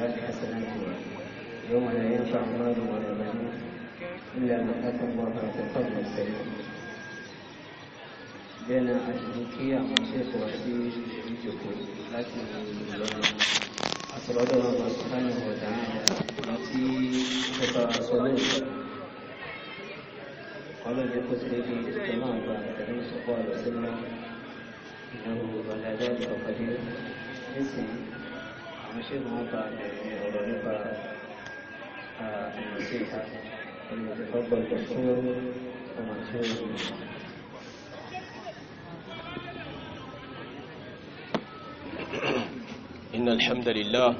الحسنات حسناتها يوم لا ينفع مال ولا بنون إلا من أتى الله بقلب سليم لأن الذكية منطق وحدي يجيكم لكن أسرد الله سبحانه وتعالى في تفاصيل قال لقتله كما قال النبي صلى الله عليه وسلم إنه على ذلك قدير اسم ṣẹ́gun wọn bá ọ̀rọ̀ nípa ìrìnsẹ̀ ìta إن الحمد لله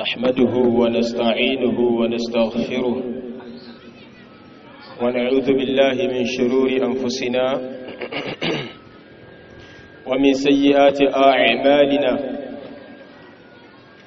نحمده ونستعينه ونستغفره ونعوذ بالله من شرور أنفسنا ومن سيئات أعمالنا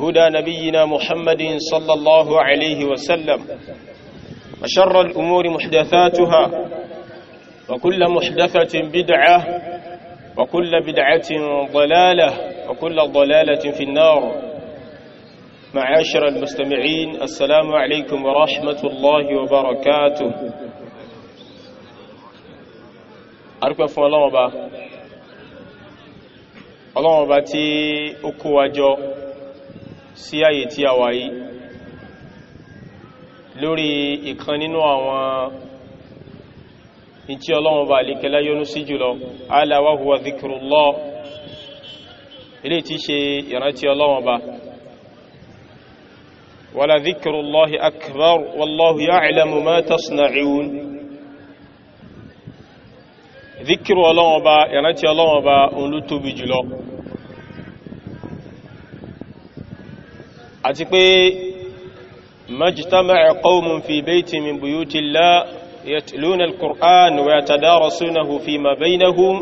هدى نبينا محمد صلى الله عليه وسلم وشر الأمور محدثاتها وكل محدثة بدعة وكل بدعة ضلالة وكل ضلالة في النار معاشر المستمعين السلام عليكم ورحمة الله وبركاته أركب فوالله وبا الله وبا تي أكواجو sí àyè tí a wà yìí lórí ìkan nínú àwọn ìtí ọlọ́run bá líkẹlá yónú sí jùlọ ala wa huwa dhikrullah ilé tí ṣe ìrántí ọlọ́run bá wala dhikrullahi akbar wallahu ya'lamu ma tasna'un dhikru ìrántí ọlọ́run bá òun ló tóbi jùlọ àti pé majtama'a qawmun fi bayti min buyuti Allah yatluna al-Qur'an wa yatadarasunahu fima baynahum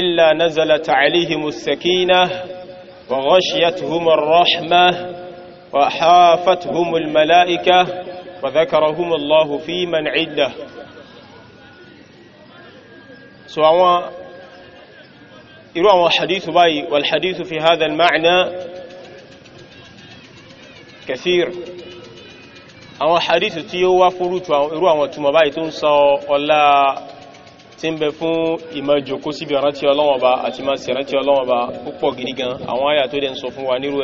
illa nazalat alayhim as-sakinah wa ghashiyatuhum ar-rahmah wa hafatuhum al-mala'ikah wa dhakarahum Allah fi man 'iddah so àwọn irú àwọn hadithu báyìí wal hadithu fi hadha al-ma'na kẹfíìr àwọn hadith tí ó wá fúrútù irú àwọn túnmọ̀ báyìí tó ń sọ ọlá tí ń bẹ fún ìmọ̀jòkó síbi ìrántí Ọlọ́run Ọba àti máa sì ìrántí Ọlọ́run Ọba púpọ̀ gidi gan àwọn àyà tó dẹ̀ ń sọ fún wa nírú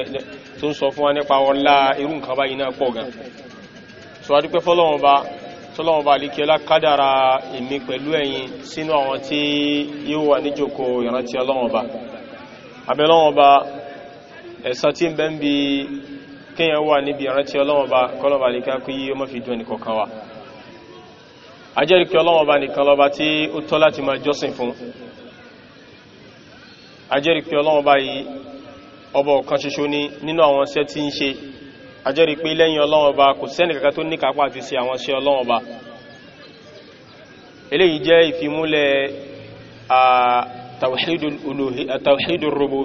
tó ń sọ fún wa nípa ọlá irú nǹkan báyìí náà pọ̀ gan so adúpẹ́ fọ́lọ́run kíyàn wà níbi ìrántí ọlọ́wọ́ba kọlọ̀bà nìkan kú yí ọmọ fi dùn ẹnì kọ̀ọ̀kan wa ajẹ́rìí kí ọlọ́wọ́ba nìkan lọ́ba tí ó tọ́ láti máa jọ́sìn fún ajẹ́rìí pé ọlọ́run bá yìí ọba ọ̀kan ṣoṣo ní nínú àwọn iṣẹ́ tí ń ṣe ajẹ́rìí pé lẹ́yìn ọlọ́run kò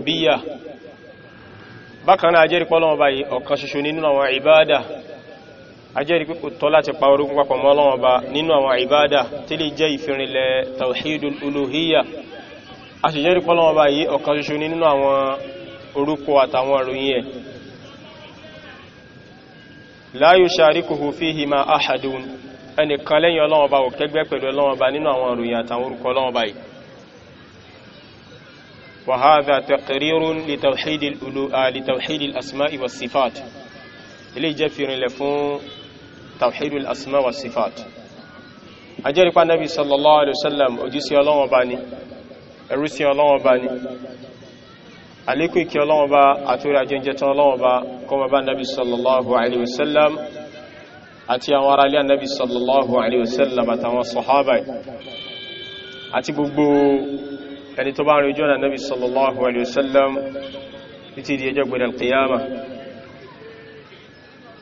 sẹ́ni bákan náà ajẹ́rí pé Ọlọ́run Ọba yìí ọ̀kan ṣoṣo nínú àwọn ìbáadà ajẹ́rí pé kò tọ́ láti pa orogún papọ̀ mọ́ Ọlọ́run Ọba nínú àwọn ìbáadà tí lè jẹ́ ìfirinlẹ̀ tawhidul uluhiyya ahadun ẹnìkan lẹ́yìn Ọlọ́run Ọba ò kẹgbẹ́ pẹ̀lú Ọlọ́run Ọba nínú àwọn وهذا تقرير لتوحيد الألو... لتوحيد الأسماء والصفات إلي جفر لفون توحيد الأسماء والصفات أجري قال النبي صلى الله عليه وسلم أجيسي الله وباني أرسي الله وباني عليكم كي الله وبا أتوري أجنجة الله وبا كما بان النبي صلى الله عليه وسلم أتي أورا لي النبي صلى الله عليه وسلم أتوا الصحابة أتي بقبو ẹni tó bá ń rí ojú ọ̀nà nabi sallallahu alaihi wasallam títí di ẹjọ́ gbẹ̀rẹ̀ alqiyama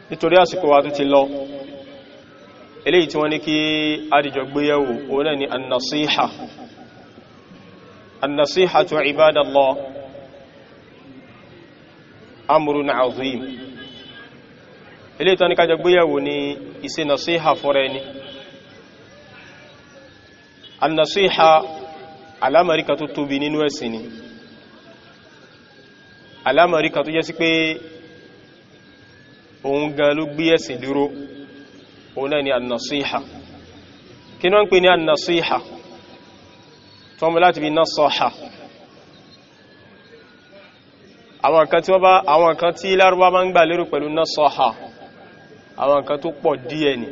nítorí àsìkò wa tó ti lọ eléyìí tí wọ́n ní kí adìjọ gbéyẹ̀wò òun ni annasíhà annasíhà tó ibádàlọ́ amrun azim eléyìí tó ní kájọ alámàrí kan tó tóbi nínú ẹ̀sìn ni alámàrí kan tó jẹ́ sí pé òun gan ló gbé ẹ̀sìn dúró òun náà ni annasíhà kí náà ń pè ní annasíhà tó mú láti bí nasaha àwọn nǹkan tí wọ́n bá àwọn nǹkan tí lárúbá máa ń gbà lérò pẹ̀lú nasaha àwọn nǹkan tó pọ̀ díẹ̀ ni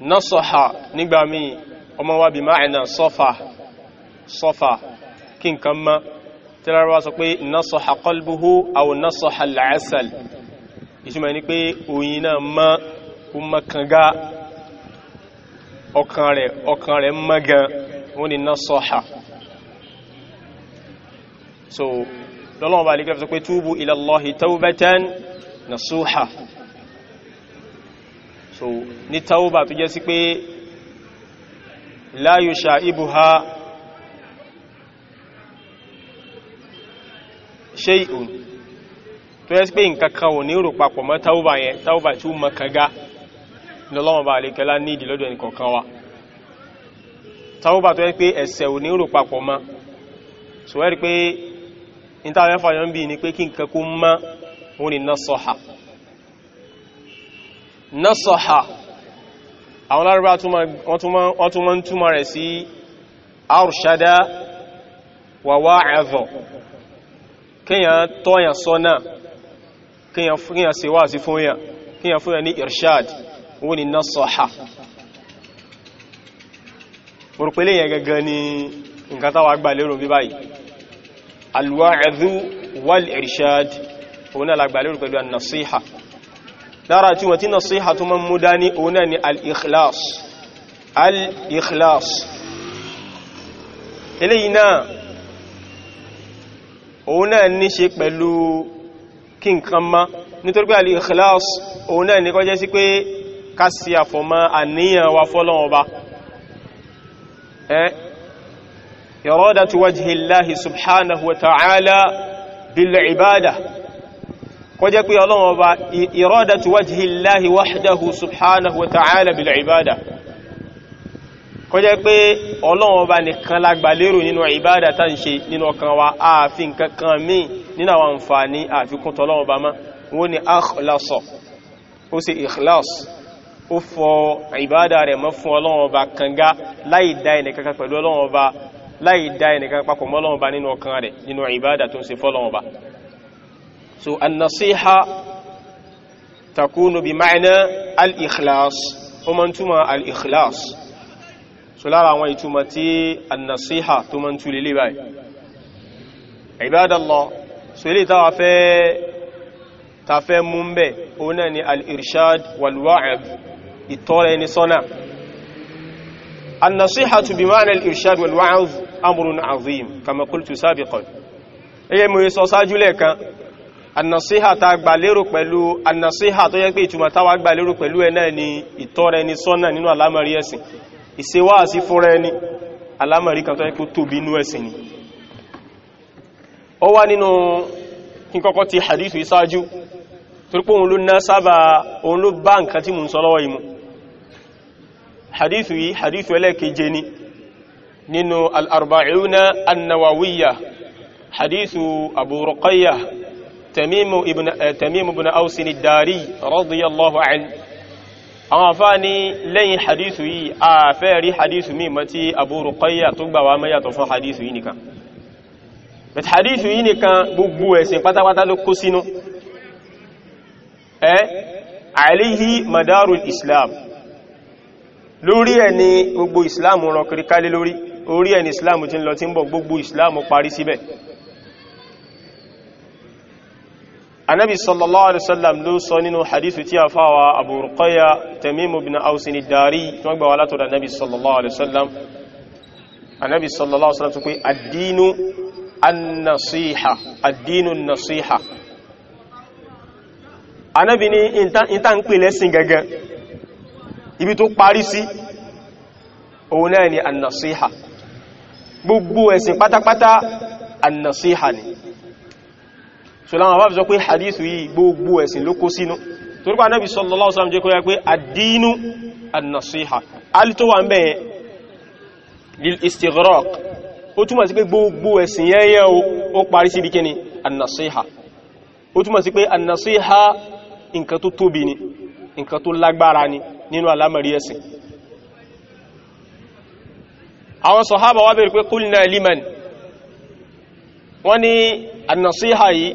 nasaha nígbà míì ọmọ wa bí ma'ana sọ́fà sọ́fà kí nǹkan mọ́ tẹ́lárọ́wá sọ pé nasaha qalbuhu aw nasaha al-asal ìṣúmọ̀ ní pé oyin náà mọ́ ó mọ́ kanga ọkàn rẹ̀ ọkàn rẹ̀ mọ́ gan wọ́n ni nasaha so lọ́lọ́wọ́ bá lè kẹfẹ́ sọ pé so ní tawba tó jẹ́ sí pé la yusha'ibuha shay'un tó jẹ́ sí pé nǹkan kan ò ní rò papọ̀ mọ́ tawba yẹn tawba tí ó mọ́ kanga lọ́wọ́n bá àlékẹ́lá ní ìdílọ́dọ̀ ẹnì kọ̀ọ̀kan wa tawba tó jẹ́ pé ẹ̀ṣẹ̀ ò ní rò papọ̀ mọ́ so wẹ́rí pé ìtàwẹ́fà yọ́n bí ní pé kí nǹkan mọ́ nasaha àwọn lárúbá wọ́n tún máa ń túmọ̀ rẹ̀ sí arṣada wà wá ẹ̀zọ̀ kíyàn tọ́yàn sọ́nà kíyàn ṣe wá sí fún yàn kíyàn fún yàn ní irshad wọ́n ni nasaha mọ̀rùpẹ́lẹ̀ yẹn gẹ́gẹ́ ni nǹkan táwà gbà lérò bí báyìí alwa'adhu wal irshad òun náà lágbà lérò pẹ̀lú an-nasiha lára tí wọ́n tí nasiha tó mọ́ mú dání òun náà ni al-ikhlas al-ikhlas eléyìí náà òun náà ní ṣe pẹ̀lú kí nǹkan má nítorí pé al-ikhlas òun ní kó sí pé ká sí àfọ̀mọ́ àníyàn wa fọ́lọ́wọ́ ba ibada kó jẹ́ pé ọlọ́run ọba iradatu wajhillahi wahdahu subhanahu wa ta'ala bil ibada kó jẹ́ pé ọlọ́run ọba nìkan la gbà lérò nínú ìbádà tá ń ṣe nínú ọkàn wa ààfin kankan míì nínú àwọn àǹfààní àfikún tọ́lọ́run ọba má wọ́n ni akhlasa ó sì ikhlas ó fọ ìbádà rẹ̀ mọ́ fún ọlọ́run ọba kanga so annasiha takunu bi ma'ana al-ikhlas ó máa ń túmọ̀ al-ikhlas so lára àwọn ìtumọ̀ tí annasiha tó máa ń tú lélé ibadallah so ilé tàwà fẹ́ tàfẹ́ mú ń bẹ̀ ni al-irshad wal-wa'id ìtọ́rẹ ni sọ́nà النصيحة بمعنى الإرشاد والوعظ أمر عظيم كما قلت سابقا إيه مو يسوساجو لك annasiha ta gbalérò pẹ̀lú annasiha tó yẹ pé ìtumọ̀ táwa gbalérò pẹ̀lú ẹ̀ náà ni ìtọ́rẹ ni sọ́nà nínú alámọ̀rí ẹ̀sìn ìsewáàsí fúnra ẹni alámọ̀rí kan tó yẹ kó tóbi inú ẹ̀sìn ni ó wá nínú kí kọ́kọ́ ti hadithu ìsáájú torípò òun ló ná sábà òun ló bá nǹkan tí mò ń sọ lọ́wọ́ yìí mu hadithu yìí hadithu ẹlẹ́keje ni nínú al-arba'una an-nawawiyya hadithu abu ruqayyah tẹ̀mímù ibùn eh, ausin dari radiyallahu anhu àwọn afá ní lẹ́yìn hadithu yìí a fẹ́ rí hadithu mi mọ́ tí Abu Ruqayya tó gbà wá mẹ́yàtọ̀ fún hadithu yìí nìkan but hadithu yìí nìkan gbogbo ẹ̀sìn pátápátá ló kó sínú ẹ́ eh, àìlèyí madarul islam lórí ẹni gbogbo islam rọ kìríkálé lórí orí ẹni islam ti ń lọ tí ń bọ̀ gbogbo islam parí síbẹ̀ anabi sallallahu alaihi wasallam ló sọ nínú hadithu tí a fáwa Abu Ruqayya tamimu bin ausin dari tí wọ́n gbà wà látọ̀dọ̀ anabi sallallahu alaihi wasallam anabi sallallahu alaihi wasallam tó pé addinu annasiha addinu nasiha anabi ni ìta ń pè lẹ́sìn gangan ibi tó parí sí òun náà ni annasiha gbogbo ẹ̀sìn pátápátá annasiha ni so láwọn bá fi sọ pé hadithu yìí gbogbo ẹ̀sìn ló kó sínú torí pa anábi sallallahu alaihi wasallam jẹ́ kó yẹ pé àdínú an-nasiha wà ń bẹ̀yẹn lil istighraq ó túmọ̀ sí pé gbogbo ẹ̀sìn yẹ́yẹ́ ó parí sí pé an-nasiha ni nǹkan yìí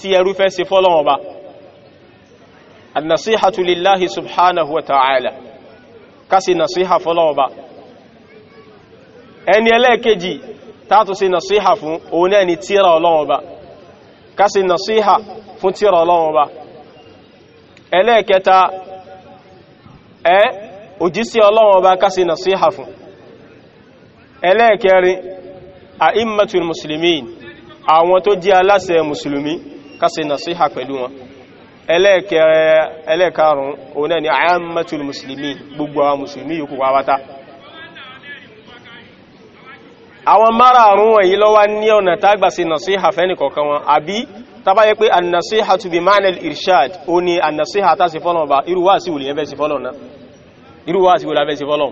tí ẹrú fẹ́ ṣe fọ́lọ́wọ́n ba annasihatu lillahi subhanahu wa ta'ala kasi nasiha fọ́lọ́wọ́n ba ẹni ẹlẹ́ẹ̀kejì tààtù sí nasiha fún òun ẹni tíra ọlọ́wọ́n ba kasi nasiha fún tíra ọlọ́wọ́n ba ẹlẹ́ẹ̀kẹta ẹ òjísí ọlọ́wọ́n ba kasi nasiha fún ẹlẹ́ẹ̀kẹrin a'immatul muslimin àwọn tó jẹ́ aláṣẹ mùsùlùmí ká ṣe nasiha pẹ̀lú wọn ẹlẹ́ẹ̀kẹrún òun náà ni àyàmẹ́tul musulmi gbogbo àwọn musulmi yòókù wáwátá àwọn márààrún wọ̀nyí lọ́wọ́ ní ọ̀nà tágbà ṣe nasiha fẹ́ni kọ̀ọ̀kan wọn àbí tàbáyé pé annasiha tu bi ma'anil irshad ó ní annasiha tá sí fọ́lọ̀ bá irúwà sí wùlẹ̀ fẹ́ sí fọ́lọ̀ náà irúwà sí wùlẹ̀ fẹ́ sí fọ́lọ̀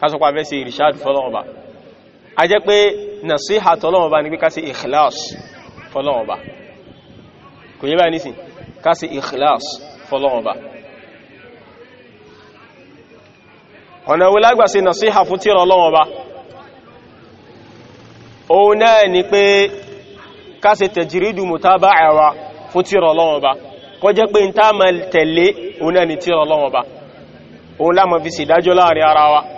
kásọpá fẹ́ ṣe ìrìṣàdù fọ́lọ́ọ̀bá a jẹ́ pé nàṣíhà tọ́lọ́ọ̀bá ní pé ká ṣe ìkìláàs fọ́lọ́ọ̀bá kò yẹ báyìí nísìn ká ṣe ìkìláàs fọ́lọ́ọ̀bá ọ̀nà wo la gbà ṣe nàṣíhà fún tírà ọlọ́ọ̀bá òun náà ni pé ká ṣe tẹ̀jìrídù mùtábà ẹ̀wà fún tírà ọlọ́ọ̀bá kó jẹ́ wa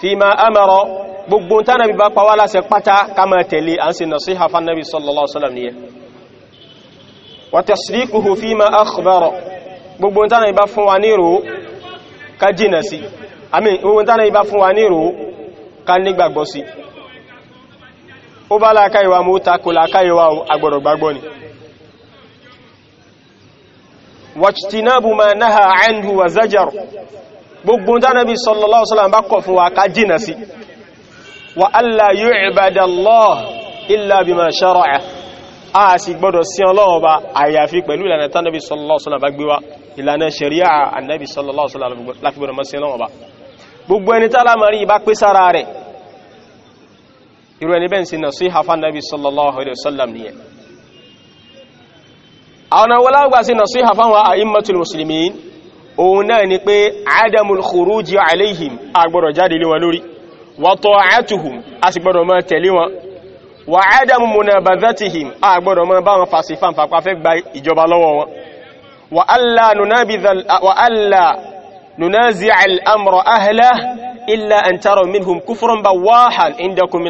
fi ma amara gbogbo tánà bí bá pàwà láṣẹ pátá kama tẹ̀lé an sin nasiha fa nabi sallallahu alaihi wasallam niyẹ wa tasdiquhu fi ma akhbara gbogbo tánà bí bá fún wa nírò ká jìnà ó bá láàkáyíwá mú takò láàkáyíwá agbọ̀rọ̀ gbàgbọ́ ni wajtinabu ma naha anhu wa zajar gbogbo tánàbí sallallahu alaihi wasallam bá kọ̀ fún wa ká jìnà sí wa alla yu'bada Allah illa bima shara'a a sì gbọ́dọ̀ sí Ọlọ́run bá àyàfi pẹ̀lú ìlànà tánàbí sallallahu alaihi wasallam bá gbé wa ìlànà sharia annabi sallallahu alaihi wasallam sí Ọlọ́run bá gbogbo ẹni tá òun náà ni pé adamul khuruji alayhim agbọ́dọ̀ jáde lé wọn lórí wa ta'atuhum a sì gbọ́dọ̀ máa tẹ̀lé wọn wa adamu munabadhatihim agbọ́dọ̀ máa bá wọn fàṣífàn fàpáfẹ́ gba ìjọba lọ́wọ́ wọn wa alla nunazi al'amra ahla illa an tara minhum kufran bawahan indakum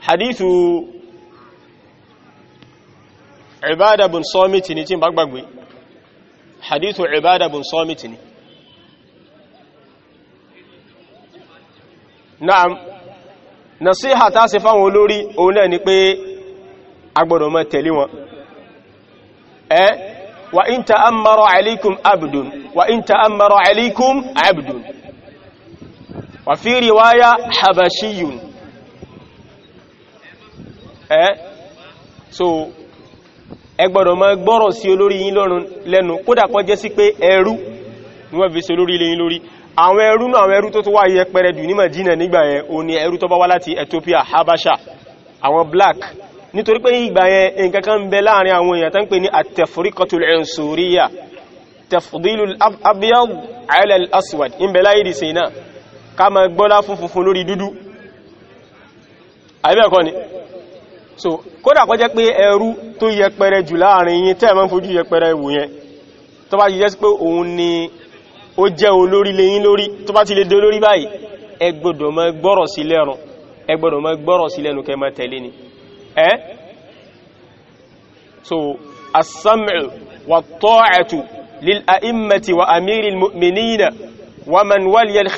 hadithu ibada bin somiti ni tin bagbagbe hadithu ibada bin samit ni na'am nasiha ta ṣe fáwọn olórí òun náà ni pé agbọ́dọ̀ máa tẹ̀lé wọn eh wa in ta'ammara alaykum abdun wa in ta'ammara alaykum abdun wa fi riwaya habashiyun eh so ẹ gbọ́dọ̀ máa gbọ́rọ̀ sí olórí yín lẹ́nu kódà kó jẹ́ sí pé ẹrú ni wọ́n fi ṣe olórí ilé yín lórí àwọn ẹrú náà àwọn ẹrú tó tó wà yẹpẹrẹ jù ní Madina nígbà yẹn o ní ẹrú tó bá wá láti Ethiopia Habasha àwọn black nítorí pé ìgbà yẹn nǹkan kan ń bẹ láàrin àwọn èèyàn tó ń pè ní at-tafriqatul ansuriyya tafdilul abyad ala al-aswad ń bẹ láyé ìdìsẹ̀ náà ká máa gbọ́lá fún funfun lórí dúdú àbí ẹ̀kọ́ ni so kódà kó jẹ́ pé ẹrú tó yẹpẹrẹ jù láàrin yín tẹ́ ẹ máa ń fojú yẹpẹrẹ wò yẹn tó bá ti jẹ́ sí pé òun ni ó jẹ́ olórí lẹ́yìn lórí tó bá ti lè dé olórí báyìí ẹ gbọ́dọ̀ gbọ́rọ̀ sí lẹ́nu so as-sam'u wat-ta'atu lil-a'immati wa amiril mu'minina wa man waliya al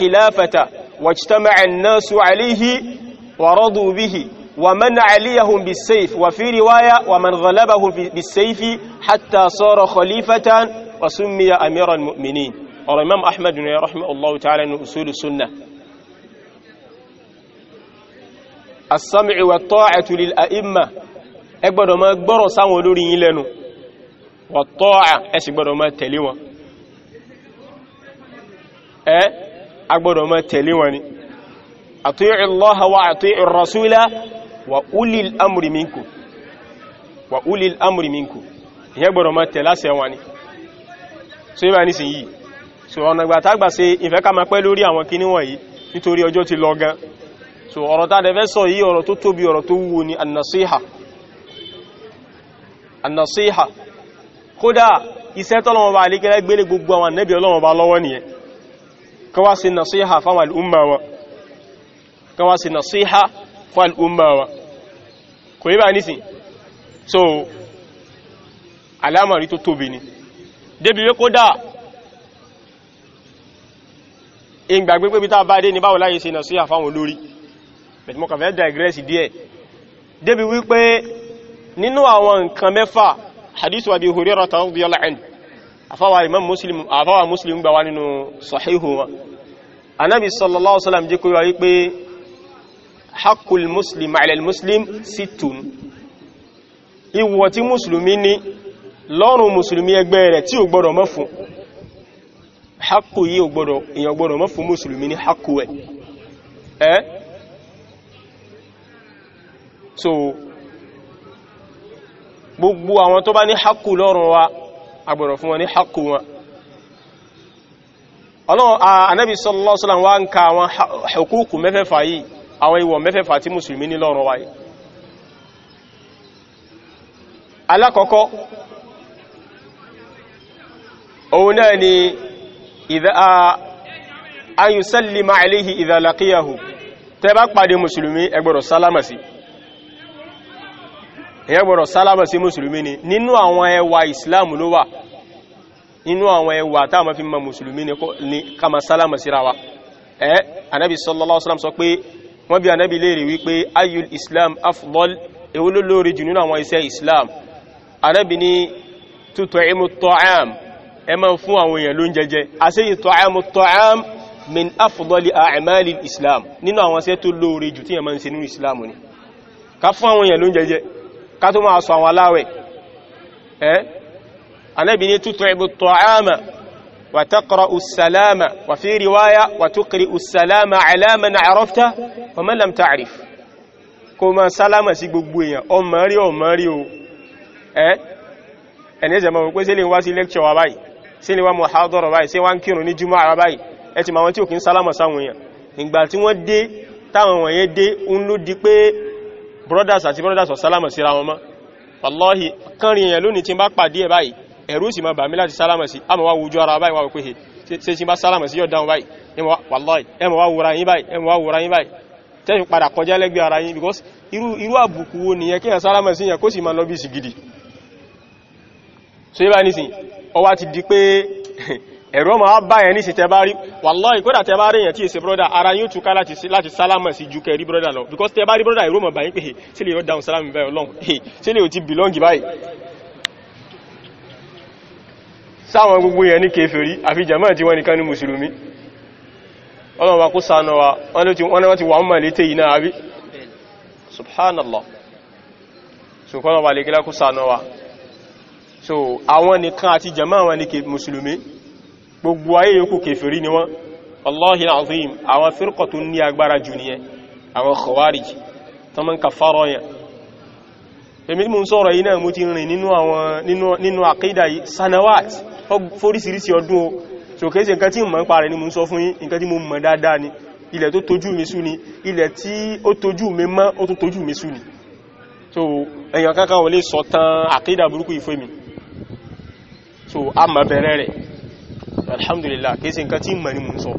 ومن عليهم بالسيف وفي رواية ومن غلبهم بالسيف حتى صار خليفة وسمي أمير المؤمنين الإمام أحمد رحمه الله تعالى من أصول السنة السمع والطاعة للأئمة أكبر ما أكبر سامو لوري لنو والطاعة أكبر ما تليوا أكبر ما تليواني أطيع الله وأطيع الرسول wa ulil amri minkum wa ulil amri minkum ìyẹn gbọ́dọ̀ máa tẹ̀ láṣẹ wọn ni so yíba ní sin yìí so ọ̀nà ìgbà tágbà ṣe ìfẹ́ ká máa pẹ́ lórí àwọn kíní wọ̀nyí nítorí ọjọ́ ti lọ gan so ọ̀rọ̀ tá dẹ̀ fẹ́ sọ yìí ọ̀rọ̀ tó tóbi ọ̀rọ̀ tó wúwo ni annasiha annasiha kódà iṣẹ́ tọ́lọ́wọ́ bá alékẹ́lẹ́ gbélé gbogbo àwọn anẹ́bí ọlọ́wọ́ bá lọ́wọ́ nìyẹn kọwàá nasiha fáwọn al'umma wọn kọwàá nasiha fún al'umma wa kò yí bá nísìn so alámàrí tó tóbi ni débi wé kódà ìgbàgbé pé bíta bá dé ní báwọn láyé ṣe nà sí àfáwọn olórí bẹ̀tìmọ̀kànfẹ́ digress díẹ̀ débi wípé nínú àwọn nǹkan mẹ́fà hadithu abi hurairah radiyallahu anhu afawa imam muslim gbà wá nínú sahihu wa anabi sallallahu alaihi jẹ́ kó wá wípé hakul muslim alal muslim situn ìwọ̀ tí musulmi ní lọ́rùn musulmi ẹgbẹ́ rẹ̀ tí ò gbọ́dọ̀ mọ́ fún hakù yí èyàn gbọ́dọ̀ mọ́ fún musulmi ní hakù ẹ̀ ẹ́ so gbogbo àwọn tó bá ní hakù lọ́rùn wa agbọ̀rọ̀ fún wọn ní hakù wọn ọlọ́run anábi sallallahu alaihi wasallam wá ka àwọn hukuku mẹ́fẹ́fà yìí àwọn ìwọ̀ mẹ́fẹ̀fà tí mùsùlùmí ní lọ́rùn wáyé alákọ̀ọ́kọ́ òun náà ni ayùsẹ́lì máa iléhì ìdàlàkíyàhù tẹ́ bá pàdé mùsùlùmí ẹ gbọ́dọ̀ sálámà sí ẹ gbọ́dọ̀ sálámà sí mùsùlùmí ni nínú àwọn ẹwà ìsìláàmù ló wà nínú àwọn ẹwà táà ma fi ma mùsùlùmí ni ká ma sálámà síra wa ẹ́ anábi sallallahu alaihi wasallam sọ pé wọ́n bí anábì léèrè wípé ayul islam afdal èwo ló lóore jù nínú àwọn iṣẹ́ islam anábì ní tut'imu ta'am ẹ máa fún àwọn èèyàn ló ń jẹjẹ àṣeyìn tut'imu ta'am min afdali a'malil islam nínú àwọn iṣẹ́ tó lóore jù tí ẹ máa ń ṣe nínú islam ni ká fún àwọn èèyàn ló ń jẹjẹ ká tó máa sọ àwọn aláwẹ̀ ẹ́ anábì ní tut'imu ta'ama وتقرأ السلام وفي رواية وتقرئ السلام على من عرفته ومن لم تعرف كما سلام سيغبويا او ماري او ماري او eh ẹni je mo pe se le wa si lecture wa báyìí se le wa muhadara báyìí se wa nkírun ní juma wa báyìí ẹ ti ma wọn tí ó kin salama sáwọn èyàn ìgbà tí wọ́n dé táwọn wọ̀nyẹn dé un ló di pé brothers àti brothers o salama síra wọn mọ́ wallahi kan ri èyàn lónìí tin bá pàdé ẹ báyìí ẹ̀rù sì máa bà mí láti sálámà sí àmọ́ wá wojú ara báyìí wá wípé ṣe ṣe bá sálámà sí yóò dáhùn báyìí ẹmọ wá wúra yín báyìí ẹmọ wá wúra yín báyìí tẹ́yìn padà kọjá lẹ́gbẹ̀ẹ́ ara yín because irú àbùkù wo nìyẹn kí yàn sálámà sí yàn kó sì máa lọ bí sì gidi so yíba nísìn ọwá ti di pé ẹ̀rọ ma bá yẹn ní sí tẹbá rí wàláhì kódà tẹbá rí yẹn tí èsè brọ́dà ara yóò túká láti sálámà sí ju kẹrí brọ́dà lọ because tẹbá rí brọ́dà ẹ̀rọ ma pé sílẹ̀ yóò dáhùn sálámà báyìí ọlọ́run sílẹ̀ yóò ti bìlọ́ngì báyìí sáwọn gbogbo yẹn ní kèfèrí àfi jàmáà tí wọ́n nìkan ní mùsùlùmí ọlọ́wà kó sánà wa wọ́n ti wà ń màlé tèyí náà àbí subhanallah so kọ́nà wà lè kílá so àwọn nìkan àti jàmáà wọn ní mùsùlùmí gbogbo ayé yòókù kèfèrí ni wọ́n allahi azim àwọn firqa tó ní agbára jù nìyẹn àwọn khawarij tó mọ́ ń kàfàrọ̀ yẹn èmi mú sọ̀rọ̀ yìí náà mú ti rìn nínú àkídà sanawat fóríṣìíríṣìí ọdún o so kèése nǹkan tí mọ̀ ń parẹ̀ ní mú sọ fún yín nǹkan tí mo mọ̀ dáadáa ni ilẹ̀ tó tójú mi sú ni ilẹ̀ tí ó tójú mi mọ́ ó tó tójú mi sú ni so èyàn kankan wọlé sọ tán àkídà burúkú ìfẹ́ mi so a mọ̀ bẹ̀rẹ̀ rẹ̀ alhamdulillah kèése nǹkan tí mọ̀ ní mú sọ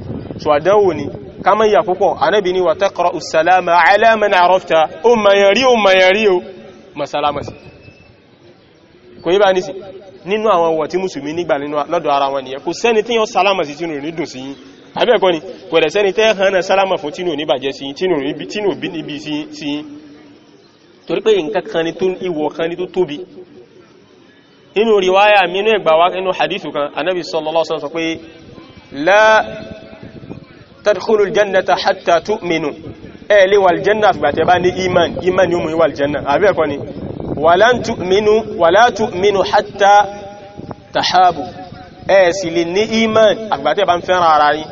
so àdánwò ni ká mọ̀ yà púpọ̀ anábì ni wà taqra'u salama ala man arafta ó mọ̀ yẹn rí ó mọ̀ yẹn rí ó mọ̀ sálámà sí kò yí bá ní sí nínú àwọn ọwọ̀ tí mùsùlùmí nígbà lọ́dọ̀ ara wọn nìyẹn kò sẹ́ni tí yàn sálámà sí tínú rí dùn sí yín àbẹ́ẹ̀kọ́ ni kò rẹ̀ sẹ́ni tẹ́ hàn náà sálámà fún tínú ní bàjẹ́ sí tínú bí níbi sí yín torí pé nǹkan kan ni tó ìwọ̀ kan ni tó tóbi inú riwaya mínú ẹgbà wá inú hadithu kan anábi sallallahu alaihi wasallam sọ pé la tadkhulu aljannata hatta tu'minu ẹ lè wà aljanna àfìgbàtẹ̀ bá ní iman iman yóò mú ìwà aljanna àbẹ́ẹ̀kọ́ ni walan tu'minu wala tu'minu hatta tahabu ẹ sì lè ní iman àgbàtẹ́ bá ń fẹ́ràn ara yín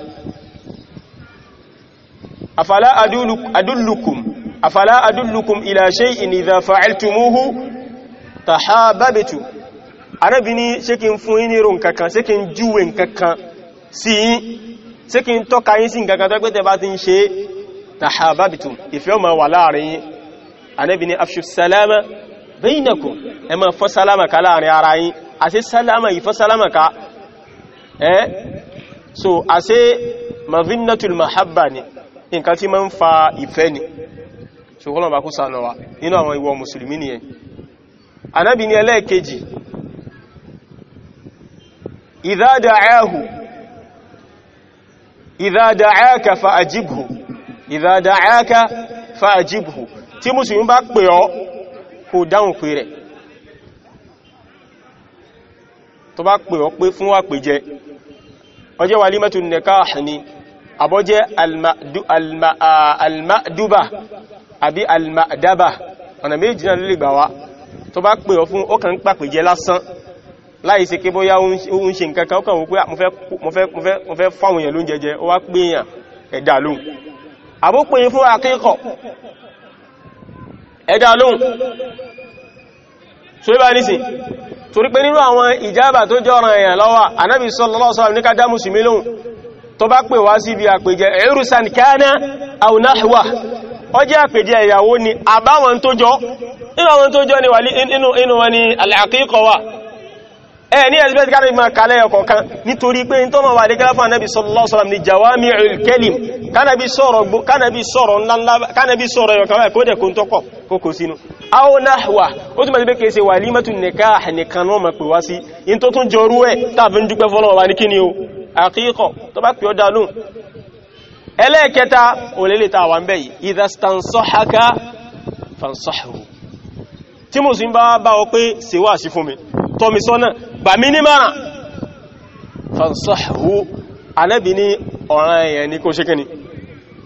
afala adullukum afala adullukum ila shay'in idha fa'altumuhu tahababtu arabi ni ṣé kí n fún yín ní ro nǹkankan kí n júwe nǹkankan sí yín ṣé kí n tọ́ka yín sí nǹkankan tó bá ti ń ṣe tahababtu ìfẹ́ ó wà láàrin yín arabi ni afshu bainakum ẹ máa fọ́ sálámà ká láàrin ara yín àṣẹ sálámà yìí fọ́ sálámà ká ẹ́ so àṣẹ mavinnatul mahabba ni nǹkan tí máa ń fa ìfẹ́ ni ṣùgbọ́n bá kó sànà wa nínú àwọn ìwọ mùsùlùmí nìyẹn anábì ní ẹlẹ́ẹ̀kejì idha da'ahu idha da'aka fa ajibhu idha da'aka fa ajibhu tí mùsùlùmí bá pè ọ́ kò dáhùn pé rẹ̀ tó bá pè ọ́ pé fún wà pè jẹ ọjẹ́ walimatu nikah ni àbọ́jẹ́ almaduba àbí almadaba ọ̀nà méjì náà lè gbà wá tó bá pè ọ́ fún ó kàn ń pàpè jẹ lásán láì ṣe kí bóyá ó ń ṣe nǹkan kan ó kàn wó pé mo fẹ́ fáwọn èèyàn ló ń jẹjẹ ó wá pè èèyàn ẹ̀dà lóhun àbó pè fún akẹ́kọ̀ọ́ ẹ̀dá lóhun so ibá nísìn torí pé nínú àwọn ìjábà tó jẹ́ ọ̀ràn èèyàn lọ́wà anábi sallallahu alaihi wasallam ní ká dá mùsùlùmí lóhun tó bá pè wá sí ibi àpèjẹ ẹ̀rùsàn kánà aw nahwa ó jẹ́ àpèjẹ ìyàwó ni àbáwọn tó jọ inú àwọn tó jọ ni wà inú wọn ni al-aqiqa ẹ eh, ní ẹ̀sìbẹ̀sì káàkiri ma kalẹ̀ ọ̀kọ̀kan nítorí pé ní tọ́nà wà ní kẹlẹ́fà náà bí sallallahu alaihi wasallam ní jawami kalim kánàbí sọ̀rọ̀ ńláńlá kánàbí sọ̀rọ̀ yọ̀kọ̀wà kó dẹ̀ kó ń tọ́kọ̀ kókò sínú aw nahwa ó túnmọ̀ sí pé kèèsè walimatu nikah nìkan náà ma pè wá sí in tó tún jọrú ẹ̀ tàbí dúpẹ́ fọ́nà wà ní kíni o àkíkọ̀ tó bá pè ọ́ dánú ẹlẹ́ẹ̀kẹta òlélẹ̀ tàwà ń bẹ̀ yìí bà mí ní mara fansahu anẹ́bì ní ọ̀ràn èèyàn ní kó ṣe kíni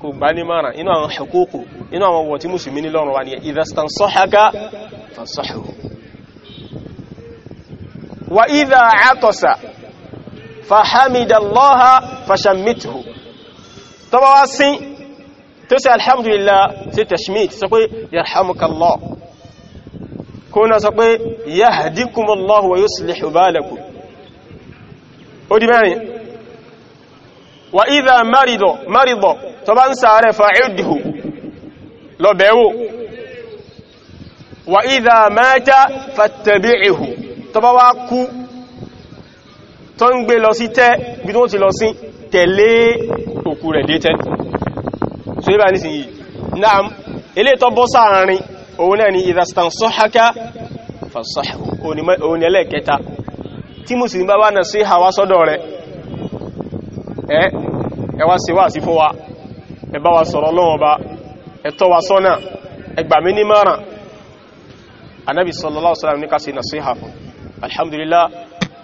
kò gbá ní mara inú àwọn hukuku inú àwọn wọ̀ tí musulmi ní lọ́rùn wa ni ìdástan sọ́haka fansahu wa idha atasa fahamidallaha fashammithu tọ́bọ̀ wá sí tó sì alhamdulillah sí tashmit sọ pé yarhamukallah kó na sọ pé yahdikumullahu wa yuslihu balakum ó di mẹ́rin wa idha maridọ̀ maridọ̀ tó bá ń sàárẹ̀ fa'idhu lọ bẹ̀wò wa idha mata fattabi'hu tó bá wá kú tó ń gbé lọ sí tẹ́ bí ilé tó sáàrin òun náà ni ìdástan sọ́háká fàṣáhù òun ẹlẹ́ẹ̀kẹta tí mùsùlùmí bá wá nà sí àwá sọ́dọ̀ rẹ̀ ẹ́ ẹwà sí wà sí fún wa ẹ wa sọ̀rọ̀ lọ́wọ́ bá ẹ wa sọ́nà ẹ ní márùn anábì sallallahu alaihi wasallam ní ká alhamdulillah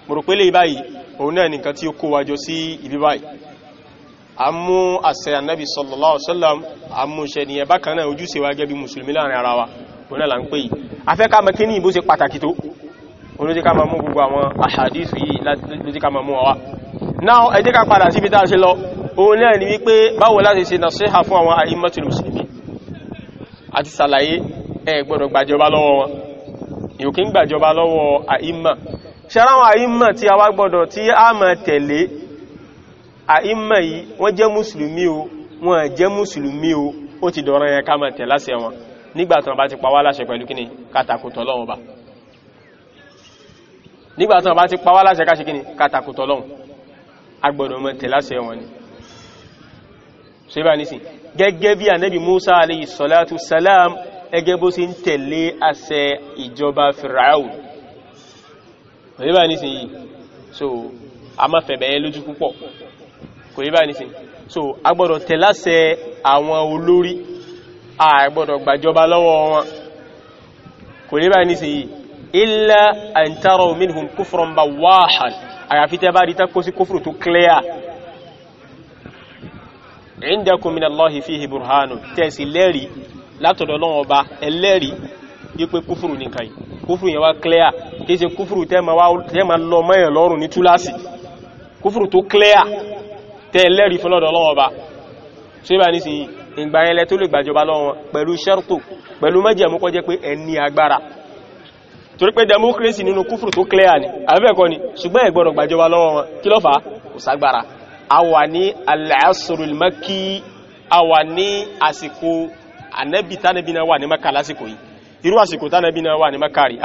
mùrùpẹ́lẹ̀ báyìí òun náà nìkan tí ó amú àṣẹ annabi sallallahu alaihi wasallam amú ṣe ni ẹbá kanáà ojúṣe wa gẹ́bí musulmi láàrin ara wa wọ́n là ń pè yìí afẹ́ ká mọ̀ kí ní ìbó ṣe pàtàkì tó olójí ká ma mú gbogbo àwọn àhàdìsù yìí lójí ká ma mú ọwá náà ẹ jẹ́ ká ni wípé báwo láti ṣe nàṣíhà fún àwọn àìmọ́tò musulmi àti sàlàyé ẹ gbọ́dọ̀ gbàjọba lọ́wọ́ àìmà yìí wọ́n jẹ́ mùsùlùmí o wọ́n jẹ́ mùsùlùmí o ó ti dọ̀rọ̀ yẹn ká máa tẹ̀ láṣẹ wọn nígbàtí wọ́n bá ti pa wá láṣẹ pẹ̀lú kíni kátàkùtọ̀ lọ́wọ́ bá nígbàtí wọ́n bá ti pa wá láṣẹ káṣe kíni kátàkùtọ̀ lọ́wọ́ salatu salam ẹgẹ́ bó ṣe ń tẹ̀lé àṣẹ ìjọba Firaun so a máa fẹ̀bẹ̀ẹ́ lójú púpọ̀ kò yí báyìí nísìn so a gbọ́dọ̀ tẹ̀láṣẹ àwọn olórí a gbọ́dọ̀ gbàjọba lọ́wọ́ wọn kò yí báyìí nísìn yìí illa an taraw minhum kufran bawahan àyàfi tẹ́ bá rí tá kó sí kúfùrù tó clear indakum minallahi fihi burhanu tẹ̀sí lẹ́rìí látọ̀dọ̀ lọ́wọ́ ọba ẹlẹ́rìí yípe kúfùrù nìkan yìí kúfùrù yẹn wá clear kìí ṣe kúfùrù tẹ́ ma lọ mọ́yàn lọ́rùn ní túláàsì kúfùrù tó clear tẹ́ lẹ́rí fún lọ́dọ̀ lọ́wọ́ bá ṣe bá ní sí ìgbà ẹlẹ́ tó lè gbàjọba lọ́wọ́ pẹ̀lú ṣẹ́rùtò pẹ̀lú májẹ̀mú kó jẹ́ pé ẹni agbára torí pé democracy nínú kúfùrù tó clear ni àbẹ́ẹ̀kọ́ ni ṣùgbọ́n ẹ gbọ́dọ̀ gbàjọba lọ́wọ́ wọn kí ló fà kò ságbára a wà ní al-asrul makki a wà ní àsìkò ànábì tánàbí náà wà ní maka lásìkò yìí irú àsìkò tánàbí náà wà ní maka rí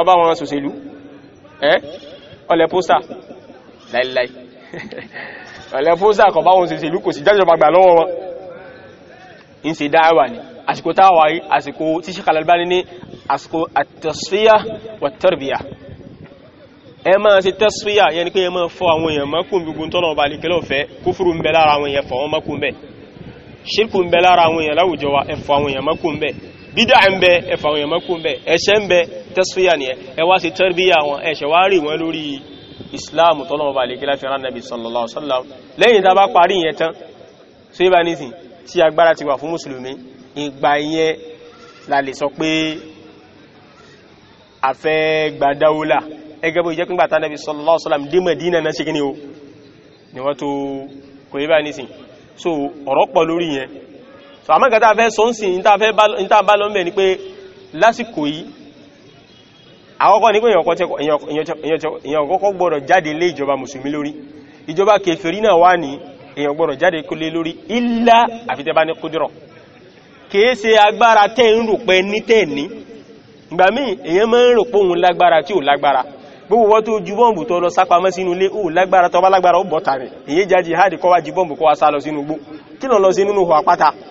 ọba wọn sòṣèlú ẹ́ ọlẹ̀ pósà láìláì ọlẹ̀ pósà kọ̀ báwọn ṣe ìlú kò sí jájọ gbàgbà lọ́wọ́ wọn ń ṣe dáwà ní àsìkò táwà rí àsìkò tí ṣe kàlàlbá ní àsìkò àtẹ̀síyà wà ni pé ẹ máa fọ àwọn èèyàn mọ́kùn gbogbo tọ́nà ọba àlekẹ́lẹ́ ọ̀fẹ́ kúfúrú ń bẹ lára àwọn èèyàn fọ wọn mọ́kùn bẹ́ẹ̀ ṣírkù ń bẹ lára àwọn èèyàn láwùjọ wa ẹ fọ àwọn bídá ń bẹ ẹfà àwọn èèyàn kó ń bẹ ẹ̀ṣẹ̀ ń bẹ tẹ́sífíyà ni ẹ wá tẹ́rbíyà wọn ẹ̀ṣẹ̀ wá rí wọn lórí islam tọ́lọ́mọba àlekílá fi ránàbí sallallahu alaihi wasallam lẹ́yìn tá a bá parí yẹn tán ṣé bá nísìn tí la lè sọ pé afẹ́ gbadáwólà ẹgẹ́ bó jẹ́ pínpà tánàbí sallallahu alaihi wasallam o ni wọ́n tó kò yẹ bá nísìn so ọ̀rọ̀ lórí yẹn so àmọ́gà tá a fẹ́ sọ ń sìn níta bá lọ́mẹ́ ni pé lásìkò yìí àkọ́kọ́ ní pé èèyàn kọ́kọ́ gbọ́dọ̀ jáde lé ìjọba mùsùlùmí lórí ìjọba kèfèrí náà wà ní èèyàn gbọ́dọ̀ jáde lé lórí ilá àfitẹ́bá ní kúdírọ̀ kìí agbára tẹ́ ń rò pé ní tẹ́ ní tí ò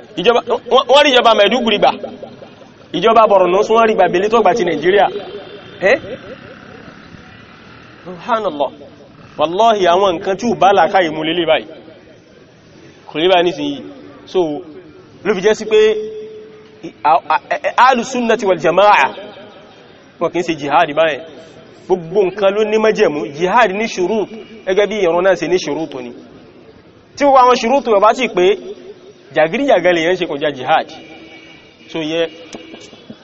wọ́n rí ìjọba Maiduguri gbà ìjọba Borno sún wọ́n rí gbà belé tó gbà ti Nigeria eh? subhanallah wallahi àwọn nǹkan tí ò bá làkáyè mú lélé báyìí kò lè báyìí nísìnyí so ló fi jẹ́ sí pé alùsúnnàtí wal jama'a wọ́n kìí jihadi báyìí gbogbo nǹkan ló ní jihadi ní ṣùrù gẹ́gẹ́ bí ìrun náà ṣe ní ṣùrù tó ní tí gbogbo àwọn tó bá ti pé Jagiri lèyàn ṣe kọjá jihad tó yẹ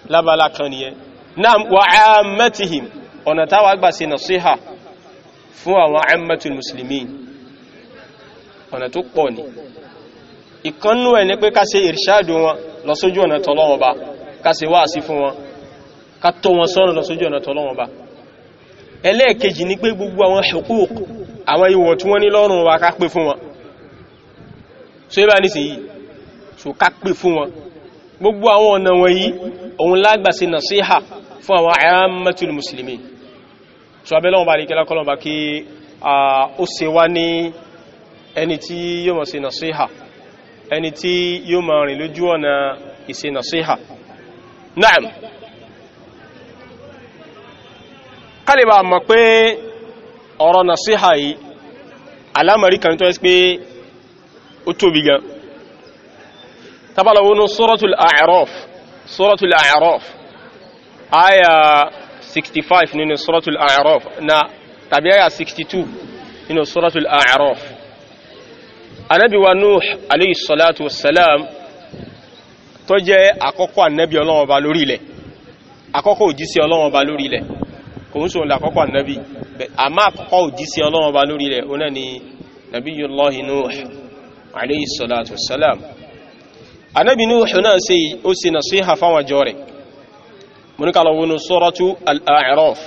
lábala kan nìyẹn naam wa ammatihim ọ̀nà táwà gbà ṣe nasiha fún àwọn ammatul muslimin ọ̀nà tó pọ̀ ní ìkannú ẹ̀ ní pé ká ṣe ìrìṣàdù wọn lọ wa ọ̀nà tọ́lọ́wọ́n bá ká ṣe wáàsí fún wọn ká tọ́ wọn sọ́nà lọ ọ̀nà tọ́lọ́wọ́n ẹlẹ́ẹ̀kejì ní pé gbogbo àwọn huquq àwọn ìwọ̀ tí wọ́n ní lọ́rùn wa so nísìnyí so ká pè fún wọn gbogbo àwọn ọ̀nà wọ̀nyí òun lágbàsí nasiha fún àwọn àyàmẹ́tìlú musulmi so abẹ́lọ́wọ́n bá rí kẹ́lá kọ́lọ̀bá kí ó ṣe wá ní ẹni tí yóò mọ̀ ṣe nasiha ẹni tí yóò rìn lójú ọ̀nà na'am kálíbà mọ̀ pé ọ̀rọ̀ nasiha yìí alámọ̀rí kan tó ẹ́ pé ó tóbi gan-an tabalawonu suratul a'raf suratul a'raf aya 65 nínú suratul a'raf na tàbí aya 62 nínú suratul a'raf anabi wa nuh alayhi salatu wassalam tó jẹ́ àkọ́kọ́ anabi Ọlọ́run ba lórí ilẹ̀ àkọ́kọ́ òjíṣẹ́ Ọlọ́run ba lórí ilẹ̀ kò ń sọ la àkọ́kọ́ anabi àmọ́ àkọ́kọ́ òjíṣẹ́ Ọlọ́run ba lórí ilẹ̀ ona ni nabiyullahi nuh alayhi salatu wassalam anábì Nuhu náà ṣe ó ṣe nasiha fáwọn jọ rẹ̀ mo ní kàlọ̀ wọnú suratu al-A'raf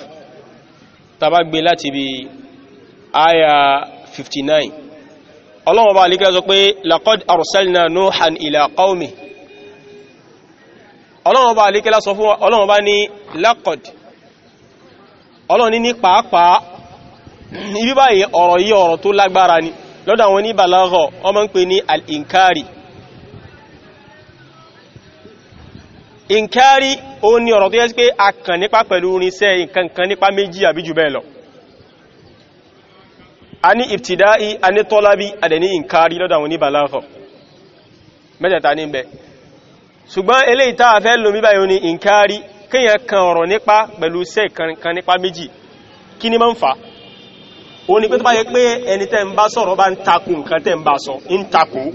tàbá gbé láti aya 59 ọlọ́wọ́ bá alíkẹ́ sọ pé laqad arsalna Nuhan ila qawmi ọlọ́wọ́ bá alíkẹ́ lásọ fún ọlọ́wọ́ bá ní laqad ọlọ́wọ́ ní ní pàápàá ibi báyìí ọ̀rọ̀ yí ọ̀rọ̀ tó lágbára ni lọ́dọ̀ àwọn oníbàlágọ̀ ọmọ ń pè ní al-inkari ìǹkárí ó ní ọ̀rọ̀ tó yẹ́ sí pé a kàn nípa pẹ̀lú orinṣẹ́ ìkankan nípa méjì àbí jù bẹ́ẹ̀ lọ a ní ìbtìdáì a ní tọ́lábí a dẹ̀ ní ìǹkárí lọ́dọ̀ àwọn oníbàláhọ̀ mẹ́tẹ̀ta ní bẹ̀ ṣùgbọ́n eléyìí tá a fẹ́ lò mí báyìí ní ìǹkárí kíyàn kan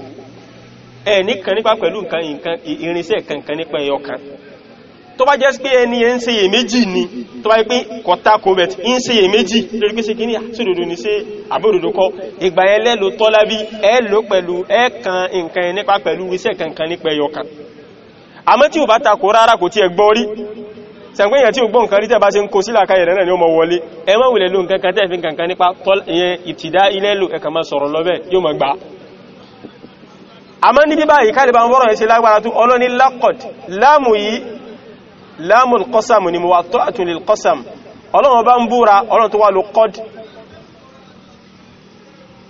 ẹ̀ nìkan nípa pẹ̀lú nǹkan irinṣẹ́ kankan nípa ẹyọ kan tó bá jẹ́ pé ẹni ẹ ń ṣe èméjì ni tó bá yí pé kọta covid ń ṣe èméjì lórí pé ṣe kí ní àṣòdòdó ní ṣe àbòdòdó kọ ìgbà ẹ lẹ́lò tọ́lá bí ẹ lò pẹ̀lú ẹ kan nǹkan ẹ nípa pẹ̀lú iṣẹ́ kankan nípa ẹyọ kan àmọ́ tí ò bá takò rárá kò tí ẹ gbọ́ rí sẹ̀gbẹ́ èyàn tí ó gbọ́ nǹkan rí tẹ́bá ṣe ń kó sílà káyẹ̀ rẹ̀ ní ọmọ wọlé ẹ má wulẹ̀ ló nǹkan kan tẹ́ẹ̀fin kankan nípa ìyẹn ìtìdá ilẹ́lò ẹ̀kà máa sọ̀rọ̀ lọ́bẹ̀ yóò máa gbà àmọ́ ní bíbá yìí káàdì bá ń wọ́rọ̀ ẹ̀ṣẹ́ lágbára tó ọlọ́ni lákọ̀d láàmù yìí láàmù kọ́sàmù ni mo wà tó àtúnlè kọ́sàmù ọlọ́wọ́n bá ń búra ọlọ́run tó wà ló kọ́d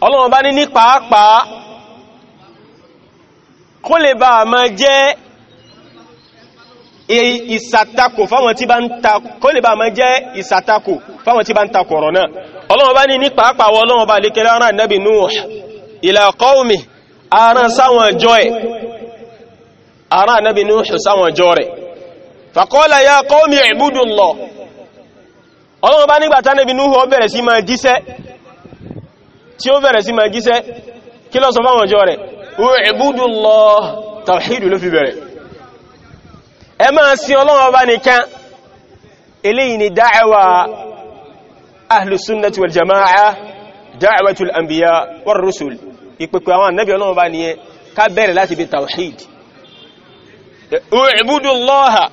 ọlọ́wọ́n bá ní ní pàápàá kó lè bá àmọ́ jẹ́ ìsàtakò fáwọn tí bá aran sáwọn ọjọ́ ẹ̀ ara Ànábì Nuhu sáwọn ọjọ́ rẹ̀ faqala ya qawmi i'budullah ọlọ́run bá nígbàtá Ànábì Nuhu ó bẹ̀rẹ̀ sí máa jíṣẹ́ tí ó bẹ̀rẹ̀ sí máa jíṣẹ́ kí ló sọ fáwọn ọjọ́ rẹ̀ i'budullah tawhidu ló fi bẹ̀rẹ̀ ẹ máa sin ọlọ́run bá ìpèpè àwọn ànábì ọlọ́run bá nìyẹn ká bẹ̀rẹ̀ láti bí tawhid u'budu Allaha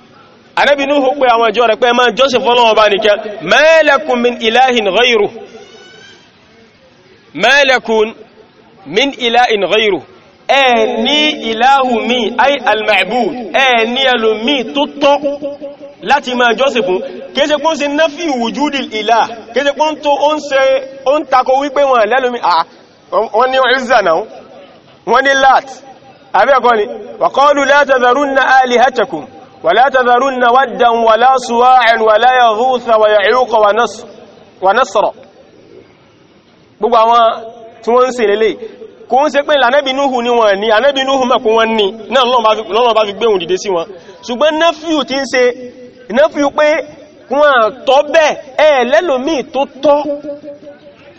ànábì Nuhu pé àwọn ìjọ rẹ̀ pé máa jọ́sìn fọ́lọ́run bá nìkan ma lakum min ilahin ghayru ma lakum min ilahin ghayru ẹ ní ìláhù mi ay al-ma'bud ẹ ní ẹlòmí tó tọ́ láti máa jọ́sìn fún kéèṣe pọ́n ṣe náfí wujudil ilah kéèṣe pọ́n tó ó ń takò wípé wọn lẹ́lòmí àà wọ́n ní ìzà náà wọ́n ní lat abẹ́ẹ̀kọ́ ni wàkọ́lù látàzàrún na alì hàtàkùn wà látàzàrún na wádàn wà lásùwá ẹn wà láyà rúta wà yàíkọ wà násọ̀rọ̀ gbogbo àwọn tí wọ́n ń ṣe lélẹ̀ kò ń ṣe pé lànẹ́bìnúhù ni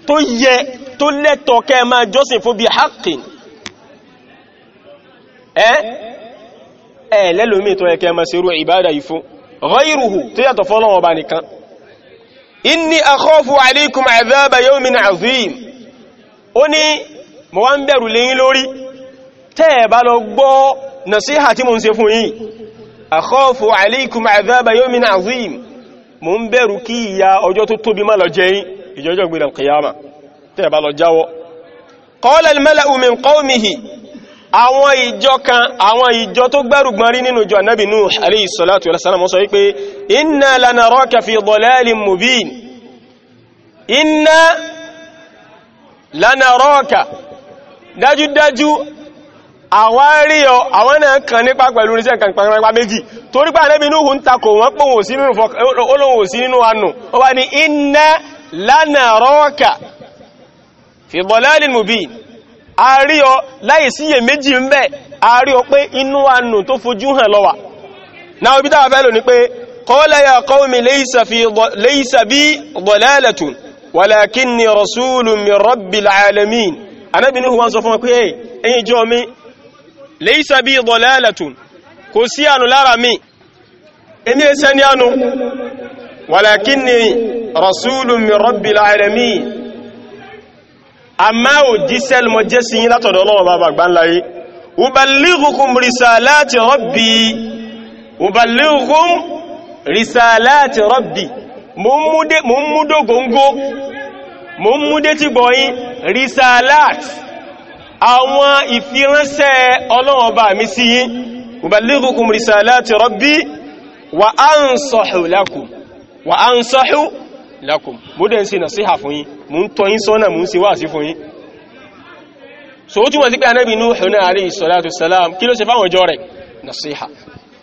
tó yẹ tó lẹ́tọ̀ kẹ́ máa jọ́sìn fún bí haqqin ẹ́ ẹ̀ lẹ́lòmí tó yẹ kẹ́ máa ṣerú ìbádà yìí fún ghayruhu tó yàtọ̀ fọ́lọ́wọ́ bá nìkan inni akhafu alaykum azaba yawmin azim ó ní mo wá ń bẹ̀rù lẹ́yìn lórí tẹ́ bá lọ gbọ́ nasiha tí mo ń ṣe fún yín akhafu alaykum azaba yawmin azim mo ń bẹ̀rù kí ìyà ọjọ́ tó tóbi má lọ jẹ ìjọjọ́ gbìyàn kìyàmà tẹ́ bá lọ jáwọ́ qala al-mala'u min qawmihi àwọn ìjọ kan àwọn ìjọ tó gbẹ́rùgbọ́n rí nínú ìjọ anábì Nuh alayhi salatu wa salam sọ wípé inna lanaraka fi dalalin mubin inna lanaraka dájúdájú àwọn rí ọ àwọn náà kàn nípa pẹ̀lú oníṣẹ́ kan pàpàpà méjì torípa Ànábì Nuh takò wọ́n pòwò sí nínú ànù ó wá ní inna lánàrọ́ọ̀kà fìbọ̀láàlì mùbí a rí ọ láì síyè méjì ń bẹ a rí ọ pé inú ànù tó fojú hàn ló wà náà ibi táwà fẹ́lò ní pé qala ya qawmi laysa bí dalalatun walakinni rasulun min rabbil alamin anábìnú wọn sọ walakinni rasulun min rabbil alamin amma òjíṣẹ́ mo jẹ́ sí yín látọ̀dọ̀ Ọlọ́run baba gbáńláyé ubalighukum risalati rabbi ubalighukum risalati rabbi mo ń múdó góngó mo ń múdé tí gbọ́yín risalat àwọn ìfiránṣẹ́ Ọlọ́run bá mi sí yín ubalighukum risalati rabbi wa ansahu lakum wa ansahu lakum mo dẹ̀ ń ṣe nàṣíhà fún yín mo ń tọ́ yín sọ́nà mo ń ṣe wáàsí fún yín so ó túnmọ̀ sí pé anábì Nuhu náà alayhi salatu salam kí ló ṣe fáwọn ọjọ́ rẹ̀ nàṣíhà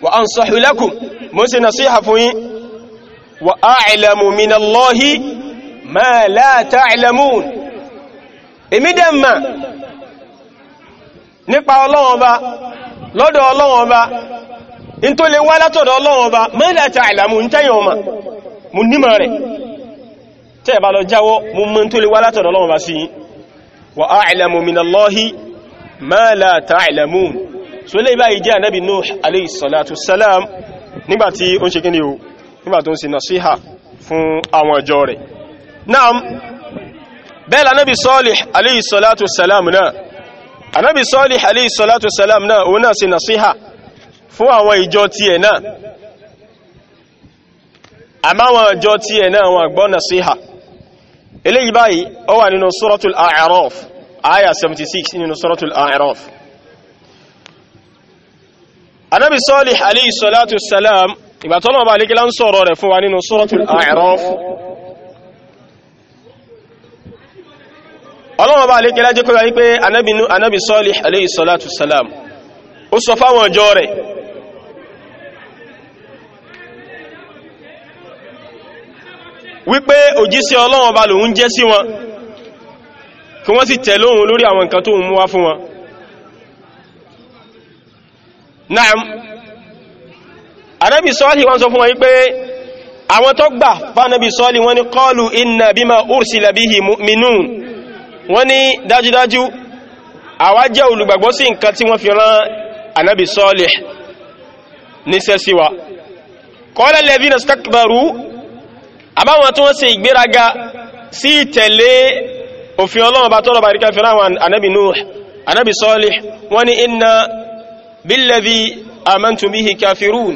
wa ansahu lakum mo ń ṣe nàṣíhà fún yín wa a'lamu minallahi ma mo nímọ̀ rẹ̀ tẹ́ ẹ bá lọ jáwọ́ mo mọ́ tó lè wá látọ̀dọ̀ Ọlọ́run bá sí yín wa a'lamu minallahi ma la ta'lamun so lè bá ìjẹ́ ànábì Nuh alayhi salatu salam nígbàtí ó ń ṣe kíni o nígbàtí ó ń ṣe nasiha fún àwọn ìjọ rẹ̀ naam náà àmáwọn ọjọ́ tí ẹ̀ náà wọn gbọ́ nasiha eléyìí báyìí ó wà nínú suratul a'raf aya 76 nínú suratul a'raf anábi Salih alayhi salatu salam ìgbàtọ́lọ̀ bá alékílá ń sọ̀rọ̀ rẹ̀ fún wa nínú suratul a'raf ọlọ́wọ́ bá alékílá jẹ́ kó wáyé pé anábi Salih alayhi wípé òjíṣẹ́ ọlọ́wọ́n ba lòun jẹ́ sí wọn kí wọ́n sì tẹ̀lé òun lórí àwọn nǹkan tó ń mú wá fún wọn náà anábì sọ́ọ̀lì wọ́n sọ fún wọn wípé àwọn tó gbà fánàbì sọ́ọ̀lì wọ́n ní qalu inna bima ursila bihi mu'minun wọ́n ní dájúdájú àwa jẹ́ olùgbàgbọ́ sí nǹkan tí wọ́n fi rán anábì sọ́ọ̀lì níṣẹ́ sí wa qala alladhina istakbaru àbáwọn tí wọ́n ṣe ìgbéraga sí ìtẹ̀lé òfin ọlọ́run bá tọ́lọ̀ bá rí káfẹ́ ráwọn anábì Nuh anábì Salih wọ́n ni inna billadhi amantum bihi kafirun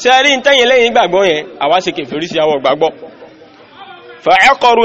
tí a rí tẹ́yìn lẹ́yìn gbàgbọ́ yẹn àwa ṣe kèfèrí sí àwọn gbàgbọ́ fa'aqaru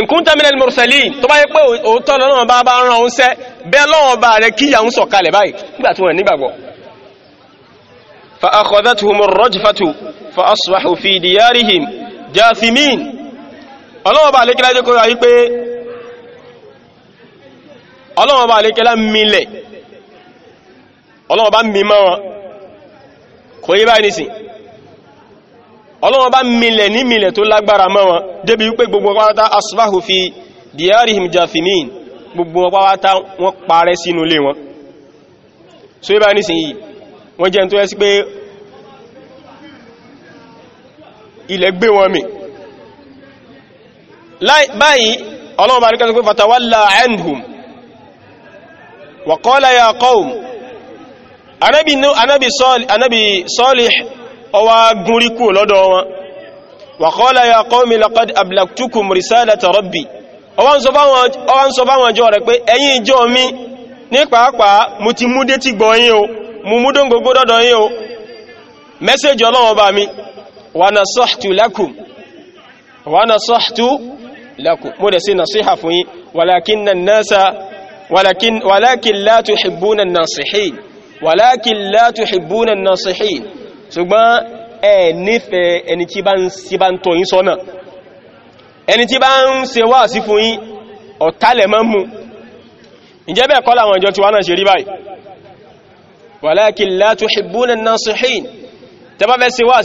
nkúntà mílẹ̀ mọ̀rọ̀sẹ̀lì tó bá yẹ pé òótọ́ lọ́nà bá bá rán oúnṣẹ́ bẹ́ẹ̀ lọ́wọ́ bá rẹ kíyà ń sọ kalẹ̀ báyìí nígbàtí wọ́n nígbàgbọ́ فأخذتهم الرجفة فأصبحوا في ديارهم جاثمين ọlọ́wọ́ bá lékẹ́lá jẹ́ kó ráyí pé ọlọ́wọ́ bá lékẹ́lá mílẹ̀ ọlọ́wọ́ bá mímọ́ wọn kò yí báyìí nìsìn ọlọ́wọ́ bá milẹ̀ ní milẹ̀ tó lágbára mọ́ wọn débi wípé gbogbo pátá asbahu fi diyarihim jathimin gbogbo pátá wọ́n parẹ́ sínú ilé wọn so ibá nísìnyí wọ́n jẹ́ tó yẹ́ sí pé ilẹ̀ gbé wọn mì báyìí ọlọ́wọ́ bá ní pé fatawalla anhum wa ya qawm ọwá gúnrí kú lọ́dọ̀ wọn wa qala ya qawmi laqad ablagtukum risalata rabbi ọwá ń sọ báwọn jọ rẹ̀ pé ẹ̀yin ìjọ mi ní pàápàá mo ti mú dé ti gbọ́ yín o mo mú dóngbò gbódọ́dọ̀ yín o mẹ́sẹ̀jì ṣùgbọ́n ẹ nífẹ̀ẹ́ ẹni tí bá ń sí bá ń tọ́ yín sọ́nà ẹni tí bá ń ṣe wá sí fún yín ọ̀tálẹ̀ mọ́ mú ǹjẹ́ bẹ́ẹ̀ kọ́ láwọn ìjọ tí wọ́n náà ṣe rí báyìí walakin la tuhibbuna an-nasihin tẹ́ bá fẹ́ ṣe wá wa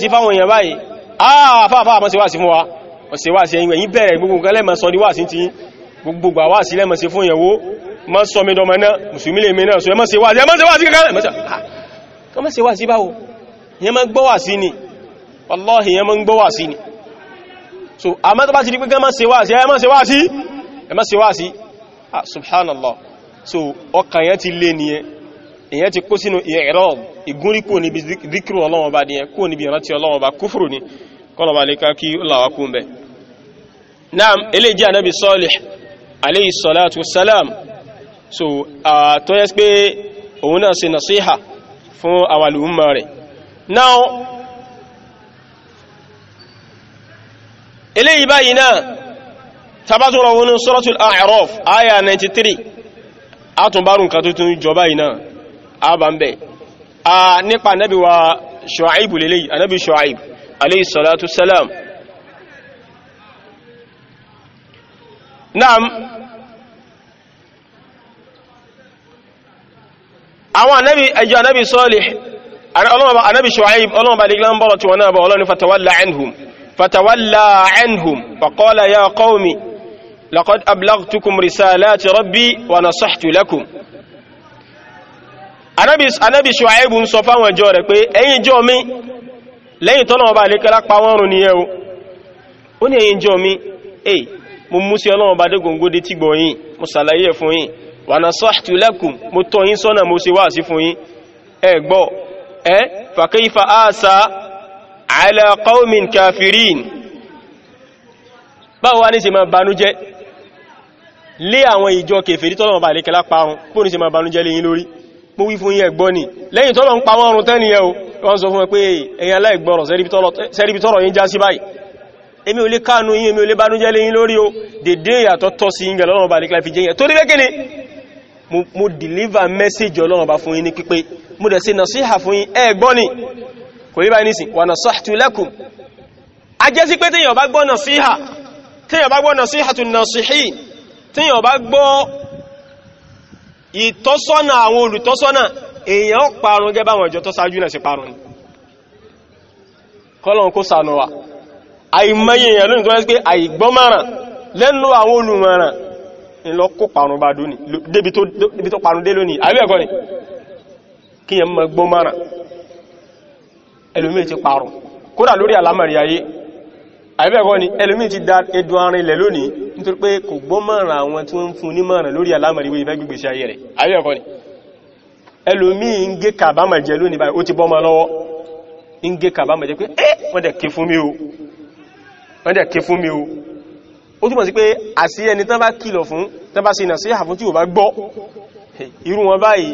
ọ̀sẹ̀ wá sí ẹ̀yìn ẹ̀yìn bẹ̀rẹ̀ gbogbo nǹkan lẹ́mọ̀ sọ di wá sí ti gbogbo gbà wá sí lẹ́mọ̀ sí yẹn máa gbọ́wà sí ni wallahi yẹn máa gbọ́wà sí ni so a mẹ́ta bá ti rí pé gẹ́mọ́ ṣe wá sí ẹ máa ṣe wá sí ah subhanallah so ọkàn yẹn ti lé nìyẹn èyàn ti kó sínú ìrọ̀ ìgúnrí kúrò níbi díkìrò ọlọ́wọ́ bá díẹ̀ kúrò níbi ìrántí ọlọ́wọ́ bá kúfùrù ní kọlọ̀bà lè ká kí láwá kún bẹ̀. náà ilé jẹ́ ànábì Salih alayhi so àtọ́yẹ́s pé òun náà ṣe nasiha fún àwàlùmọ́ rẹ̀ now eléyìí báyìí náà tabatoro wọn ní suratul A'raf aya 93 àtúnbárùn kan tó tún jọ báyìí náà àbámbẹ̀ a nípa anábi wa Shu'aib lélẹ́yìí anábi Shu'aib alayhi salatu salam naam àwọn anábi ẹjọ́ anábi Salih ọlọ́mọba anábi Shu'aib ọlọ́mọba alẹ́gbẹ́ ń bọ́rọ̀ tí wọ́n náà bọ̀ ọlọ́ni fatawalla anhum fatawalla anhum faqala ya qawmi laqad ablaghtukum risalati rabbi wa nasahtu lakum anábi Shu'aib ń sọ fáwọn ẹjọ́ rẹ̀ pé ẹ̀yin jọ mi lẹ́yìn tọ́lọ́mọba alẹ́kẹ́lá pa eh fa kayfa asa ala qaumin kafirin báwo wá ní ṣe máa banújẹ́ lé àwọn ìjọ kèfèrí tọ́lọ̀ bá lè kẹlá pa wọn bó ní ṣe máa banújẹ́ lé yín lórí mú wí fún yín ẹ gbọ́ ni lẹ́yìn tọ́lọ̀ ń pa wọ́n run tẹ́ni ẹ o wọ́n sọ fún ẹ pé ẹ̀yin aláìgbọ́rọ̀ sẹ́ríbi tọ́rọ̀ já sí báyìí message ọlọ́run bá fún mo dẹ̀ ṣe nàṣíhà fún yín ẹ gbọ́ ni kò wà a jẹ́ sí pé tíyàn bá gbọ́ nàṣíhà tíyàn bá gbọ́ nasihatu nasihin tíyàn bá gbọ́ ìtọ́sọ́nà àwọn olùtọ́sọ́nà èèyàn parun gẹ́bà àwọn ìjọ tó náà sí parun kọ́lọ̀n kó sànà wà àìmọye èèyàn lónìí tó wáyé pé àìgbọ́mọ̀ràn lẹ́nu àwọn olùmọ̀ràn ìlọ́kó parun bá dóní débi tó parun dé lónìí ni kí yẹn mọ́ gbó mara ẹlòmí ti parun kódà lórí alámàrí ayé àìbẹ̀kọ́ ni ẹlòmí ti da edu arin ilẹ̀ lónìí nítorí pé kò gbọ́ mara àwọn tí wọ́n fún ní mara lórí alámàrí wọ́n ìfẹ́ gbígbèsè ayé rẹ̀ àìbẹ̀kọ́ ni ẹlòmí ń gé kàbámà jẹ lónìí báyìí ó ti bọ́ ma lọ́wọ́ ń gé kàbámà jẹ pé ẹ́ wọ́n dẹ̀ wọn báyìí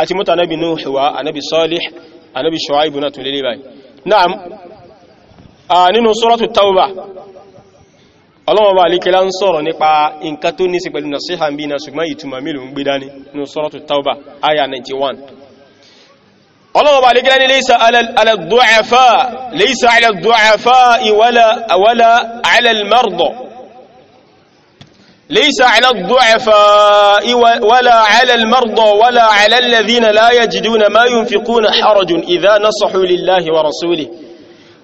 àti mọ́ta anábi Nuhu wa anábi Salih anábi Shuaibu náà tó lélé báyìí na'am a nínú suratu Tawba ọlọ́wọ́ bá alikẹ́lá ń sọ̀rọ̀ nípa nǹkan tó ní sí pẹ̀lú nasiha bí na ṣùgbọ́n ìtumọ̀ mélòó ليس على الضعفاء ولا على المرضى ولا على الذين لا يجدون ما ينفقون حرج إذا نصحوا لله ورسوله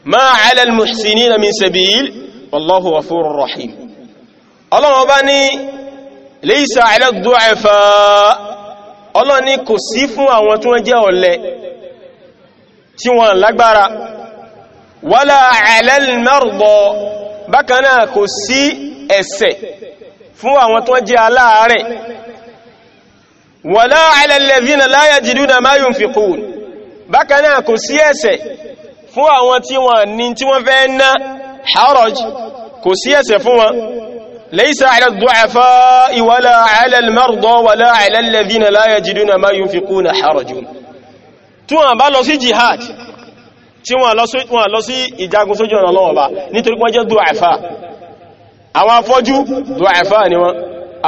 ما على المحسنين من سبيل والله غفور رحيم الله أباني ليس على الضعفاء الله نيكو سيفو أوتون جاء الله تيوان لكبارا ولا على المرضى بكنا كسي أسي fún àwọn tó jẹ́ aláàárẹ̀ wala ala alladhina la yajiduna ma yunfiqun bákan náà kò sí ẹ̀ṣẹ̀ fún àwọn tí wọ́n ní tí wọ́n fẹ́ ná haraj kò sí ẹ̀ṣẹ̀ fún wọn laysa ala ad-du'afa'i wala ala al-marda tí wọ́n lọ sí ìjagun sójú ọ̀nà lọ́wọ́ bá nítorí wọ́n jẹ́ du'afa àwọn afọ́jú dùwàfà ni wọ́n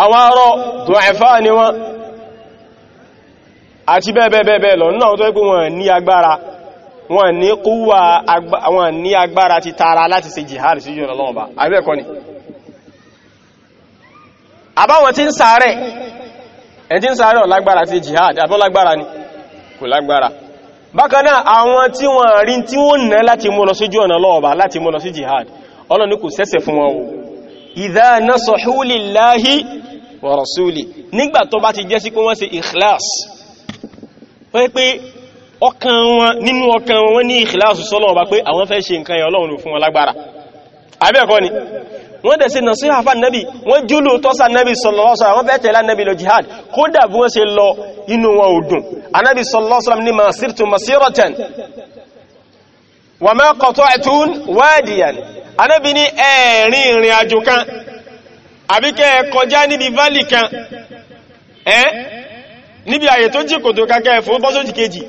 àwọn arọ dùwàfà ni wọ́n àti bẹ́ẹ̀bẹ́ẹ̀bẹ́ẹ̀ lọ náà tó ẹgbẹ́ wọn ní agbára wọn ní kúwà wọn ní agbára ti tara láti ṣe jihad sí jùlọ lọ́wọ́ba abẹ́ẹ̀kọ́ ni àbáwọn tí ń sàárẹ̀ ẹ̀ tí ń sàárẹ̀ ọ̀ lágbára ti jihad àbọ́ lágbára ni kò lágbára bákan náà àwọn ọlọ́ni kò sẹ́sẹ̀ fún wọn o idha nasahu lillahi wa rasuli nígbà tó bá ti jẹ́ sí pé wọ́n ṣe ikhlas wọ́n yẹ pé ọkàn wọn nínú ọkàn wọn ní ikhlas sọ́lọ́ ọba pé àwọn fẹ́ ṣe nǹkan yẹn ọlọ́run fún wọn lágbára abẹ́ẹ̀kọ́ ni wọ́n dẹ̀ ṣe nasiha fún nẹ́bì wọ́n júlù tọ́sà nẹ́bì sallallahu alaihi wasallam wọ́n fẹ́ tẹ̀lé anábi ní ẹ̀ẹ̀rin ìrìn àjò kan àbí kẹ́ kọjá níbi valley kan ẹ́ níbi àyè tó jí kòtò kakẹ́ fún bọ́sójì kejì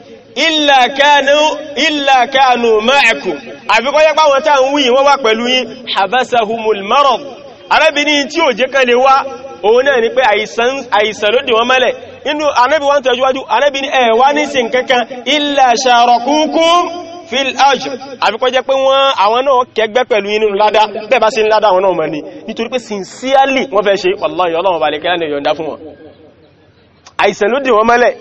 illa kanu ma'akum àbí kọ́ yẹ́pá wọn táà ń wí wọ́n wà pẹ̀lú yín habasahumul marad anábi ní tí ni pé àìsàn ló dì wọ́n mẹ́lẹ̀ inú anábi wọ́n tẹ̀síwájú anábi ní ẹ̀wá fil ajr àfikọ́ jẹ́ pé wọ́n àwọn náà kẹgbẹ́ pẹ̀lú inú ládá bẹ́ẹ̀ bá sí ládá àwọn náà mọ̀ ní nítorí pé sincerely wọ́n fẹ́ ṣe wallahi ọlọ́run balẹ̀ kẹ́lá ní ìyọ̀ndá fún wọn àìsàn ló dì wọ́n mọ́lẹ̀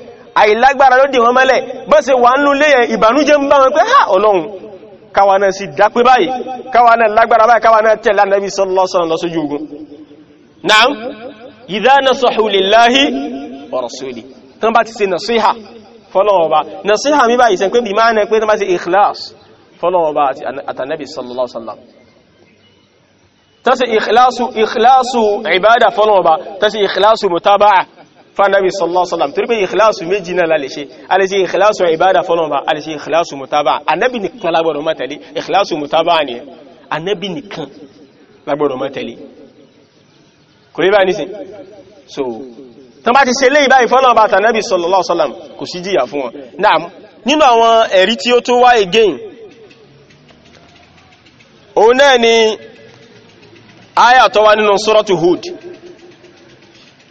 àìlágbára ló dì wọ́n mọ́lẹ̀ bọ́ sí wà ń lú léyẹn ìbànújẹ́ ń bá wọn pé ha ọlọ́run káwa náà sì dápé báyìí káwa náà lágbára báyìí káwa náà tẹ̀lá nàbí sọ́lọ́sọ́rọ̀ lọ sójú ogun naam idha nasahu lillahi wa rasuli tán bá ti ṣe nasiha fọ́lọ́ọ̀bá nasiha mi báyìí sẹ́ pé bí máa nẹ pé tó bá sí ikhlas fọ́lọ́ọ̀bá àtànẹ́bì sallallahu alaihi wasallam tasi ikhlasu ikhlasu ibada fọ́lọ́ọ̀bá tasi ikhlasu mutaba'a fanabi sallallahu alaihi wasallam torí pé ikhlasu méjì náà la lè ṣe a lè ṣe ikhlasu ibada fọ́lọ́ọ̀bá a lè ṣe ikhlasu mutaba'a ànábì nìkan lágbọ́dọ̀ máa tẹ̀lé ikhlasu mutaba'a ni ànábì nìkan lágbọ́dọ̀ máa tẹ̀lé kò so tán bá ti ṣe lé ìbáyìí fọ́nà bá tànẹ́bì sallallahu alaihi wasallam kò sí jìyà fún wọn náà nínú àwọn ẹ̀rí tí ó tó wá again òun náà ni aya tó wá nínú suratu Hud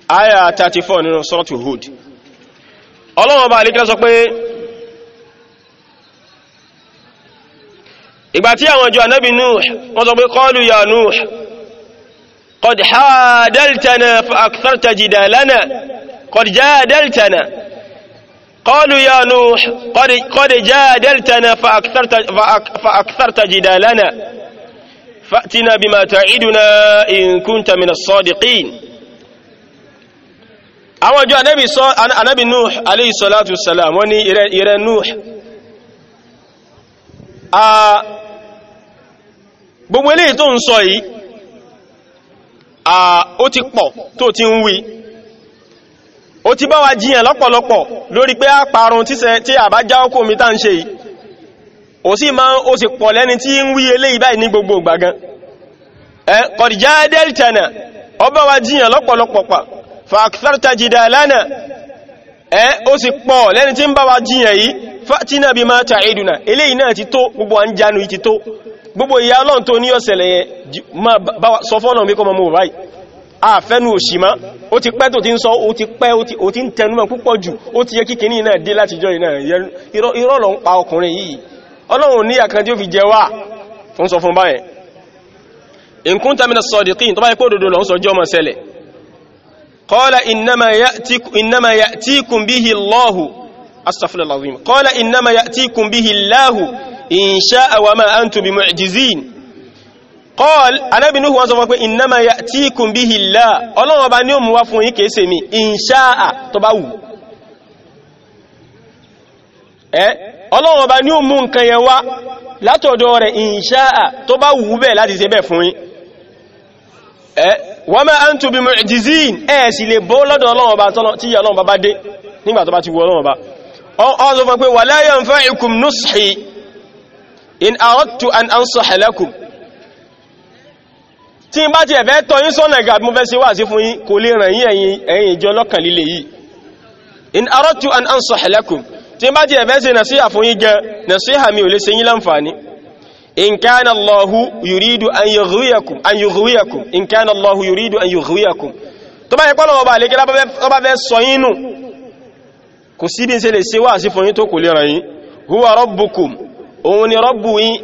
aya 34 nínú suratu Hud Ọlọ́run bá alékẹ́ sọ pé ìgbà tí àwọn ìjọ ànábì Nuh wọ́n sọ pé qalu ya Nuh قد حادلتنا فأكثرت جدالنا قد جادلتنا قالوا يا نوح قد, قد جادلتنا فأكثرت, فأكثرت جدالنا فأتنا بما تعدنا إن كنت من الصادقين أنا ọjọ́ anábi nuh alayhi salatu wassalam wọ́n ní ìrẹ ó ti pọ̀ tó ti ń wí ó ti bá wa jiyàn lọ́pọ̀lọpọ̀ lórí pé a parun tí a bá já ọkọ̀ mi tá ń ṣe yìí ó sì máa ó sì pọ̀ lẹ́ni tí ń wí eléyìí báyìí ní gbogbo gbàgán ẹ kọ̀dìjá deltana ó bá wa jiyàn lọ́pọ̀lọpọ̀ pa fàkìtàrta jìdà lánà ẹ ó sì pọ̀ lẹ́ni tí ń bá wa jiyàn yìí fatina bima ta'iduna eléyìí náà ti tó gbogbo à ń jánu yìí ti tó gbogbo ìyá ọlọ́run tó ní ọ̀sẹ̀lẹ̀ yẹn ma sọ fọ́nà bí kọ́ mọ́ mọ́ báyìí àfẹ́nu òṣìmá ó ti pẹ́ tó ti ń sọ ó ti pẹ́ ó ti ń tẹnumọ́ púpọ̀ jù ó ti yẹ kíkìní náà dé látijọ́ náà irọ́ ló ń pa ọkùnrin yìí ọlọ́run ní àkàn tí ó fi jẹ wá fún أستغفر الله العظيم قال إنما يأتيكم به الله إن شاء وما أنتم بمعجزين قال أنا بنوه وانزم إنما يأتيكم به الله الله أبا نيوم وافوه كيسمي إن شاء تباو ọlọ́wọ́n bá ní o mú nǹkan yẹn wá látọ̀dọ̀ rẹ̀ ìṣáà tó bá wù bẹ́ẹ̀ láti ṣe bẹ́ẹ̀ fún yín wa ma antum bi mu'jizin ẹ̀ sì lè bọ́ lọ́dọ̀ ọlọ́wọ́n bá tí yà ọlọ́wọ́n bá dé nígbà tó bá ti wù ọlọ́wọ́n bá ọzọ fún pé wala yanfa'ikum nushi in aradtu an ansaha lakum tí n bá ti ẹ̀fẹ́ tọ́ yín sọ́nà ìgbà mú fẹ́ sí wà sí fún yín kò lè ràn yín ẹ̀yin ìjọ lọ́kàn líle yìí in aradtu an ansaha lakum tí n bá ti ẹ̀fẹ́ sí nàṣíhà fún yín gan nàṣíhà mi ò kana Allahu yuridu an yughwiyakum an yughwiyakum in kana Allahu yuridu an yughwiyakum tó bá yẹ pọ́lọ́wọ́ bá lè kí lábẹ́ sọ yín nù kò sí bí n ṣe lè ṣe wá sí fún yín tó kò lè ràn yín huwa rabbukum òun ni rabbu yín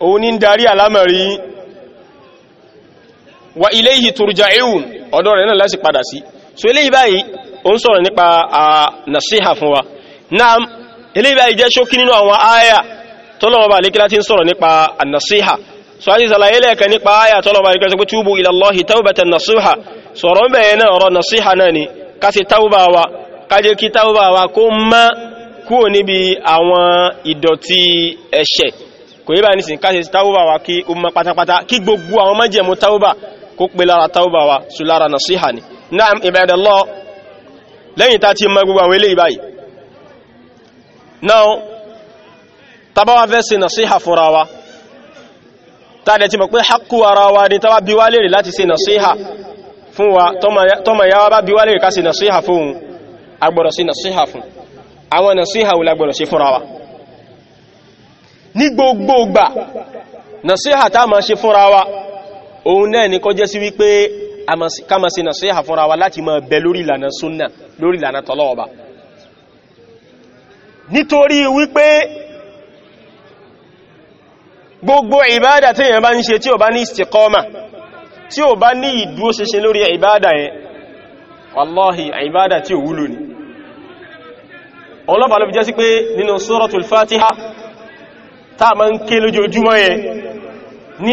òun ni ń darí àlámọ̀rí yín wa ilayhi turja'un ọ̀dọ̀ rẹ̀ náà láti padà sí so eléyìí báyìí ó ń sọ̀rọ̀ nípa nasiha fún wa náà eléyìí báyìí jẹ́ ṣókí nínú àwọn áyà tọ́lọ́wọ́ bá lékí láti ń sọ̀rọ̀ nípa nasiha so àti ìsàlàyé lẹ́ẹ̀kan nípa áyà tọ́lọ́wọ́ bá lékí láti túbú ilallahi tawbatan nasuha sọ̀rọ̀ ń bẹ̀yẹ náà ọ̀rọ̀ nasiha náà ni ká sì tawba wa kájẹ́ kí táwọ́bà wa kó mọ́ kúrò níbi àwọn ìdọ̀tí ẹ̀ṣẹ̀ kò yíba ní sin káṣe táwọ́bà wa kí ó mọ́ pátápátá kí gbogbo àwọn májẹ̀mú táwọ́bà kó pé lára táwọ́bà wa sù lára nasiha ni tabawa fẹ́ nasiha fúnra wa tàdẹ̀ ti wa ni tàbá bí wá lè nasiha fún wa tọ́mọ̀ yáwá bá bí wá lè ká ṣe nasiha fún un agbọrọ si nasiha fun awon nasiha wula agbọrọ si fun rawa ni gbogbo gba nasiha ta ma se fun rawa ohun naa ni ko je si wipe ka ma se nasiha fun lati ma be lori ilana sunna lori ilana tolooba nitori wipe gbogbo ibada teyan ba n se ti o ba ni istikoma ti o ba ni iduo sese lori ibada yen wallahi ibada tí ò wúlò ní ọlọ́pàá ló fi jẹ́ sí pé nínú fatiha táà ma ń ké lójoojúmọ́ ní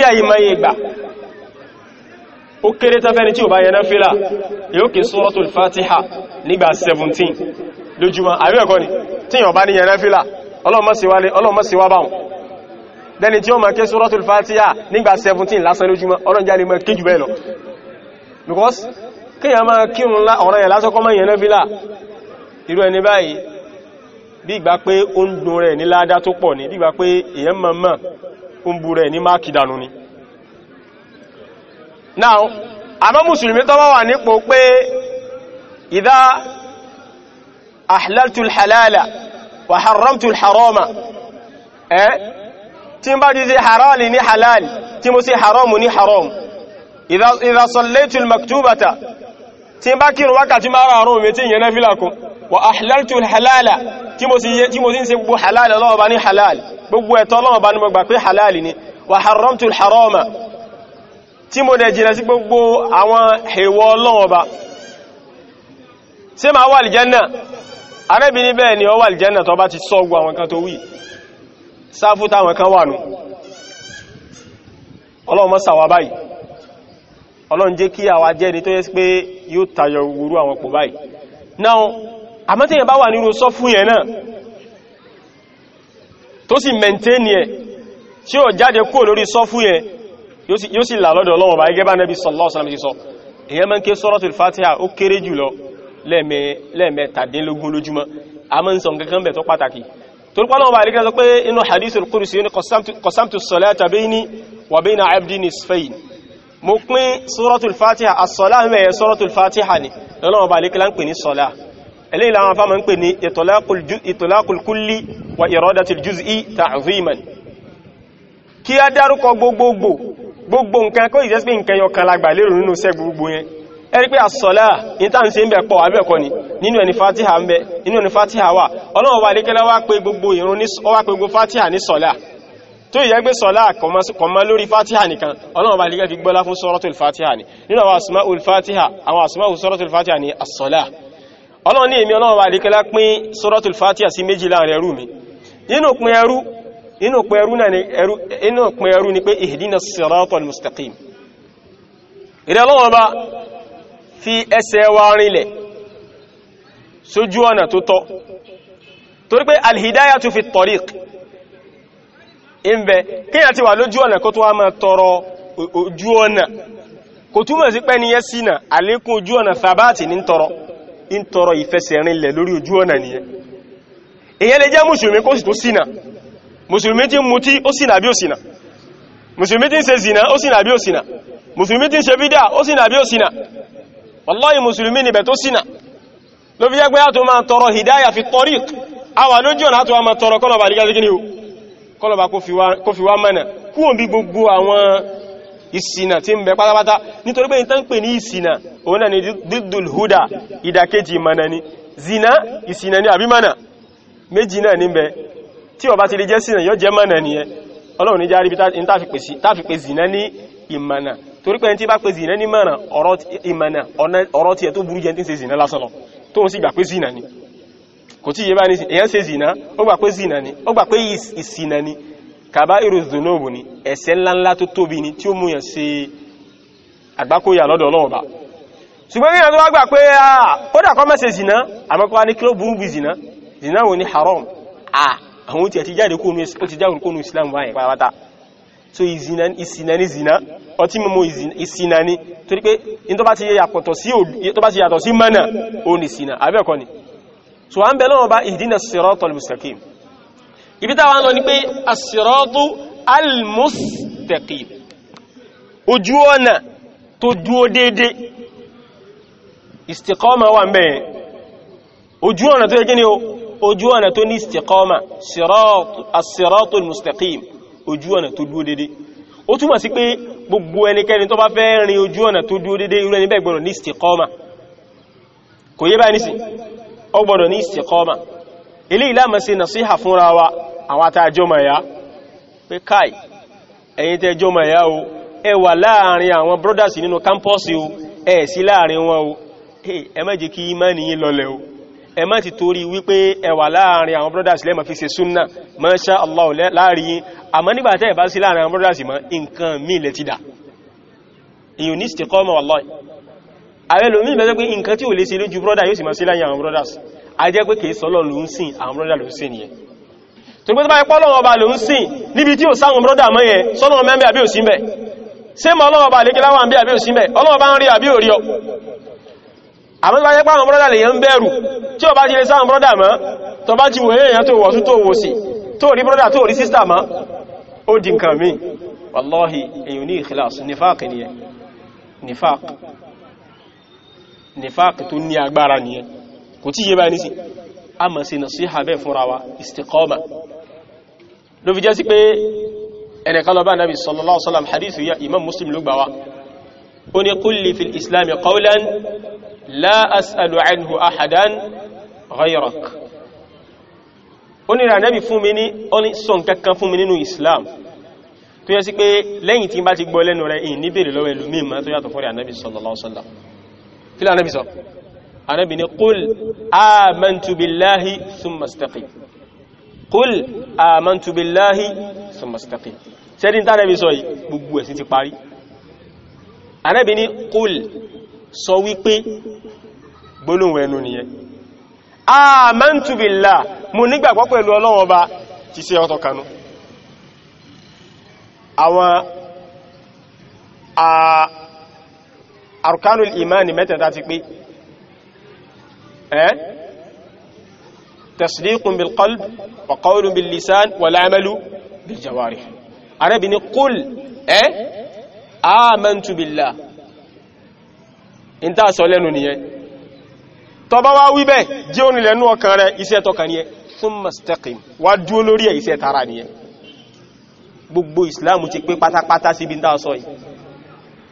ó kéré tán fẹ́ni tí ò bá yóò fatiha nígbà 17 lójúmọ́ ni tí bá ní ọlọ́mọ́síwá báhùn kíyàn máa kírun lá ọ̀rọ̀ yẹ̀ lásọ́kọ́ máa yẹn náfílà irú ẹni báyìí bí ìgbà pé ó ń dùn rẹ̀ ní ládá tó pọ̀ ní bí ìgbà pé èyàn máa mọ̀ ń bu rẹ̀ ní máàkì ni now àmọ́ mùsùlùmí tó bá wà nípò pé ìdá ahlaltul halala wa haramtul harama eh tí n bá ti ṣe halali tí n bá kírun wákàtí márùn-ún mi tí ìyẹn náà fílà kún wa ahlaltu halala tí mo sì ń ṣe gbogbo halal Ọlọ́run bá ní halal gbogbo ẹ̀tọ́ Ọlọ́run bá ní mo gbà pé halal ni wa haramtu harama tí mo dẹ̀ jìnà sí gbogbo àwọn èèwọ̀ Ọlọ́run bá Ọlọ́run mọ́ báyìí Ọlọ́run jẹ́ kí àwa jẹ́ ni tó yẹ sí pé yóò tayọ wúrú àwọn kò báyìí náà àmọ́tẹ̀yàn bá wà nínú sọ fún yẹn náà tó sì mẹ́ntẹ́ni ẹ̀ tí ó jáde kúrò lórí sọ fún yẹn yóò sì là lọ́dọ̀ Ọlọ́run bá gẹ́gẹ́ bá Nábì sallallahu alaihi wasallam èyàn máa ń ké suratul Fatiha ó kéré jùlọ lẹ́ẹ̀mẹ́tàdínlógún lójúmọ́ a máa ń sọ nǹkan kan bẹ̀ tó pàtàkì torípa náà bá rí kẹ́sọ pé inú hadithul qudsi ní qasamtu salata bayni wa bayna abdi nisfayn mo pín suratul fatiha as-salah mẹ́yẹ suratul fatiha ni lọ́nà ọba alékílá ń pè ní sọ́lá eléyìí làwọn afá ma ń pè ní itlaqul kulli wa iradatul juz'i ta'ziman kí a dárúkọ gbogbogbò gbogbo nǹkan kó ìjẹ́sí pé nǹkan yọ kan lágbà lérò nínú sẹ́ gbogbo yẹn ẹ̀rí pé as-salah ìta ń se ń bẹ̀ pọ̀ abẹ́ẹ̀kọ́ ni nínú ẹni wà ọlọ́run tó yẹ gbé sọ́lá kọ̀mọ́ lórí fatiha nìkan ọlọ́run bá lè fi gbọ́lá fún suratul fatiha ni nínú àwọn asma'ul fatiha àwọn asma'ul suratul fatiha ni as-sọ́lá ọlọ́run ní èmi ọlọ́run bá lè kẹ́lá pín suratul fatiha sí méjì láàrin ẹrú mi nínú pín ẹrú inú pín ìbẹ̀ kíyà ti wà lójú ọ̀nà kó tó wá máa tọrọ ojú ọ̀nà kò túmọ̀ sí pẹ́ níyẹ́ sínà àlékún ojú ọ̀nà thabati ní tọrọ in tọrọ ìfẹsẹ̀rinlẹ̀ lórí ojú ọ̀nà nìyẹn èyẹ́ lè jẹ́ mùsùlùmí kó sì tó sínà mùsùlùmí tí ń mutí ó sínà bí ó sínà mùsùlùmí tí ń ṣe zìnà hidaya fi tariq àwà lójú ọ̀nà àtò máa tọrọ kọlọ̀bá kó fi wá mẹ́nà kúrò bí gbogbo àwọn ìsìnà tí ń bẹ pátápátá nítorí pé ìtàn pè ní ìsìnà òun náà ni dídùl húdà ìdàkejì mẹ́nà ni zina ìsìnà ni àbí mẹ́nà méjì náà ní bẹ tí ó bá ti lè jẹ́ sínà yóò jẹ́ mẹ́nà ni ẹ ọlọ́run ní járí táfi pè zina ní ìmẹ́nà torí pé ẹni tí bá zina ní mẹ́nà ọ̀rọ̀ ìmẹ́nà ọ̀rọ̀ tí ẹ tó burú zina lásán lọ tóun sì zina ni kò tí yẹ bá ní èyàn ṣe zìnà ó gbà pé ni ó gbà pé ìsìnà ni ni ẹ̀ṣẹ̀ ńláńlá tó tóbi ni tí ó mú yàn ṣe àgbákòyà lọ́dọ̀ Ọlọ́run ṣùgbọ́n yíyàn tó wá gbà pé kódà kọ́ mẹ́sẹ̀ zìnà àmọ́kọ́ ní kí ló zina zina wo ni haram àwọn tí a ti jáde kónú Islam wáyé pàápàá so ìsìnà ni zina ọtí mímọ̀ isina ni torí pé tó bá ti yàtọ̀ sí ó ní ni so a ń bẹ lọ́wọ́ bá ihdina as-siratal mustaqim ibi táwọn lọ ní pé as-siratu al-mustaqim ojú ọ̀nà tó dúó déédé istiqama wà ń bẹ̀yẹn ojú ọ̀nà tó yẹ kí ni o ojú ọ̀nà tó ní istiqama as-siratul ojú ọ̀nà tó dúó dédé ó túmọ̀ sí pé gbogbo ẹnikẹ́ni tó bá fẹ́ rin ojú ọ̀nà tó dúó dédé irú ẹni bẹ́ẹ̀ gbọ́dọ̀ ní istiqama kò yé báyìí nísìn ó gbọ́dọ̀ ní istiqama ilé ìlàmà sí nàṣíhà fúnra wa àwọn àtàjọmọ̀ ya pé káì ẹ̀yin tẹjọmọ̀ ya o ẹ wà láàrin àwọn brothers nínú kámpọ́sì o ẹ sí láàrin wọn o ẹ má jẹ́ kí ìmánì yín lọlẹ̀ o ẹ má ti torí wípé ẹ wà láàrin àwọn brothers lẹ́mọ̀ fi ṣe súnnà masha Allah láàrin yín àmọ́ nígbà àwọn ẹlòmí ìbẹ̀ẹ́ pé nǹkan tí ò lè ṣe lójú brọ́dà yóò sì máa sí láyé àwọn brothers a jẹ́ pé kìí sọ́lọ̀ ló ń sìn àwọn brọ́dà ló ń sìn nìyẹn tó gbé tó bá ipọ́ lọ́wọ́ ọba ló ń sìn níbi tí ò sáwọn brọ́dà mọ́ yẹn sọ́lọ̀ mẹ́mẹ́ àbí òsì mẹ́ ṣé mọ́ ọlọ́wọ́ ọba lékelá wà ń bí àbí òsì mẹ́ ọlọ́wọ́ bá ń rí àbí òrí ọ àmọ́ tó nifaq tó ní agbára nìyẹn kò tí yé bá ní sí a mọ̀ sí nasiha bẹ́ẹ̀ fúnra wa istiqama ló fi jẹ́ sí pé ẹnìkan lọ bá nabi sallallahu alaihi wasallam hadith ya imam muslim ló gbà wá ó ní kulli fil islam qawlan la as'alu anhu ahadan ghayrak ó ní ra nabi fún mi ní ó ní sọ nǹkankan fún mi nínú islam tó yẹ sí pé lẹ́yìn tí bá ti gbọ́ lẹ́nu rẹ̀ ìní bèèrè lọ́wọ́ ẹlòmíì má tó yàtọ̀ fọ́rẹ̀ ànábì sallallahu kí lánàbí sọ anábì ni kúl àmàntubiláhi súnmàstàkì kúl àmàntubiláhi súnmàstàkì sẹ́dí tánàbí sọ gbogbo ẹ̀sìn ti parí anábì ni kúl sọ wípé gbólóhùn ẹnu nìyẹn àmàntubilá mo nígbàgbọ́ pẹ̀lú Ọlọ́run Ọba ti ṣe ọ̀tọ̀ kanú àwọn arkanul imani mẹ́tẹ̀ta ti pé ẹ́ tasdiqun bil qalb wa qawlun bil lisan wa la'amalu bil jawarih arabi ni qul ẹ́ amantu billah in ta sọ lẹ́nu nìyẹn tó bá wá wíbẹ̀ jẹ́ òní lẹ́nu ọkàn rẹ iṣẹ́ tọkàn nìyẹn thumma istaqim wá dúó lórí ẹ̀ iṣẹ́ tara nìyẹn gbogbo ìsìláàmù ti pé pátápátá síbi ta sọ yìí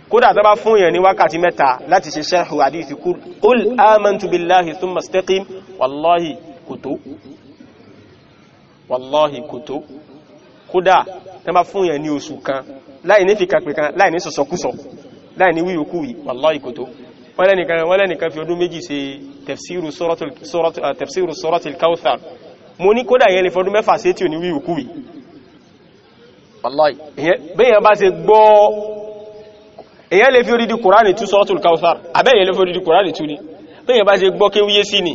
kódà tó bá fún èèyàn ní wákàtí mẹ́ta láti ṣe ṣẹ́hù àdífi kú ul amantu billahi thumma istaqim wallahi kò tó wallahi kò tó kódà tó bá fún èèyàn ní oṣù kan láì ní fìkàpẹ̀ kan láì ní sọ̀sọ̀kúsọ̀ láì ní wíyókúwì wallahi kò tó wọ́n lẹ́nìkan wọ́n lẹ́nìkan fi ọdún méjì ṣe tafsiru suratul eh, tafsiru suratul kawthar èyàn lè fi orídi kùránì tú sọ́tùl káwùsàr àbẹ́yẹ lè fi orídi kùránì tú ní pé yẹn bá ṣe gbọ́ kéwúyé sí ni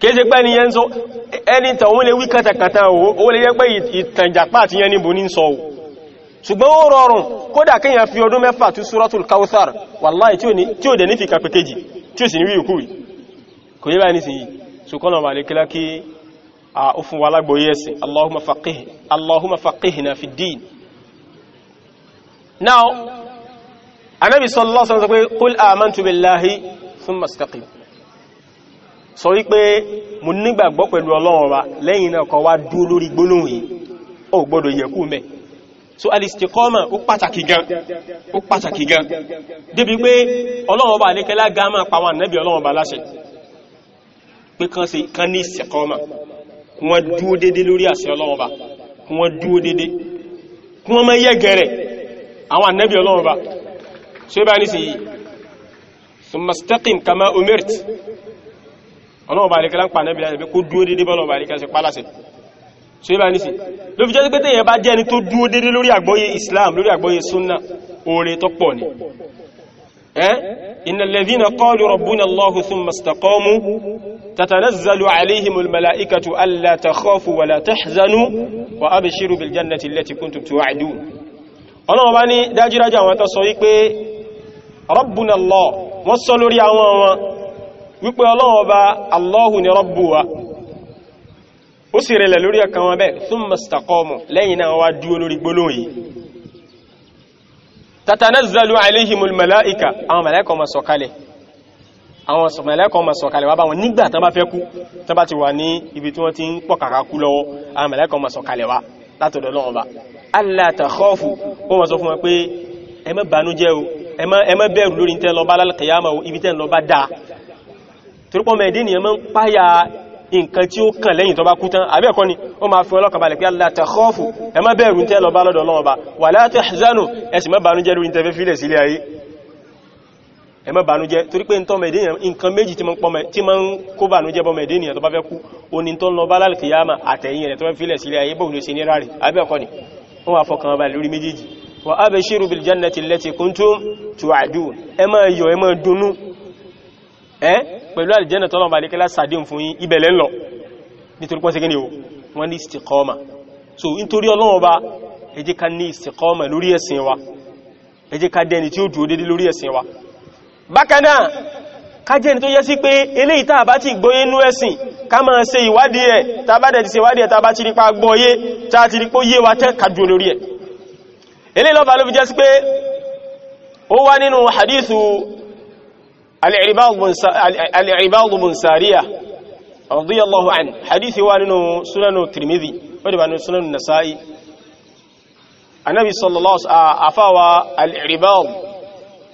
kéèṣe pẹ́ ni yẹn sọ ẹni tàn wọ́n lè wí kàtàkàtà owó lè yẹ pé ìtànjàpá àti yẹn níbo ní sọ ṣùgbọ́n ó rọrùn kódà kéèyàn fi ọdún mẹ́fà tú sọ́tùl káwùsàr wàláì tí ò dẹ̀ ní fi kàpẹ́ kéjì tí ò sì ní wí fi ddin now anábi sallallahu alaihi wasallam sọ pé kúl àmántù billahi thumma istaqim sọ wípé mo nígbàgbọ́ pẹ̀lú ọlọ́run wa lẹ́yìn náà kọ wá dúó lórí gbólóhùn yìí so alistiqama ó pàtàkì gan ó pàtàkì gan débi pé ọlọ́run wa alékẹ́lá ga máa pa wọn nẹ́bí ọlọ́run wa láṣẹ pé kan sí kan ní istiqama wọn dúó dédé lórí àṣẹ wọn dúó dédé gẹ̀rẹ̀ àwọn ànẹ́bí ọlọ́run wa ṣe bá ní sí yìí summa istaqim kama umirt ọlọ́wọ́ bá nìkan pa nẹ́bí láti kó dúó dédé bọ́lọ̀ bá nìkan sí pálásẹ̀ ṣe bá ní sí ló fi jẹ́ pé tẹ́yẹ bá jẹ́ ni tó dúó dédé lórí àgbọ́yé Islam lórí àgbọ́yé sunna oore tó pọ̀ ni innal ladhina qalu rabbuna Allahu thumma istaqamu تتنزل عليهم الملائكة ألا تخافوا ولا تحزنوا وأبشروا بالجنة التي كنتم توعدون ọlọ́wọ́ bá ní dájírájá àwọn tó sọ wípé rabbuna allah wọ́n sọ lórí àwọn wọn wípé ọlọ́run ọba allahu ni rabbu wa ó sì rẹ̀lẹ̀ lórí ọkàn wọn bẹ́ẹ̀ thumma istaqamu lẹ́yìn náà wá dúó lórí gbólóhùn yìí tatanazzalu alayhimul malaika àwọn màláíkà máa sọ̀kalẹ̀ àwọn màláíkà máa sọ̀kalẹ̀ wá bá wọn nígbà tán bá fẹ́ kú tán sọ fún wọn pé ẹ má banújẹ́ o ẹ má bẹ̀rù lórí tẹ́ lọ bá lálẹ́kẹ̀yàmà ibi tẹ́ lọ bá dáa torípọ̀ mẹ́ẹ̀dẹ́ ni ẹ má ń páyà nǹkan tí ó kàn lẹ́yìn tó bá kú tán àbí ni ó máa fi ọlọ́kàn pé la takhafu ẹ má bẹ̀rù tẹ́ lọ bá lọ́dọ̀ Ọlọ́run Ọba wala tahzanu ẹ sì má banújẹ́ lórí tẹ́fẹ́ fílẹ̀ sílé ayé ẹ má banújẹ́ torí pé ntọ́ mẹ́ẹ̀dẹ́ nǹkan méjì tí ni wọ́n wà fọkàn balẹ̀ lórí méjèèjì wa abashiru bil jannati allati kuntum tu'adun ẹ máa yọ̀ ẹ máa dùnú eh pẹ̀lú aljanna tolo ba le kala sadin fún yín ibẹ̀ lẹ ńlọ nítorí pon so nítorí Ọlọ́run ba ẹ jẹ́ ká ní istiqama lórí ẹ̀sìn wa ẹ jẹ́ ká dẹni tí ó dúró dédé ni tó yẹ sí pé eléyìí tá bá ti gbọ́yé nú ẹ̀sìn ká máa ṣe ìwádìí ẹ̀ tá ti ṣe ìwádìí ẹ̀ tá ti rí pa gbọ́yé tá ti rí pó yé wa tẹ́ ká dúró ẹ̀ eléyìí ló fà ló fi jẹ́ sí pé ó wá nínú hadithu al-Irbad bin Sariyah radiyallahu anhu hadithi wá nínú sunanu Tirmidhi wadda ba nínú sunanu Nasa'i anabi sallallahu afawa al-Irbad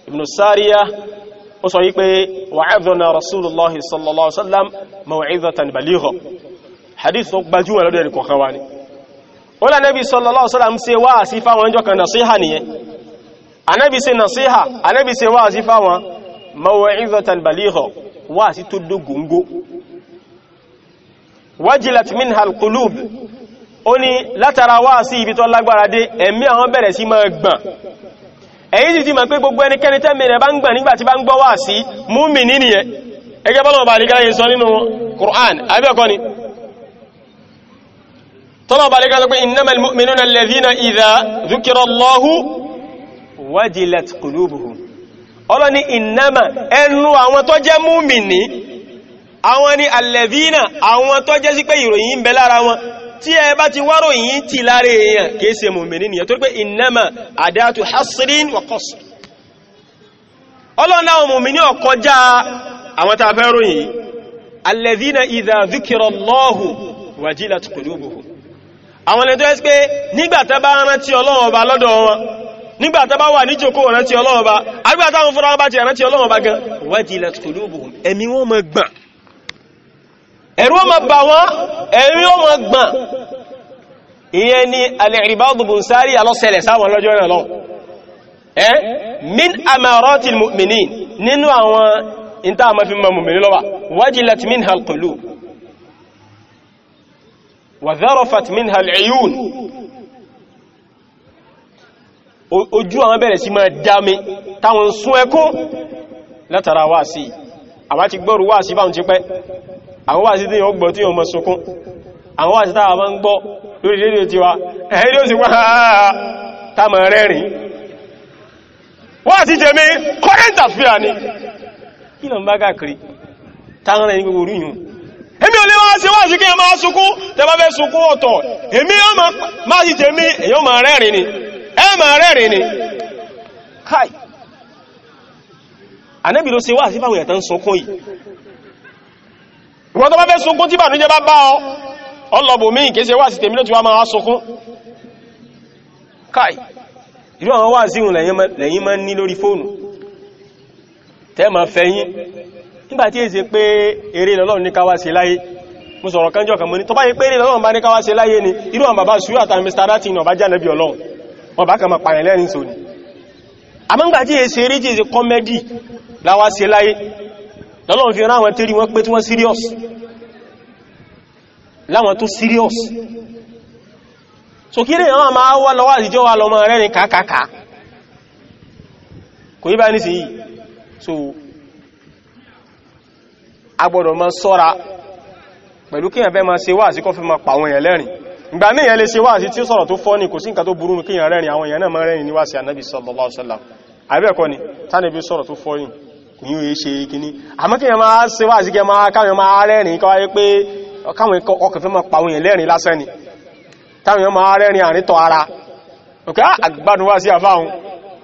ibn Sariyah ó sọ wípé wa'adhana rasulullahi sallallahu alaihi wasallam maw'izatan baligha hadith tó gbajúmọ̀ lọ́dọ̀ ẹni ni ó lẹ́nẹ́bí sallallahu alaihi wasallam ṣe wá sí fáwọn ọjọ́ kan nàṣíhà nìyẹn anẹ́bí ṣe nàṣíhà anẹ́bí ṣe wá sí fáwọn maw'izatan baligha wá sí tó dógóngó wajilat minha alqulub ó ní látara wá sí ibi tó lágbára dé ẹ̀mí àwọn bẹ̀rẹ̀ sí máa gbọ̀n èyí sì ti mọ̀ pé gbogbo ẹnikẹ́ni tẹ́mì rẹ̀ bá ń gbọ̀n nígbàtí bá ń gbọ́ wá sí múmi nínìyẹn ẹgẹ́ bọ́lọ̀ bá ní sọ nínú Qur'an abẹ́ẹ̀kọ́ ni tọ́lọ̀bà lè gbáyé pé innamal mu'minuna alladhina idha dhukira Allahu wajilat qulubuhum ọlọ́ni innama ẹnu àwọn tó jẹ́ múmìnì àwọn ni alladhina àwọn tó jẹ́ sí pé ìròyìn ń bẹ lára wọn tí ẹ bá ti wárò yìí ti lára èèyàn kìí ṣe múmìnì nìyàn tó pé innama adatu hasrin wa qasr àwọn ẹni tó ẹ́ sí pé nígbàtẹ́ bá rántí Ọlọ́run ọba lọ́dọ̀ wọn nígbàtẹ́ bá wà ní jókòó rántí Ọlọ́run ọba agbàtàwọn fúnra bá ti rántí Ọlọ́run ọba gan wajilat qulubuhum ẹ̀mí wọn máa gbọ̀n ẹ̀rù ó máa bà wọ́n ẹ̀mí ó máa gbọ̀n ìyẹn ni al-Irbad bin Sari mọ̀ mùmìnì وذرفت منها العيون ojú àwọn bẹ̀rẹ̀ sí máa dámi táwọn sún ẹkún látara wá sí àwọn ti gbọ́rù wá sí báhùn ti pẹ́ àwọn wá sí tí yíò gbọ́ tí yíò mọ̀ sókún àwọn wá sí táwà máa ń gbọ́ lórí rédíò ti wá ẹ̀yìn ló sì wá táwọn ẹni èmi ò lè máa ṣe wáàsí kí ẹ máa sunkún tẹbà fẹ́ sunkún ọ̀tọ̀ èmi yóò máa sì tèmi èyàn máa rẹ́rìn ni ẹ máa rẹ́rìn ni kai anẹ́bì ló ṣe wáàsí fáwọn ẹ̀tàn sunkún yìí wọ́n tó bá fẹ́ sunkún tí bànújẹ́ bá bá ọ ọlọ́bù mí kése wáàsí tèmi ló ti wá máa sunkún kai irú àwọn wáàsí lẹ́yìn nígbàtí èsì pé eré lọ́lọ́run ní káwà sí láyé mo sọ̀rọ̀ kánjọ́ kan mọ́ ní tó bá yí pé eré lọ́lọ́run bá ní káwà sí láyé ni irú àwọn bàbá sùúrù àtàrí mr datin ọba jánàbí jẹ́ kọ́mẹ́dì láwà serious láwọn tó serious so kí rèèyàn máa wá lọ́wọ́ àdìjọ́ wa lọ́mọ rẹ́rin kò yí bá ní sí yìí so agbọ́dọ̀ máa ṣọ́ra pẹ̀lú kíyàn fẹ́ máa ṣe wáàsí kọ́ fi máa pa àwọn èèyàn lẹ́rìn ìgbà míì yẹn lè ṣe wáàsí tí sọ̀rọ̀ tó fọ́ ní kò sí nǹkan tó burú kíyàn rẹ́rìn àwọn èèyàn náà máa rẹ́rìn ní wáàsí anábì sallallahu ni tánàbí sọ̀rọ̀ tó fọ́ yìn ní ó yẹ ṣe kíní àmọ́ kíyàn máa ṣe wáàsí kẹ máa káwọn máa rẹ́rìn káwáyé pé káwọn ọkàn fẹ́ máa pa àwọn èèyàn lẹ́rìn lásán ni táwọn èèyàn máa rẹ́rìn àrítọ̀ ara ah,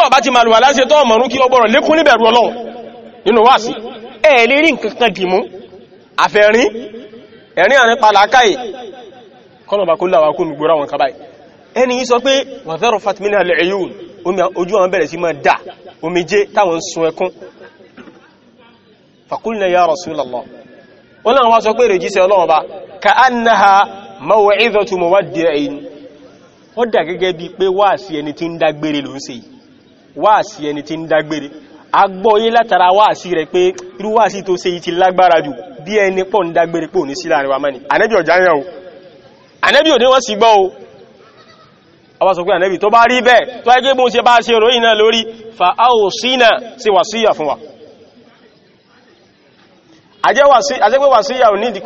bọ́ọ̀ bá ti màlùwà láṣẹ tó ọmọrún kí ọgbọ̀rọ̀ lékún níbẹ̀rù ọlọ́run nínú wá sí ẹ̀ lè rí nǹkan dìmú àfẹ́rin ẹ̀rin àrin palákáì kọ́nàbà kó láwà kó nùgbòrò àwọn kàbáì ẹni yí sọ pé wàzẹ́rọ fatimina alẹ́yún ojú àwọn bẹ̀rẹ̀ sí máa dà omijé táwọn sun ẹkún fàkúlnà ya rasulallah wọn náà ó dà gẹ́gẹ́ bí pé wáàsí ẹni tí ń dágbére ló ń ṣe yìí wáàsí ẹni tí ń dágbére agbọ́yé látara wáàsí rẹ̀ pé irú wáàsí tó ṣe ti lágbára jù bí ẹni pọ̀ ń dágbére pò ní sí láàrin wa mẹ́ni ànẹ́bí ọ̀já yàn o ànẹ́bí òní wọ́n sì gbọ́ o ọba sọ pé ànẹ́bí tó bá rí bẹ́ẹ̀ tó ẹgbẹ́ bó ṣe ṣe fa áòsínà sí wàsíyà fún wa àjẹ́pẹ́ wàsíyà ò ní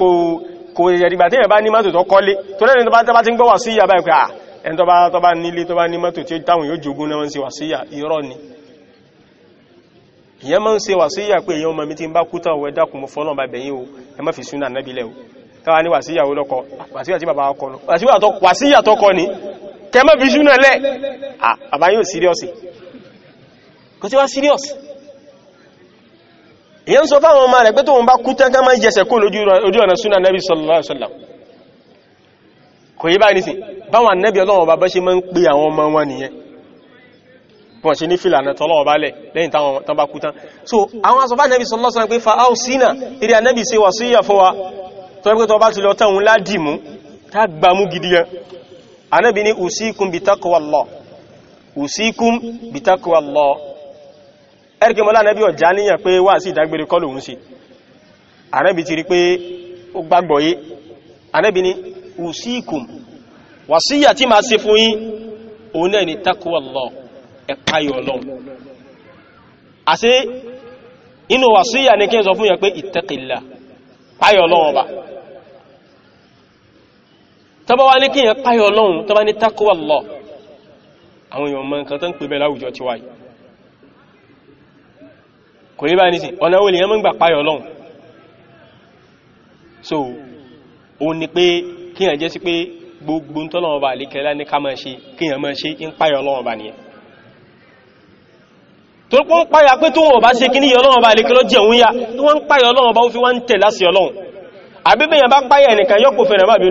kò ìyẹ̀dìgbà tí èèyàn bá ní mọ́tò tó kọ́lé tó lẹ́nu tó bá ti ń ẹni tó bá tó bá nílé tó bá ní mọ́tò tí ó táwọn yóò jogún náà ń wàsíyà irọ́ ni ìyẹn máa ń ṣe wàsíyà pé èyàn ọmọ mi ti ń bá kú tán ẹ dákun mo fọ́nà bá bẹ̀yìn o ẹ má fi súnà náà bílẹ̀ o káwa ní wàsíyà ó lọ́kọ ah, wàsíyà tí bàbá ọkọ wàsíyà tó kọ ni kẹ má fi súnà lẹ̀ ah, bàbá yóò síríọ̀sì kò sí wá síríọ̀sì ìyẹn bá kú tán sallallahu alaihi wasallam báwọn annabi ọlọ́wọ́ bá bá ṣe máa ń pè àwọn ọmọ wọn nìyẹn wọ́n ṣe ní fìlànà tọ́lọ́wọ́ bá lẹ̀ lẹ́yìn tán bá kú so àwọn asọ́fà annabi sọ lọ́sàn pé fa'áù sínà eré annabi ṣe wà sí ìyàfọ́ wa tọ́rọpẹ́ tọ́ bá ti gidi yẹn annabi ní usikum bitaqwallah usikum bitaqwallah ẹ̀rìkẹ́ mọ́lá annabi ọ̀já níyàn pé wà sí ìdágbére kọ́ lòun sí annabi ti rí pé ó gbàgbọ́ yé annabi ní usikum wàsíyà tí ma ṣe fún yín òun náà ni takwallah ẹ páyà Ọlọ́run àti inú wàsíyà ní kí n sọ fún yẹn pé ittaqillah páyà Ọlọ́run ọba tọ́bọ̀ wá ní kí yẹn páyà Ọlọ́run tọ́bọ̀ ní takwallah àwọn èèyàn mọ̀ nǹkan tó ń pè bẹ́ láwùjọ ti wáyé kò rí bá ní sí ọ̀nà olè yẹn mọ́ ń gbà páyọ̀ Ọlọ́run so òun ni pé kí yẹn jẹ́ sí pé gbogbo ń tọ́lọ́wọ́ bá lè kẹlẹ́ ní ká máa ṣe kíyàn máa ṣe ń páyọ̀ ọlọ́wọ́ bá nìyẹn tó pọ́ ń páyà pé tó wọ́n bá ṣe kí níyàn ọlọ́wọ́ bá lè kẹlọ́ jẹun yá tó wọ́n ń páyà ọlọ́wọ́ bá ó fi wá ń tẹ̀ lásì ọlọ́wọ́ àbíbẹ̀yàn bá páyà ẹnìkan yọ́ kò fẹ́ràn bá bí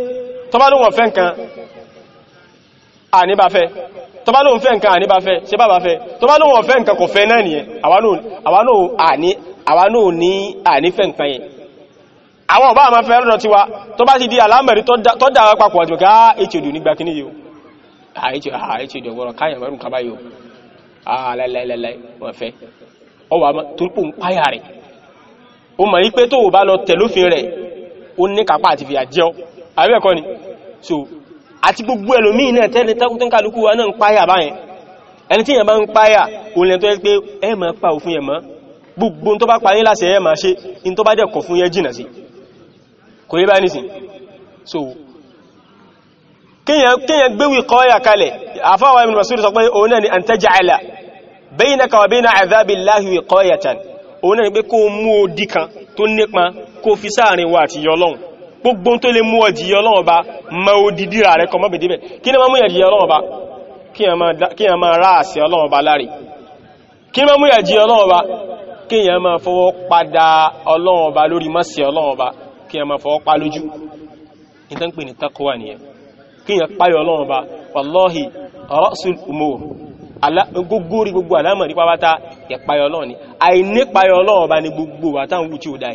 oníkò fẹ́ àníbáfẹ́ tó bá lóun fẹ́ nǹkan àníbáfẹ́ ṣe bá bá fẹ́ tó bá lóun ọ̀fẹ́ nǹkan kò fẹ́ náà nìyẹn àwa náà ní ànífẹ́ nǹkan yẹn àwọn ọba àmà fẹ́ lọ́dọ̀ tiwa tó bá ti di alámẹ̀rí tó dára papọ̀ àti ọ̀gá hod nígbà kí níyìí hod ọ̀gbọ̀rọ̀ káyà mẹ́rùn kaba yìí aláìláìláì ah, ah, ah, wọ́n fẹ́ ọwà torípò ń páyà rẹ̀ o mọ̀ yí pé tó bá lọ tẹ̀lófin rẹ̀ ó àti gbogbo ẹlòmíì náà tẹ́lẹ̀ tẹ́kùtún kálukú wa náà ń páyà báyẹn ẹni tí yẹn bá ń páyà òun tó yẹ pé ẹ máa pa òfin yẹn mọ́ gbogbo tó bá parí láṣẹ ẹ máa ṣe in tó bá dẹ̀ kọ̀ fún yẹn jìnà sí kò yẹ bá nìsín so kíyàn gbéwì kọ́ọ̀yà kalẹ̀ àfáwà ibn Mas'ud sọ wa bayna adhabillahi wiqayatan òun náà ni pé kó mú odi kan tó nípa kó fi sáàrin gbogbo tó lè mú ọjìyà Ọlọ́run Ọba ma ó dìdí rà rẹ kọmọ́ bèdébẹ̀ kí ni ma mú ìyàjìyà Ọlọ́run Ọba kí ni ma rá àṣẹ Ọlọ́run Ọba láre kí ni ma mú ìyàjìyà Ọlọ́run Ọba kí ni ma fọwọ́ padà Ọlọ́run Ọba lórí mọ́sí Ọlọ́run Ọba kí ni ma fọwọ́ pa lójú ìtàn rasul umur gbogbo rí gbogbo àlámọ̀ nípa bá ta ìpáyọ Ọlọ́run ni àìnípáyọ Ọlọ́run Ọba ni gbogbo wà táwọn wù tí ó dáa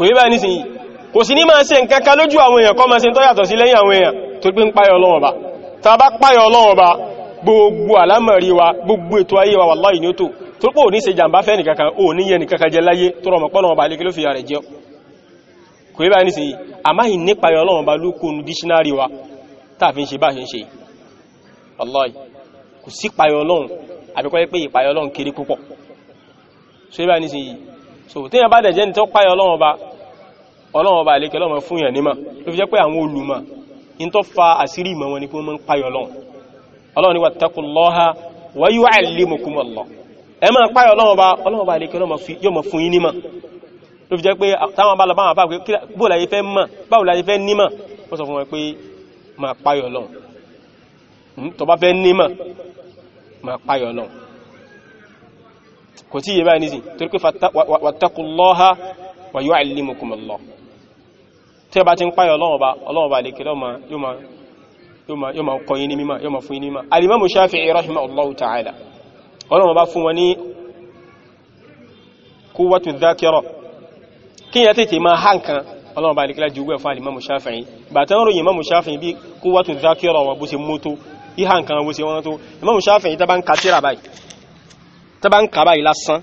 kò yí báyìí nísìnyí kò sí ní máa ṣe nǹkan kan lójú àwọn èèyàn kọ́ máa ṣe tó yàtọ̀ sí lẹ́yìn àwọn èèyàn tó pé ń páyọ Ọlọ́run Ọba tá bá páyọ Ọlọ́run Ọba gbogbo àlámọ̀rí wa gbogbo ètò ayé wa wàláhì ní ó tó tó pò ní ṣe jàǹbá fẹ́ nìkankan ò ní yẹ nìkankan jẹ láyé tó rọmọ pọ́nà ọba so yí báyìí nísìnyí so tí yẹn bá dẹ̀ jẹ́ ní tó páyọ Ọlọ́run Ọba ọlọ́wọ́n bá lékẹ́ lọ́mọ fún yàn nímọ̀ tó fi jẹ́ pé àwọn olùmọ̀ in tó fa àsírí ìmọ̀ wọn ni pé wọ́n mọ́ ń páyọ̀ lọ́wọ́ ọlọ́wọ́n ni wattaqullaha wa yu'allimukumullah ẹ máa páyọ̀ ọlọ́wọ́n bá lékẹ́ yóò mọ̀ fún yín nímọ̀ tó fi jẹ́ pé táwọn bá lọ́bá àpá pé bó láyé fẹ́ mọ̀ báwo láyé fẹ́ nímọ̀ wọ́n sọ fún wọn pé máa páyọ̀ lọ́wọ́ hmm, tó bá fẹ́ nímọ̀ máa tí ẹ bá ti ń páyọ̀ ọlọ́ọ̀ba ọlọ́ọ̀ba àlekè yóò máa kọ́ yín ní mímọ̀ yóò máa fún yín ní mímọ̀ alimamu shafi'i rahimahullahu ta'ala ọlọ́wọ́ bá fún wọn ní quwwatu dhakira kí yẹ tètè máa hàn kan ọlọ́wọ́ bá jù wẹ́ fún alimamu shafi'i bàtà ń ròyìn imamu shafi'i bí quwwatu dhakira wọn bó ṣe mọ́tò bí hàn kan bó ṣe wọ́n tó imamu shafi'i tá bá ń kàtírà báyìí tá bá ń kà báyìí lásán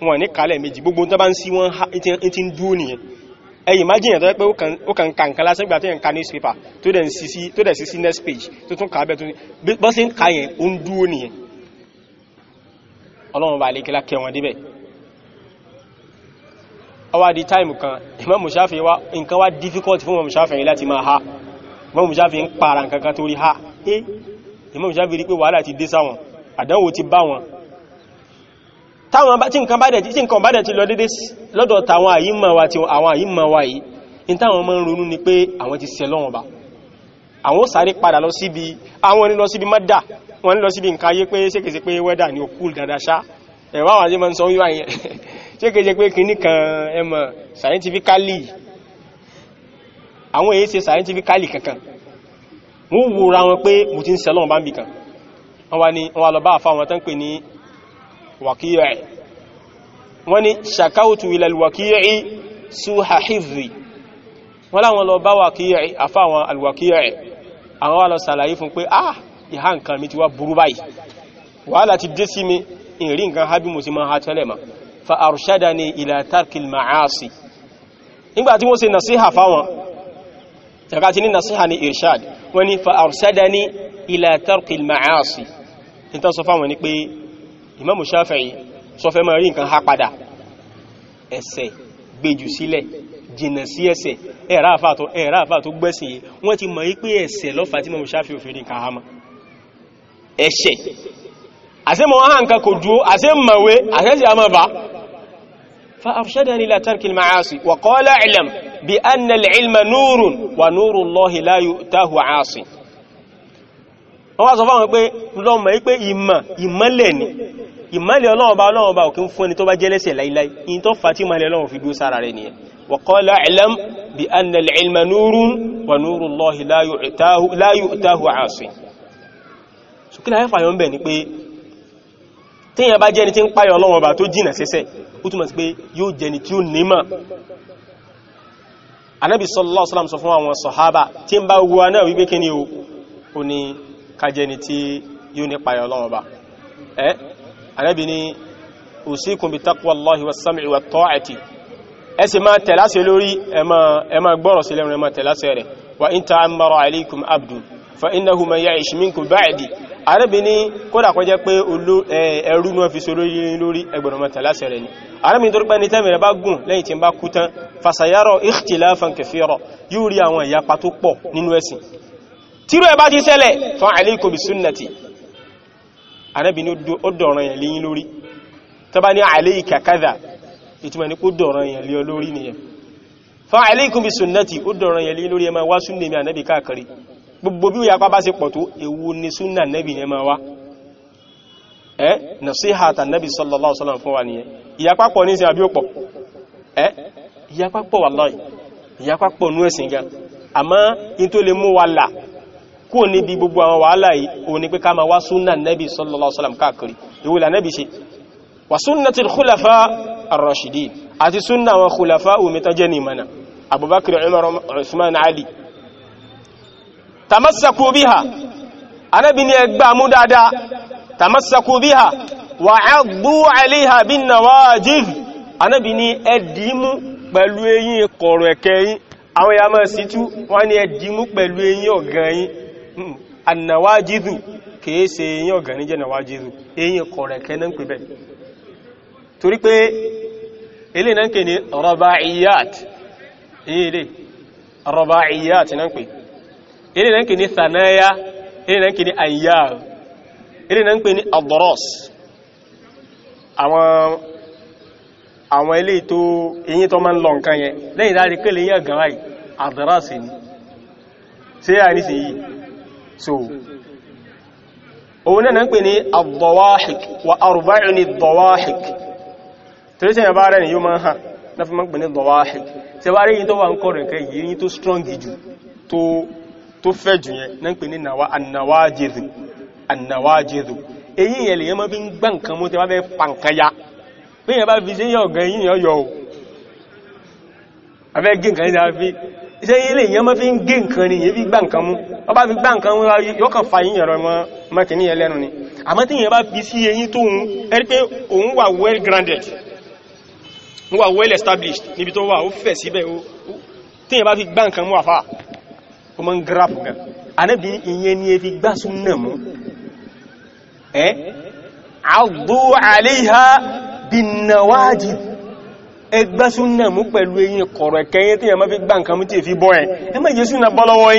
wọn ẹ̀yìn imagine tó yẹ pé ó kàn kà nǹkan lásán gbà tó yẹn ka newspaper tó dẹ̀ sí tó dẹ̀ sí next page tó tún kà á bẹ̀ tó ní bọ́ sí ń ka yẹn ó ń dúró nìyẹn ọlọ́run bá lè kílá kẹwọn débẹ̀ ọwá di time kan Imam Shafi'i wá nǹkan wá difficult fún Imam Shafi'i láti máa ha Imam Shafi'i ń para nǹkan kan torí ha eh Imam Shafi'i rí pé wàhálà ti dé sáwọn àdánwò ti bá wọn táwọn tí nǹkan bá dẹ̀ tí nǹkan bá dẹ̀ ti lọ dédé lọ́dọ̀ tàwọn àyíma wa tí àwọn àyíma wa yìí in táwọn ń ni pé àwọn ti ṣẹ̀ lọ́wọ́n bá àwọn sáré padà lọ síbi àwọn ní lọ síbi mọ́dà wọn ní lọ síbi nǹkan ayé pé ṣékèṣe pé wẹ́dà ni òkú dada ṣá ẹ̀wà àwọn èyí waki'i wọ́n ní ṣàkáwùtù ilal waki'i suha hifzi wọ́n láwọn lọ bá waki'i àfáwọn alwaki'i àwọn wà lọ sàlàyé fún pé ah ìhá nǹkan mi ti wá burú báyìí wàhálà ti dé sí mi ìrí nǹkan hábí mo sì ha tẹ́lẹ̀ ma fa arshadani ila tarkil ma'asi nígbà tí wọ́n ṣe nasiha fáwọn ẹ̀ka ti ní nasiha ni irshad wọ́n fa arshadani ila tarkil ma'asi ní tán sọ fáwọn ni pé Imam Shafi'i sọ máa rí nǹkan há padà ẹ̀ṣẹ̀ gbèjù sílẹ̀ jìnà sí ẹ̀ṣẹ̀ ẹ̀rá tó gbẹ́sìn wọ́n ti mọ̀ wípé ẹ̀ṣẹ̀ lọ́fà tí Imam Shafi'i òfin nǹkan há mọ́ إلى ترك المعاصي وقال اعلم بأن العلم نور ونور الله لا يؤتاه عاصي wọ́n wá sọ fáwọn pé lọ́mọ̀ wípé ìmọ̀ ìmọ́lẹ̀ ni ìmọ́lẹ̀ ọlọ́run bá ọlọ́run bá òkè ń fún ẹni tó bá jẹ́lẹ́sẹ̀ láíláí in tó fà tí ìmọ́lẹ̀ ọlọ́run fi gbó sára rẹ̀ nìyẹn wa qala i'lam bi anna al-'ilma nurun sallallahu alaihi wasallam sọ fún àwọn sàhábà tí ń bá wu anáà wípé kí o ò kájẹ́ ni tí yóò ní payọ̀ ọlọ́run ba ẹ́ anábì ni usikum bi taqwallahi wa sam'i wa ta'ati ẹ sì máa tẹ̀láṣẹ lórí ẹ máa gbọ́rọ̀ sí lẹ́nu ẹ máa rẹ̀ wa in ta'ammara alaykum abdun fa innahu man ya'ish minkum ba'di anábì ni kódà kọjẹ́ pé ẹrú ní ọfíìsì lórí tíro ẹ bá ti ṣẹlẹ̀ fa alaykum bi sunnati Ànábì ní ó dọ̀rọ̀ yẹn léyìn lórí tó bá ní alayka kadha ìtumọ̀ ní kó dọ̀rọ̀ yẹn lórí nìyẹn fa alaykum bi sunnati ó dọ̀rọ̀ yẹn léyìn lórí ẹ wá súnnà mi ni súnnà Ànábì yẹn máa wá ẹ́ nasiha ta Ànábì sallallahu alaihi wa nìyẹn ìyapa pọ̀ ní ìsìn àbí òpọ̀ ẹ́ ìyapa pọ̀ wallahi ìyapa pọ̀ nú ẹ̀sìn gan àmọ́ in tó lè mú wa là kúrò níbi gbogbo àwọn wàhálà yìí o ní pé ká ma wá súnnà nẹ́bí sallallahu alaihi wasallam káàkiri ìwòlà nẹ́bí ṣe wà sunnatil khulafa ar-rashidin àti súnnà àwọn khulafa omita jẹ́ nìmana abubakar umar usman ali tamassaku biha anábi ni ẹgbà mú dáadáa tamassaku biha wa 'addu 'alayha bin nawajidh anábi ni ẹdìímú pẹ̀lú eyín kọ̀rọ̀ ẹ̀kẹ́ yín àwọn ìyàmọ̀ sí tú wọ́n ni ẹdìímú pẹ̀lú eyín ọ̀gán yín Hmm. annawajidu kìí ṣe èyàn ọ̀gàní jẹ́ nawajidu èyàn kọ̀rẹ̀kẹ́ náà ń pè bẹ́ẹ̀ torí pé ilé náà ń pè ní rọ̀báìyàt ilé rọ̀báìyàt náà ń pè ilé náà ń pè ní thanaya ilé náà ń pè ní ayyar ilé náà ń pè ní adros àwọn ilé tó èyí tó máa ń lọ nǹkan yẹn lẹ́yìn láti kéle yẹn gan-an ni tí a ní sí yìí so òun náà ń pè ní ad-dawahik wa arba'ini ad-dawahik tó lè sẹ́yìn bá rẹ̀ ni yóò máa hàn náà fi máa ń pè ní ad-dawahik ṣe wá rí yí tó wà ń kọ́ rẹ̀ kẹ́ yìí tó strong jù tó fẹ́ jù yẹn náà ń pè ní ṣe ilé èyàn mọ́ fi ń gé nǹkan ni èyí fi gbá nǹkan mú wọ́n bá fi gbá nǹkan mú yọ́kàn fa yín ẹ̀rọ mọ́kìní ẹlẹ́nu ni àmọ́ tí èyàn bá fi sí eyín tó ń ẹ̀rí pé òun wà well grounded wà well established níbi tó wà ó fẹ̀ síbẹ̀ tí èyàn bá fi gbá nǹkan mú àfà ó mọ́ ń grap gan anábì ìyẹn ni efi ẹgbá súnà mú pẹ̀lú eyín kọ̀rọ̀ ẹ̀kẹ́yẹ́ tí yàmá fi gbá nǹkan mú tí è fi bọ́ ẹ̀ ẹ má jẹ́ súnà bọ́ lọ́wọ́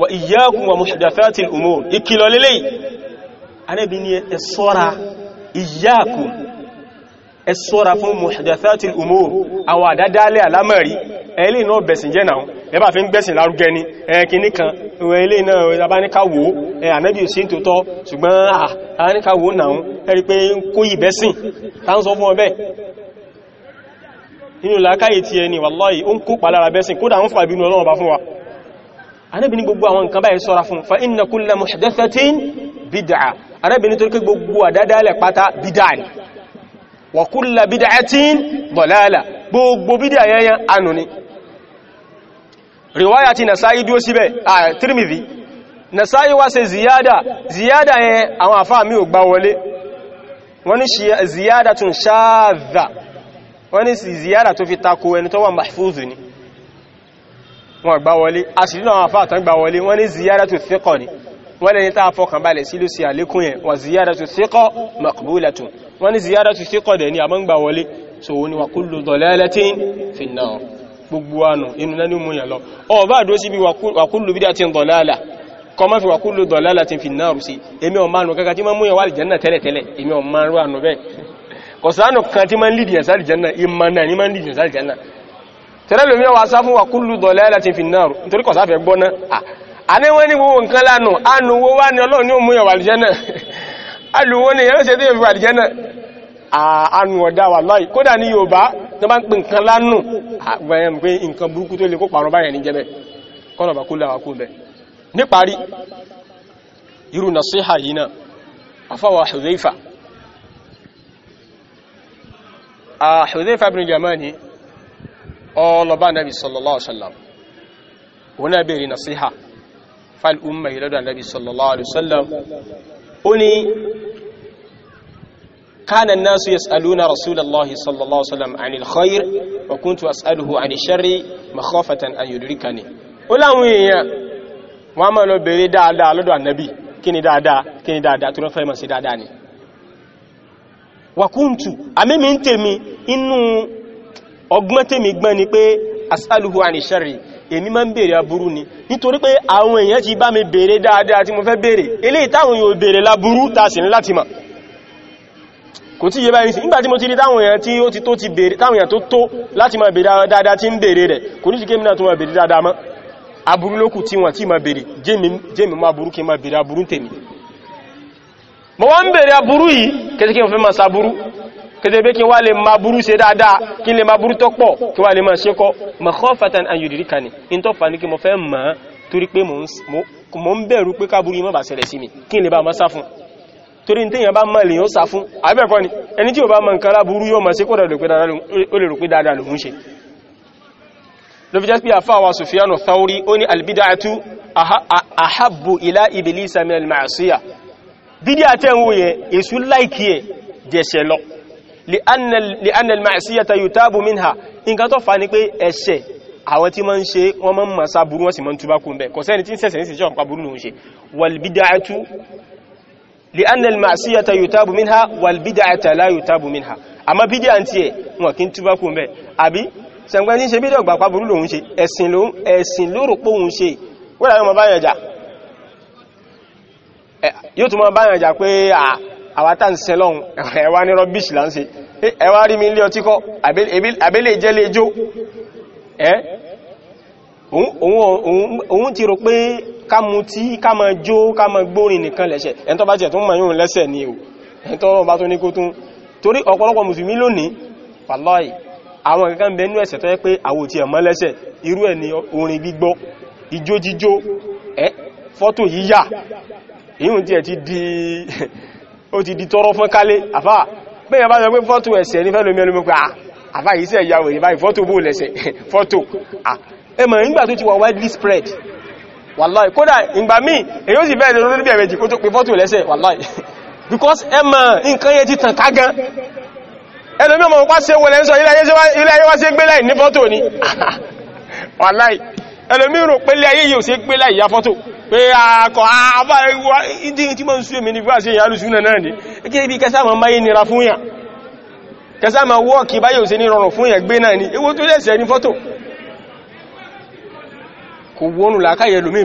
wa iyyakum wa muhdathatil umur ìkìlọ̀ lélẹ̀ Ànábì ní ẹ ṣọ́ra iyyakum ẹ ṣọ́ra náà bẹ̀sìn jẹ́ náà fi ni kan ò sí ń tòótọ́ ṣùgbọ́n náà ẹ̀rí pé kó yìí ń inú làákàyè ti ẹni wàláyé ó ń kó pàlára bẹ́sìn kódà ń fà bínú ọlọ́run bá fún wa anábìnrin gbogbo àwọn nǹkan báyìí sọ́ra fún fa inna kulla muhdathatin bid'a anábìnrin tó kí gbogbo àdádálẹ̀ pátá bid'a ni wa kulla bid'atin dalala gbogbo bid'a yẹnyẹn anù ni riwaya ti nasa'i dúó síbẹ̀ à ziyada tún ṣáàdà wọ́n ní ziyara tó fi tako ẹni tó wà mahfúzù ni wọ́n gbá wọlé aṣìlú àwọn afá àtàn gbá wọlé wọ́n ní ziyara tó thiqa ni wọ́n lẹ́ni tá fọkàn balẹ̀ sí ló sí àlékún yẹn wà ziyara wọ́n ziyara so wọ́n ni wà kullu dalalatin fi an-nar gbogbo anu inú náà ní mú yàn kọmọ́ fi wà kullu dalalatin fi an-nar sí èmi ọ̀ máa nù mọ́ mú yàn wà lìjẹ́ náà tẹ́lẹ̀tẹ́lẹ̀ èmi ọ̀ rú ànú bẹ́ẹ̀ kọ̀sánù kan tí ma ń lìdí ẹ̀sáàlì jẹ́nà ìmọ̀ náà ní ma ń lìdí ẹ̀sáàlì jẹ́nà tẹ́lẹ̀lò mi wà sáfún wà kúlù dọ̀lẹ́ láti fi náà nítorí kọ̀sáfẹ́ gbọ́ná à ní wọ́n ní gbogbo nǹkan lánà anùwó wá ní ọlọ́run ní òmúyàn wà lìjẹ́nà alùwó ní yẹ́rọ ṣe déyẹ̀ fi wà lìjẹ́nà àánú ọ̀dá wà láì kódà ní Yorùbá tó bá ń pè nǹkan lánù àgbẹ̀yẹn irú nasiha yìí náà afáwà Hudhaifa Hudhayfa ibn Yamani ó lọ bá Ànábì sallallahu alaihi wasallam òun náà béèrè nasiha fal umma yìí lọ́dọ̀ Ànábì sallallahu alaihi wasallam ó ní kana an-nasu yas'aluna rasulallahi sallallahu alaihi wasallam 'anil khair wa kuntu as'aluhu 'ani sharri makhafatan an yudrikani ó láwọn èèyàn wọ́n máa lọ béèrè dáadáa lọ́dọ̀ Ànábì kíni dáadáa kíni dáadáa tó rán fẹ́ mọ̀ sí dáadáa ni wa kuntu ń tèmi inú ọgbọ́n tèmi gbọ́n ni pé asálùhù àníṣẹ́rì èmi máa ń bèèrè aburú ni nítorí pé àwọn èèyàn ti bá mi bèèrè dáadáa tí mo fẹ́ bèèrè eléyìí táwọn yóò bèèrè láburú ta sì ní láti mà kò tí yé bá ní sí nígbàtí mo ti rí táwọn èèyàn tí ó ti tó ti bèèrè táwọn èèyàn tó tó láti máa bèèrè kéde pé kí wá lè máa burú ṣe dáadáa kí lè máa burú tó pọ̀ kí wá lè máa ṣe kọ́ makhofatan an yudrikani in tó fà ní kí mo fẹ́ mọ̀ torí pé mo ń bẹ̀rù pé káburú yìí má bàa ṣẹlẹ̀ sí mi kí lè bá máa sá fún torí tí èèyàn bá mọ̀ lèyàn sá fún àbẹ́ẹ̀kọ́ ni ẹni tí ò bá mọ̀ nǹkan láburú yóò máa ṣe kó ó lè rò pé dáadáa lòun ṣe ló fi jẹ́ pé àfáà wa Sufyanu Thawri ó ní albida'atu ahabbu ila iblisa min al-ma'siyah bídí àtẹ́wò yẹ èṣù láìkí ẹ̀ jẹ́ṣẹ̀ lọ لأن المعصية يتاب منها nǹkan tó fà ní pé ẹ̀ṣẹ̀ àwọn tí ma ń ṣe wọ́n ma ń ma sáàbúrú wọ́n sì ma ń túbá kún bẹ̀ kò sẹ́ni tí ń sẹ̀sẹ̀ ní sí ṣọ́pàá burú nìí ṣe wàlbídáàtú لأن المعصية يتاب منها والبدعة لا يتاب منها àmọ́ bídíà ń tiẹ̀ wọn kí ń túbá kún bẹ̀ àbí sẹ̀gbẹ́ ní àwátà ń sẹ lọ́hun ẹwà ní rọ́bíṣì là ń ṣe ẹwà rí mi ilé ọtí kọ́ àbẹ́lẹ̀ jẹ́lẹ̀ ijó ẹ́ òun ti rò pé ká mu tí ká ma jó ká ma gbórin nìkan lẹ́ṣẹ̀ ẹn bá jẹ́ tó ń mayún lẹ́ṣẹ̀ ni o ẹn tó bá tó ní kó tún torí ọ̀pọ̀lọpọ̀ mùsùlùmí lónìí wàláì àwọn kankan bẹ nú ẹ̀ṣẹ̀ tó yẹ pé àwọn òtí ẹ̀mọ́ lẹ́ṣẹ̀ irú ẹ̀ ni orin gbígbọ́ ijó jíjó ẹ́ fọ́tò yíyà ìhùn tí ẹ̀ ti di ó ti di tọrọ fún kálé àfá bẹ́yàn bá sọ pé fọ́tò ẹ̀sẹ̀ ní fẹ́lómi ẹlómi pé ah, àfá yìí sẹ́ ìyàwó ìbá ìfọ́tò bó lẹ́sẹ̀ fọ́tò ah, ẹmọ̀ ìgbà tó ti wà widely spread wàláì kódà ìgbà míì èyí ó sì fẹ́ẹ̀ lórí bí ẹ̀rẹ̀jì kó tó pé fọ́tò lẹ́sẹ̀ wàláì because ẹmọ̀ nǹkan yẹn ti tàn ká gan ẹlòmí ọmọ wá sí owó lẹ́sọ ilé ayé wá sí gbélẹ̀ ní fọ́tò ni wàláì e pẹ́lẹ̀ ayé yìí ò sí pé láì ya fọ́tò pé àkọ̀ àbá ẹwà ìdí tí ma ń sú èmì ní fíwà sí ìyà alùsùn náà ní ẹkẹ́ ibi kẹsàmà máyé nira fún yà kẹsàmà wọ́ọ̀kì báyé ò sí ní rọrùn fún yà gbé náà ní ewó tó lẹ́sẹ̀ ní fọ́tò kò wọnù làkáyẹ lómi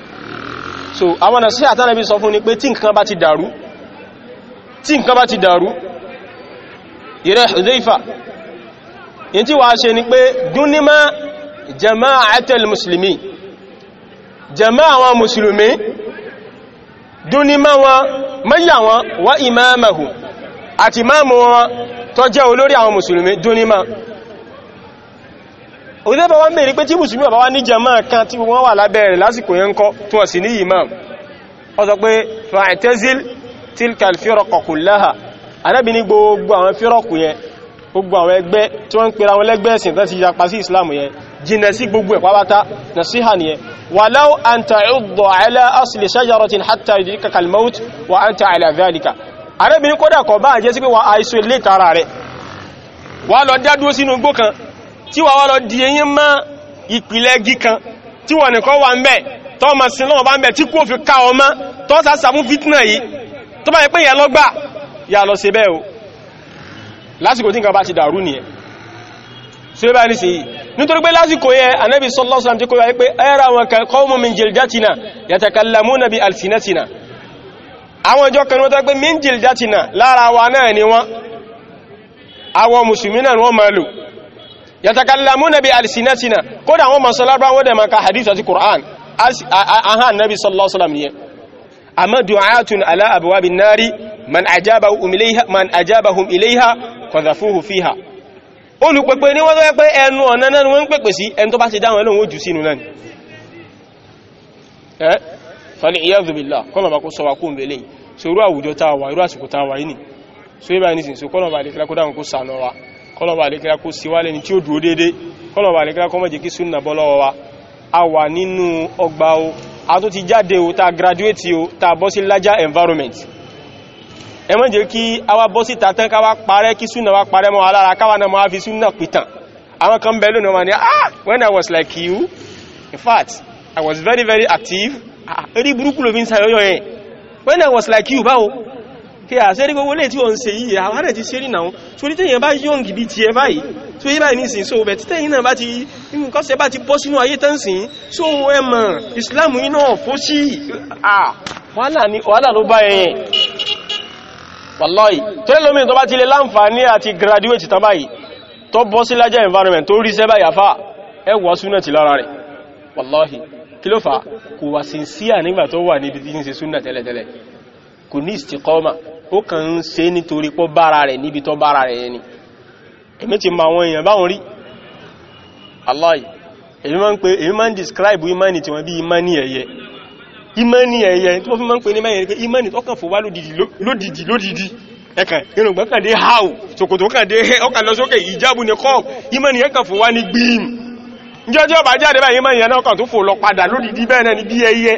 so àwọn nàṣí àtànàbí sọ fún ni pé tí nǹkan bá ti dàrú tí nǹkan bá ti dàrú ìrẹ́ Hudhayfa in tí wà ṣe ni pé gúnnímá jama'atul musulmi jama'a wọn musulmi gúnnímá wọn mẹ́yà wọn wá imamahu àti máàmù wọn tó jẹ́ olórí àwọn musulmi gúnnímá òdẹ́bà wá ń bèèrè pé tí mùsùlùmí ọ̀bá wá ní jàmáà kan tí wọ́n wà lábẹ́ rẹ̀ lásìkò yẹn kọ́ tí wọ́n sì ní imam ó sọ pé fa'tazil tilkal firqa kullaha Ànábì ní gbogbo àwọn fírọ̀kù yẹn gbogbo àwọn ẹgbẹ́ tí wọ́n ń pera wọn lẹ́gbẹ́ ẹ̀sìn tó ti yapa sí ìsìláàmù yẹn jìnà sí gbogbo ẹ̀ pápátá nasiha nìyẹn walau an ta'udda ala asli shajaratin hatta yudrikaka al-maut wa anta ala dhalika Ànábì ní kódà kọ̀ bá àjẹ́ sí pé wà isolate ara rẹ̀ wà lọ dádúró sínú igbó kan tí wà wá lọ di eyín mọ́ ìpìlẹ̀ gí kan tí wọ́n nìkan wà ń bẹ̀ tọ́ ma sin lọ́wọ́ bá ń bẹ̀ tí kò fi ká ọmọ tọ́ sá sàmú fitna yìí tó bá yẹ pé yẹ lọ gbà yà lọ ṣe bẹ́ẹ̀ o lásìkò tí nǹkan bá ti dàrú nìyẹn sí ó bá ní sí yìí nítorí pé lásìkò yẹ anábi sallallahu alaihi wasallam tí kò yẹ pé ẹ́ra alsinatina àwọn ìjọ kan wọ́n tó pé min jildatina lára wa náà ni wọ́n àwọn náà wọ́n máa lò yàtàkàlàmúnà bí alìsìnàtìnà kódà wọn masu lábára wọn dẹ̀ maka hadith àti Qur'an ahán nabi sallallahu alaihi wasallam ni amma du'atun ala abwabin nari man ajabahum ilayha man ajabahum ilayha qadhafuhu fiha olùpèpè ni wọ́n tó yẹ pé ẹnu ọ̀nà náà wọ́n ń pèpè sí ẹn tó bá ti dáwọn ẹlòun ojú sínú náà ẹ́ fàní ìyàzùbìlá kọ́nàbà kó sọ wà kún belé so irú àwùjọ táwà irú àsìkò táwà yìí ni so ibà ní sin kọ́nàbà lè kílákó kó sànà wa kọlọ̀wà àlékẹ́lá kó síwálẹ̀ ní tí ó dúró dédé kọlọ̀wà àlékẹ́lá kó má jẹ́ kí súnà bọ́ lọ́wọ́ wa a wà nínú ọgbà o a tó ti jáde o ta graduate o ta bọ́ sí larger environment ẹ má jẹ́ kí a wá bọ́ sí tàtán ká wá parẹ́ kí súnà wá parẹ́ mọ́ alára káwà náà máa fi súnà pìtàn àwọn kan bẹ̀ lónìí wọn ni ah when I was like you in fact I was very very active ah orí burúkú ló fi ń sayọyọ yẹn when I was like you báwo pé àṣẹ́rí ah, gbogbo lè tí ó ń ṣe yìí àwárẹ̀ ti ṣe rí náà so ní tẹ́yìn bá yọ́n gidi ti ẹ báyìí so yí báyìí nìsìn so bẹ̀ títẹ́yìn náà bá ti nǹkọ́sẹ̀ bá ti bọ́ sínú ayé tẹ́ǹsìn so ẹ mọ̀ Islam iná fó sí ah, wàhálà ló environment tó rí sẹ́bà yàfà ẹ wọ́ súnà ti lára rẹ̀ wàláì kí ló fà kò wà sincere nígbà tó kò ní istiqama ó kàn ń se nítorí pọ́ bára rẹ̀ níbi tọ́ bára rẹ̀ ni èmi ti ma àwọn èèyàn báwọn rí aláì èmi máa ń pè èmi ń describe imani tí wọ́n bí imani ẹ̀yẹ imani ẹ̀yẹ fi ń pè ní pé imani lódìdì lódìdì ẹ̀kàn dé kàn dé lọ sókè ìjábù imani ẹ̀kàn ní gbìm jáde báyìí imani ẹ̀ náà kàn tó fò lọ padà lódìdì bẹ́ẹ̀ náà ní bí ẹyẹ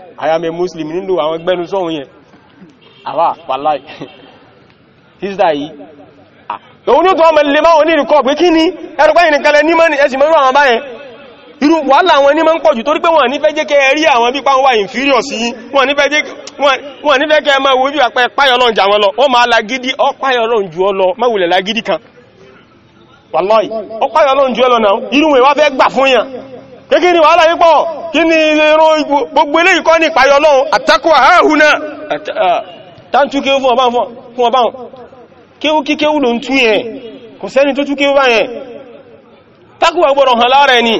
I am a Muslim nílò àwọn gbẹ́nu sọ́hun yẹn àwà pàláì tíṣdà yìí lòun ní tó ọmọ ilé máa ní ìrìkọ́ pé kí ní ẹrùpẹ́ ìrìnkalẹ̀ nímọ̀ ẹ̀sì mọ́rún àwọn báyẹn irú wàhálà àwọn ní máa ń pọ̀jù torí pé wọ́n nífẹ́ jẹ́ kẹ́ rí àwọn bí pa wà inferior sí wọ́n nífẹ́ kẹ́ máa wo bí àpẹ páyọlọ́n jà wọn lọ wọ́n máa lagidi ọ páyọlọ́n jù ọ lọ máwùlẹ̀ lagidi kan wàlọ́ì ọ páyọlọ́n jù ọ lọ náà irú wọn wá fẹ́ gbà fún kíkí ni wàhálà yípọ̀ kí ni èrò gbogbo ilé ìkọ́ ní ìpayọ lọ́wọ́ àtàkùwà ààhù náà tàntú kí ó fún ọbáhùn fún ọbáhùn kéwú kí kéwú ló ń tú yẹn kò sẹ́ni tó tú kéwú bá yẹn tàkùwà gbọ́rọ̀ hàn lára ẹni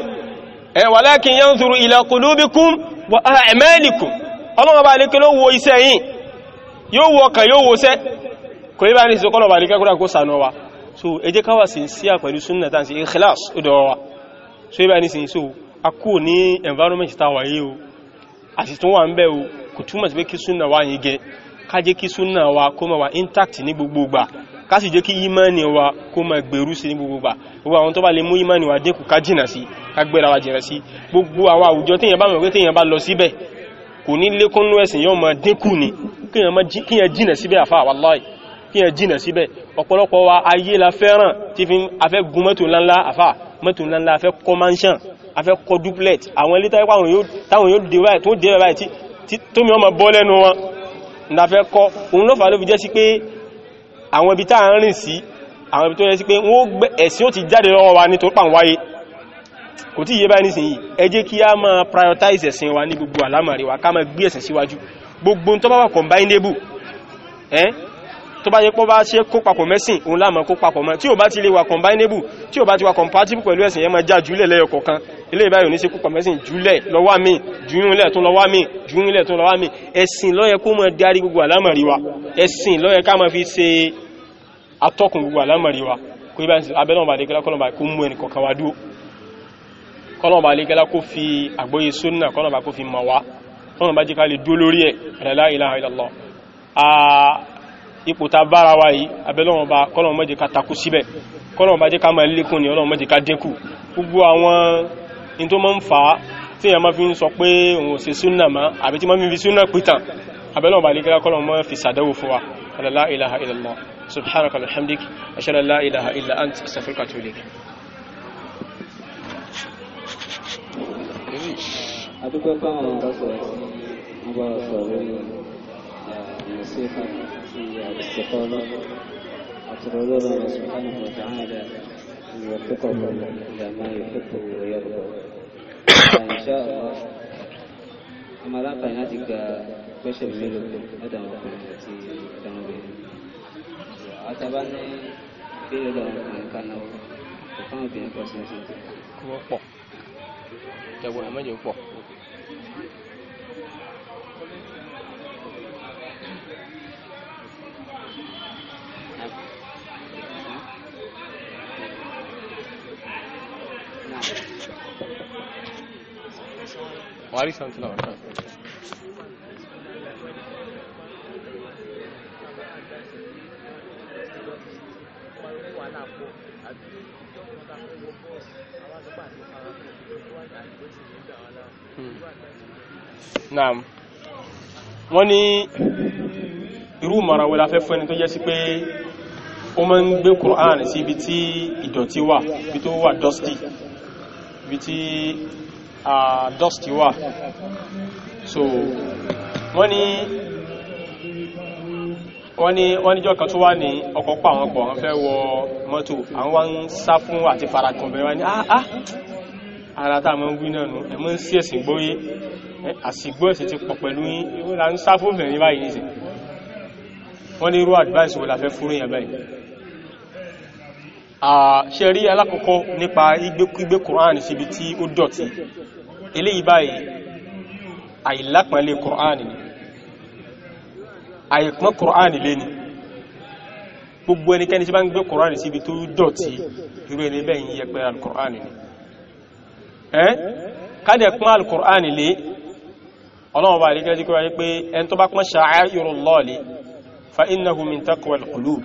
ẹ wa so ẹ jẹ́ ká wà sincere pẹ̀lú súnnà tàbí ikhlas ó dọ̀wọ́ wa so yí ní sin so a kò ní environment ta wà yìí o a sì tún wà ń bẹ̀ o kò túmọ̀ sí pé kí súnà wa yìí gẹ ká jẹ́ kí súnà wa kó máa wà intact ní gbogbo gbà ká sì jẹ́ kí ìmánì wa kó máa gbèrú sí ní gbogbo gbà gbogbo àwọn tó bá lè mú ìmánì wa dínkù ká jìnà sí ká gbéra wa jìnà sí gbogbo àwọn àwùjọ téèyàn bá mọ̀ pé téèyàn bá lọ síbẹ̀ kò ní lékúnnú ẹ̀sìn yóò máa dínkù ni kíyàn jìnà síbẹ̀ àfà wàláì kíyàn jìnà síbẹ̀ ọ̀pọ̀lọpọ̀ wa ayé la fẹ́ràn tí fi afẹ́ gun mọ́tò ńláńlá àfà mọ́tò ńláńlá afẹ́ kọ́ máa ń ṣàn afẹ́ kọ duplet àwọn ilé táwọn yóò dé báyìí tó dé báyìí tó mi ọmọ bọ́ lẹ́nu wọn ìdàfẹ́ kọ òun ló fà ló fi jẹ́ sí pé àwọn ibi táà ń rìn sí àwọn ibi tó yẹ sí pé wọ́n gbé ẹ̀sìn ó ti jáde lọ́wọ́ wa ní tó pà ń wáyé kò tí yé báyìí nísìnyí ẹ jẹ́ kí a máa prioritize ẹ̀sìn wa ní gbogbo àlámàrí wa ká máa gbé tó bá yẹ pọ́ bá ṣe kó papọ̀ mẹ́sìn òun láàmà kó papọ̀ mọ́ tí ò bá ti lè wà combinable tí ò bá ti wà compatible pẹ̀lú ẹ̀sìn yẹn máa já jùlẹ̀ lẹ́yọ ilé ìbáyò ní sí kúpa mẹ́sìn jùlẹ̀ lọ́wà mí jùyúnlẹ̀ tún lọ́wà mí jùyúnlẹ̀ tún lọ́wà mí ẹ̀sìn ló yẹ kó mọ́ darí gbogbo àlámọ̀rí wa ẹ̀sìn ló yẹ ká mọ́ fi ṣe atọ́kùn gbogbo àlámọ̀rí wa kó ibá abẹ́lọ́mọ̀bà lẹ́kẹ́lá kọ́lọ̀mọ̀bà kó mú ẹnì kọ̀ọ̀kan wá dúó kọ́lọ̀mọ̀bà lẹ́kẹ́lá kó la ilaha illallah ipò ta bára wa yìí abẹ́lọ́wọ̀nba kọ́lọ̀mọ̀bà jẹ́ ká takú síbẹ̀ kọ́lọ̀mọ̀bà jẹ́ ká máa lékún ní ọlọ́mọ̀bà jẹ́ gbogbo àwọn ní tó máa ń fà á tí èèyàn máa fi ń sọ pé òun ò ṣe súnà mọ́ àbí tí máa fi súnà pìtàn abẹ́lẹ̀ ọba àlekẹ́lá kọ́ lọ́wọ́ máa fi sàdáwò fún wa la ilaha illallah subhanaka alhamdik ashhadu ilaha illa ant astaghfiruka wa atubu ilayk adúpẹ́ fáwọn ọ̀rọ̀ tí wọ́n bá sọ lórí ìrìnṣẹ́ fún àti àdìsẹ́kọ́ lọ́wọ́ àti lọ́wọ́ lọ́wọ́ subhanahu wa ta'ala يوفقكم إلى ما يحبه ويرضى إن شاء الله أما لا قناتك بشر ملكم هذا ما كنت في جنوبهم أتبعني في هذا كانوا وكانوا بين قوسين كما pọ̀. Jago ẹ̀mẹ́jọ pọ̀. وعليه السلام الله عليه naam wọ́n ní irú mara wọ́n la fẹ́ fún ẹni tó jẹ́ sí pé ó máa ń gbé Qur'an sí ibi tí ìdọ̀tí wà ibi tó wà dusty ibi tí dusty wà so wọ́n ní wọ́n ní wọ́n níjọ́ kan tó wà ní ọkọ̀ pa àwọn pọ̀ wọ́n fẹ́ wọ mọ́tò àwọn wá ń sá fún àti farakùn bẹ̀rẹ̀ wá ní àá ah, ah, ara tá mọ́ wí náà nù ẹ̀mọ́ sí ẹ̀sìn gbóyé àsìgbó ẹ̀sìn ti pọ̀ pẹ̀lú yín ìwọ́n la ń sá fún bẹ̀rẹ̀ advice wo la fẹ́ fúrú báyìí ṣẹ̀rí alákọ̀ọ́kọ́ nípa gbígbé Kùránì síbi tí ó dọ̀tí eléyìí báyìí àìlápẹ̀lẹ̀ Kùránì ni àìpọ́n Kùránì lé ni gbogbo ẹnikẹ́ni tí bá ń gbé Kùránì síbi tó dọ̀tí irú ẹni bẹ́ẹ̀ yí ẹgbẹ́ bá lè gẹ́gẹ́ kí pé ẹni tó bá pọ́n sha'airullah fa innahu min taqwa al-qulub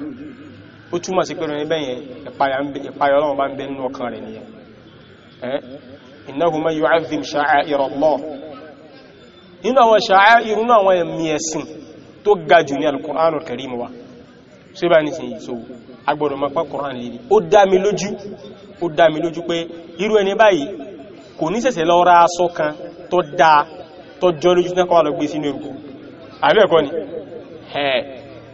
ó sí pé rẹ̀ ìpayọ̀ ọlọ́run bá ń bẹ nínú ọkàn rẹ̀ nìyẹn innahu man yu'azzim sha'a'ir Allah nínú àwọn sha'a'ir nínú àwọn ẹ̀mí ẹ̀sìn tó ga jù ní al-Qur'anul Karim wa ṣé bá nìsìn yìí so agbọ́dọ̀ mọ́pá Qur'an lè ó dá ó dá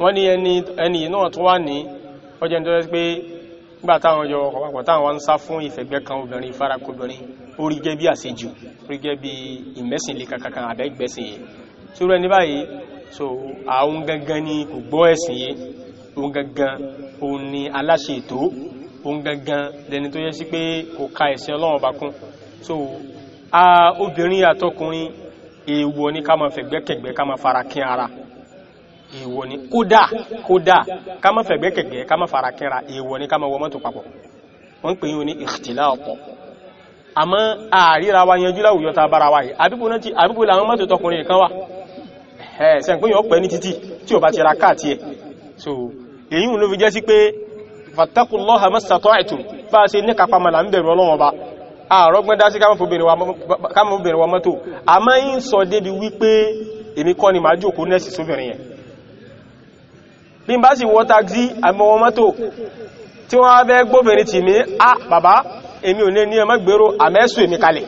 wọ́n ní ẹni yìí náà tó wà ní ọjọ́ tó rẹ́ pé nígbà táwọn jọ ọ̀pọ̀ táwọn wá ń sá fún ìfẹ̀gbẹ́ kan obìnrin ìfarakó obìnrin orí gẹ́ bí àṣejù orí bí ìmẹ́sìnlé kankan àbẹ́gbẹ́sìn yìí sórí so àwọn gangan ni kò gbọ́ ẹ̀sìn yìí òun gangan òun ni aláṣẹ so a obìnrin àtọkùnrin èèwọ̀ ni ká máa fẹ̀gbẹ́kẹ̀gbẹ́ ká máa fara kín ara èèwọ̀ ni kódà kódà ká má fẹ̀gbẹ́ kẹ̀gbẹ́ ká má fara kẹ́ra èèwọ̀ ni ká má wọ mọ́tò papọ̀ wọ́n pè yíò ní ìkhtilāṭ àmọ́ àríra wa yanjú láwùjọ ta bára wa yìí àbíbò làwọn mọ́tò so èyí ló fi jẹ́ sí pé fattaqullāha mastata'tum bá a ṣe ní kápamọ́ là ń bẹ̀rù Ọlọ́run Ọba àrọ́gbọ́n dá sí kámọ́bìnrin wa mọ́tò àmọ́ yìí ń sọ débi wípé èmi kọ́ ni màá jòkó nẹ́ẹ̀sì sóbìnrin yẹn bí n bá sì wọ́ taxi àmọ́wọ́ mọ́tò tí wọ́n fẹ́ gbóbìnrin tì mí á bàbá èmi ò lè ní ẹmọ́ gbèrò àmẹ́sù èmi kalẹ̀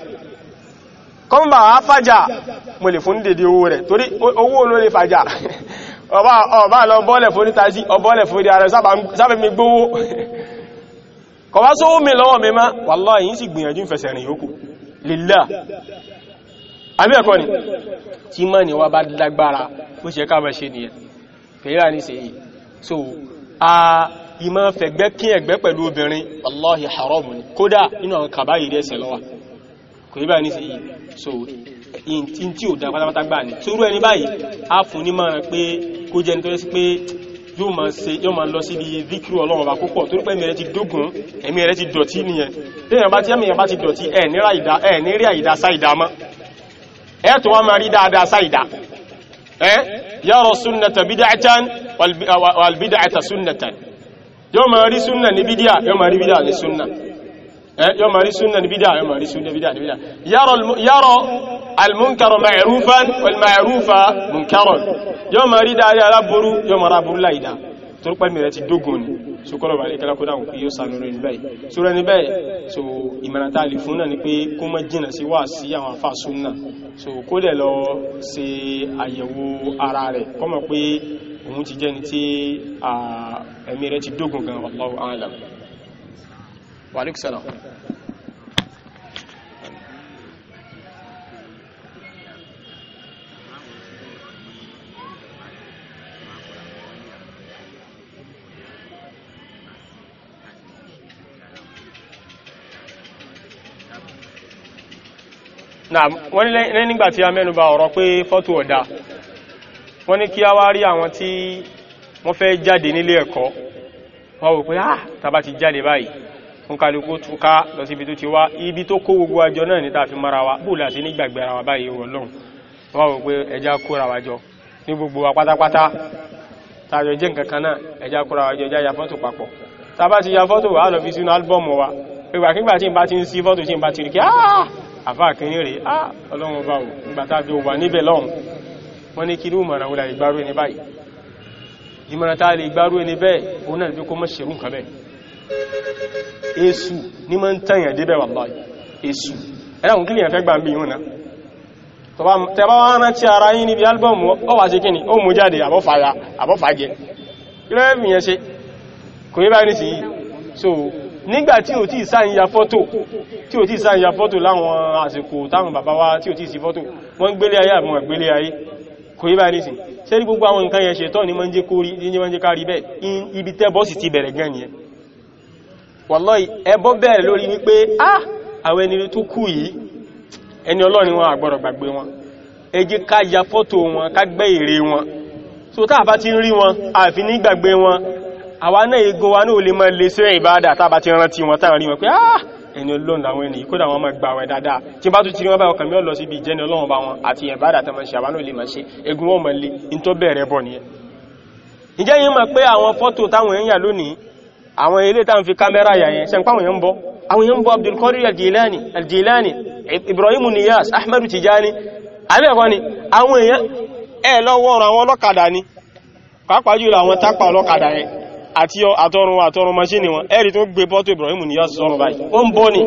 kọ́mbà á fàjà mo lè fún dèdè owó rẹ̀ torí owó ló lè fàjà ọba lọ bọ́ọ̀lẹ̀ fún taxi ọbọ́ọ̀lẹ̀ fún ìdí ara sábẹ̀ mi gbówó kọwá sówó mi lọ́wọ́ mi má wallahi yìí sì gbìyànjú fẹsẹ̀ rìn yókù lillah àbí ẹ̀kọ́ ni tí mọ́ ni wá bá lágbára ó ṣe ká bẹ́ ṣe nìyẹn kèyà ní sèyí so a ìmọ̀ fẹ̀gbẹ́ kí ẹ̀gbẹ́ pẹ̀lú obìnrin wallahi haramu ni kódà inú àwọn kàbá yìí ẹsẹ̀ lọ́wà kò yíbà ní sí so in tí ò dá pátápátá gbà ní tó rú ẹni báyìí a fún ní mọ̀ràn pé kó jẹ́ nítorí pé yóò máa ṣe yóò máa lọ síbi díkìrù ọlọ́run ọba púpọ̀ torí pé ẹ̀mí rẹ̀ ti dógùn ẹ̀mí rẹ̀ ti dọ̀tí nìyẹn téèyàn bá ti ẹ̀mí yẹn bá ti dọ̀tí ẹ̀ ní rí àìdá sáìdá mọ́ ẹ̀ tó wá máa rí dáadáa sáìdá Eh? yàrọ̀ súnnàtà bídáàtàn wàlbídáàtà súnnàtàn yóò máa rí súnnà ní bídíà yóò máa rí bídíà ní súnnà eh? yóò máa rí súnnà ní bídíà yóò máa rí súnnà bídíà ní bídíà yàrọ̀ almunkaro ma'rufan wal ma'rufa munkaron yóò máa tó pẹ́ mi rẹ̀ ti dógùn ni so kọ́lọ̀ bá lẹ́kẹ́lá kó dáhùn pé yóò sànú rẹ̀ ní báyìí so rẹ̀ ní báyìí so ìmọ̀nàta lè fún náà ni pé kó mọ́ jìnà sí wà sí àwọn afá súnà so kó dẹ̀ lọ ṣe àyẹ̀wò ara rẹ̀ kó mọ̀ pé òun ti jẹ́ni tí ẹ̀mí rẹ̀ ti dógùn gan wallahu a'lam náà wọ́n ní nígbà tí a mẹ́nubà ọ̀rọ̀ pé fọ́tò ọ̀dá wọ́n ní kí a wá rí àwọn tí wọ́n fẹ́ jáde nílé ẹ̀kọ́ wọ́n wò pé ah tàbá ti jáde báyìí fún kálukú túká lọ sí ibi tó ti wá ibi tó kó gbogbo àjọ náà níta fi mara wa bóòlù àti nígbàgbé ara wa báyìí wọ̀ lọ́hùn wọ́n wò pé ẹja kóra wa jọ ní gbogbo wa pátápátá tàjọ jẹ́ nǹkan àfáàkiri rẹ̀ ah ọlọ́run bá wò nígbàtà fi wà níbẹ̀ lọ́hùn wọ́n ní kí ní ìmọ̀ràn wọ́n lè gbárú ẹni báyìí ìmọ̀ràn tá lè gbárú ẹni bẹ́ẹ̀ òun náà bí kó mọ́ ṣerú nǹkan bẹ́ẹ̀ èsù ní mọ́ ń tẹ̀yàn débẹ̀ wallahi èsù ẹ̀rọ kí lèyàn fẹ́ gbà mí ìhùn náà wà so nígbà tí ò tí ìsáyìnyà fọ́tò tí ò tí ìsáyìnyà fọ́tò láwọn àsìkò táwọn bàbá wa tí ò tí ìsí fọ́tò wọ́n gbélé ayé àmọ́ ìgbélé ayé kò yí báyìí nìsìn ṣe rí gbogbo àwọn nǹkan yẹn ṣètọ́ ní mọ́njẹ́ kórí ní mọ́njẹ́ kárí bẹ́ẹ̀ ibi tẹ́ bọ́ọ̀sì ti bẹ̀rẹ̀ gan nìyẹn wallahi ẹbọ bẹ̀rẹ̀ lórí wípé ah àwọn ẹni tó kú yìí ẹni ọlọ́rin wọn àgbọ̀rọ̀ gbàgbé wọn ẹ ká ya fọ́tò wọn ká gbẹ́ ère wọn so táà bá ti ń àwa náà egun wa náà lè mọ́ lè sí ìbáadà tàbá ti rántí wọn tàà rí wọn pé ah ẹni Ọlọ́run àwọn ẹni kódà wọn máa gbà wọn dáadáa tí bá tún ti rí wọn báyìí ọkàn mi ò lọ síbi ìjẹni Ọlọ́run bá wọn àti ìbáadà tàbá ṣe àwa náà lè máa ṣe egun wọn mọ́ lè ní Niyas Ahmadu Tijani abẹ́ẹ̀kọ́ ni àwọn èèyàn ẹ̀ lọ́wọ́ ọ̀rọ̀ àwọn ọlọ́kadà ni pàápàá jùlọ àwọn tápà ọlọ́kadà yẹn àti àtọrun àtọrun maṣíni wọn ẹ̀rì tó gbé pọ́tò Ibrahim ni yásù sọ́rọ̀ báyìí ó ń bọ́ ní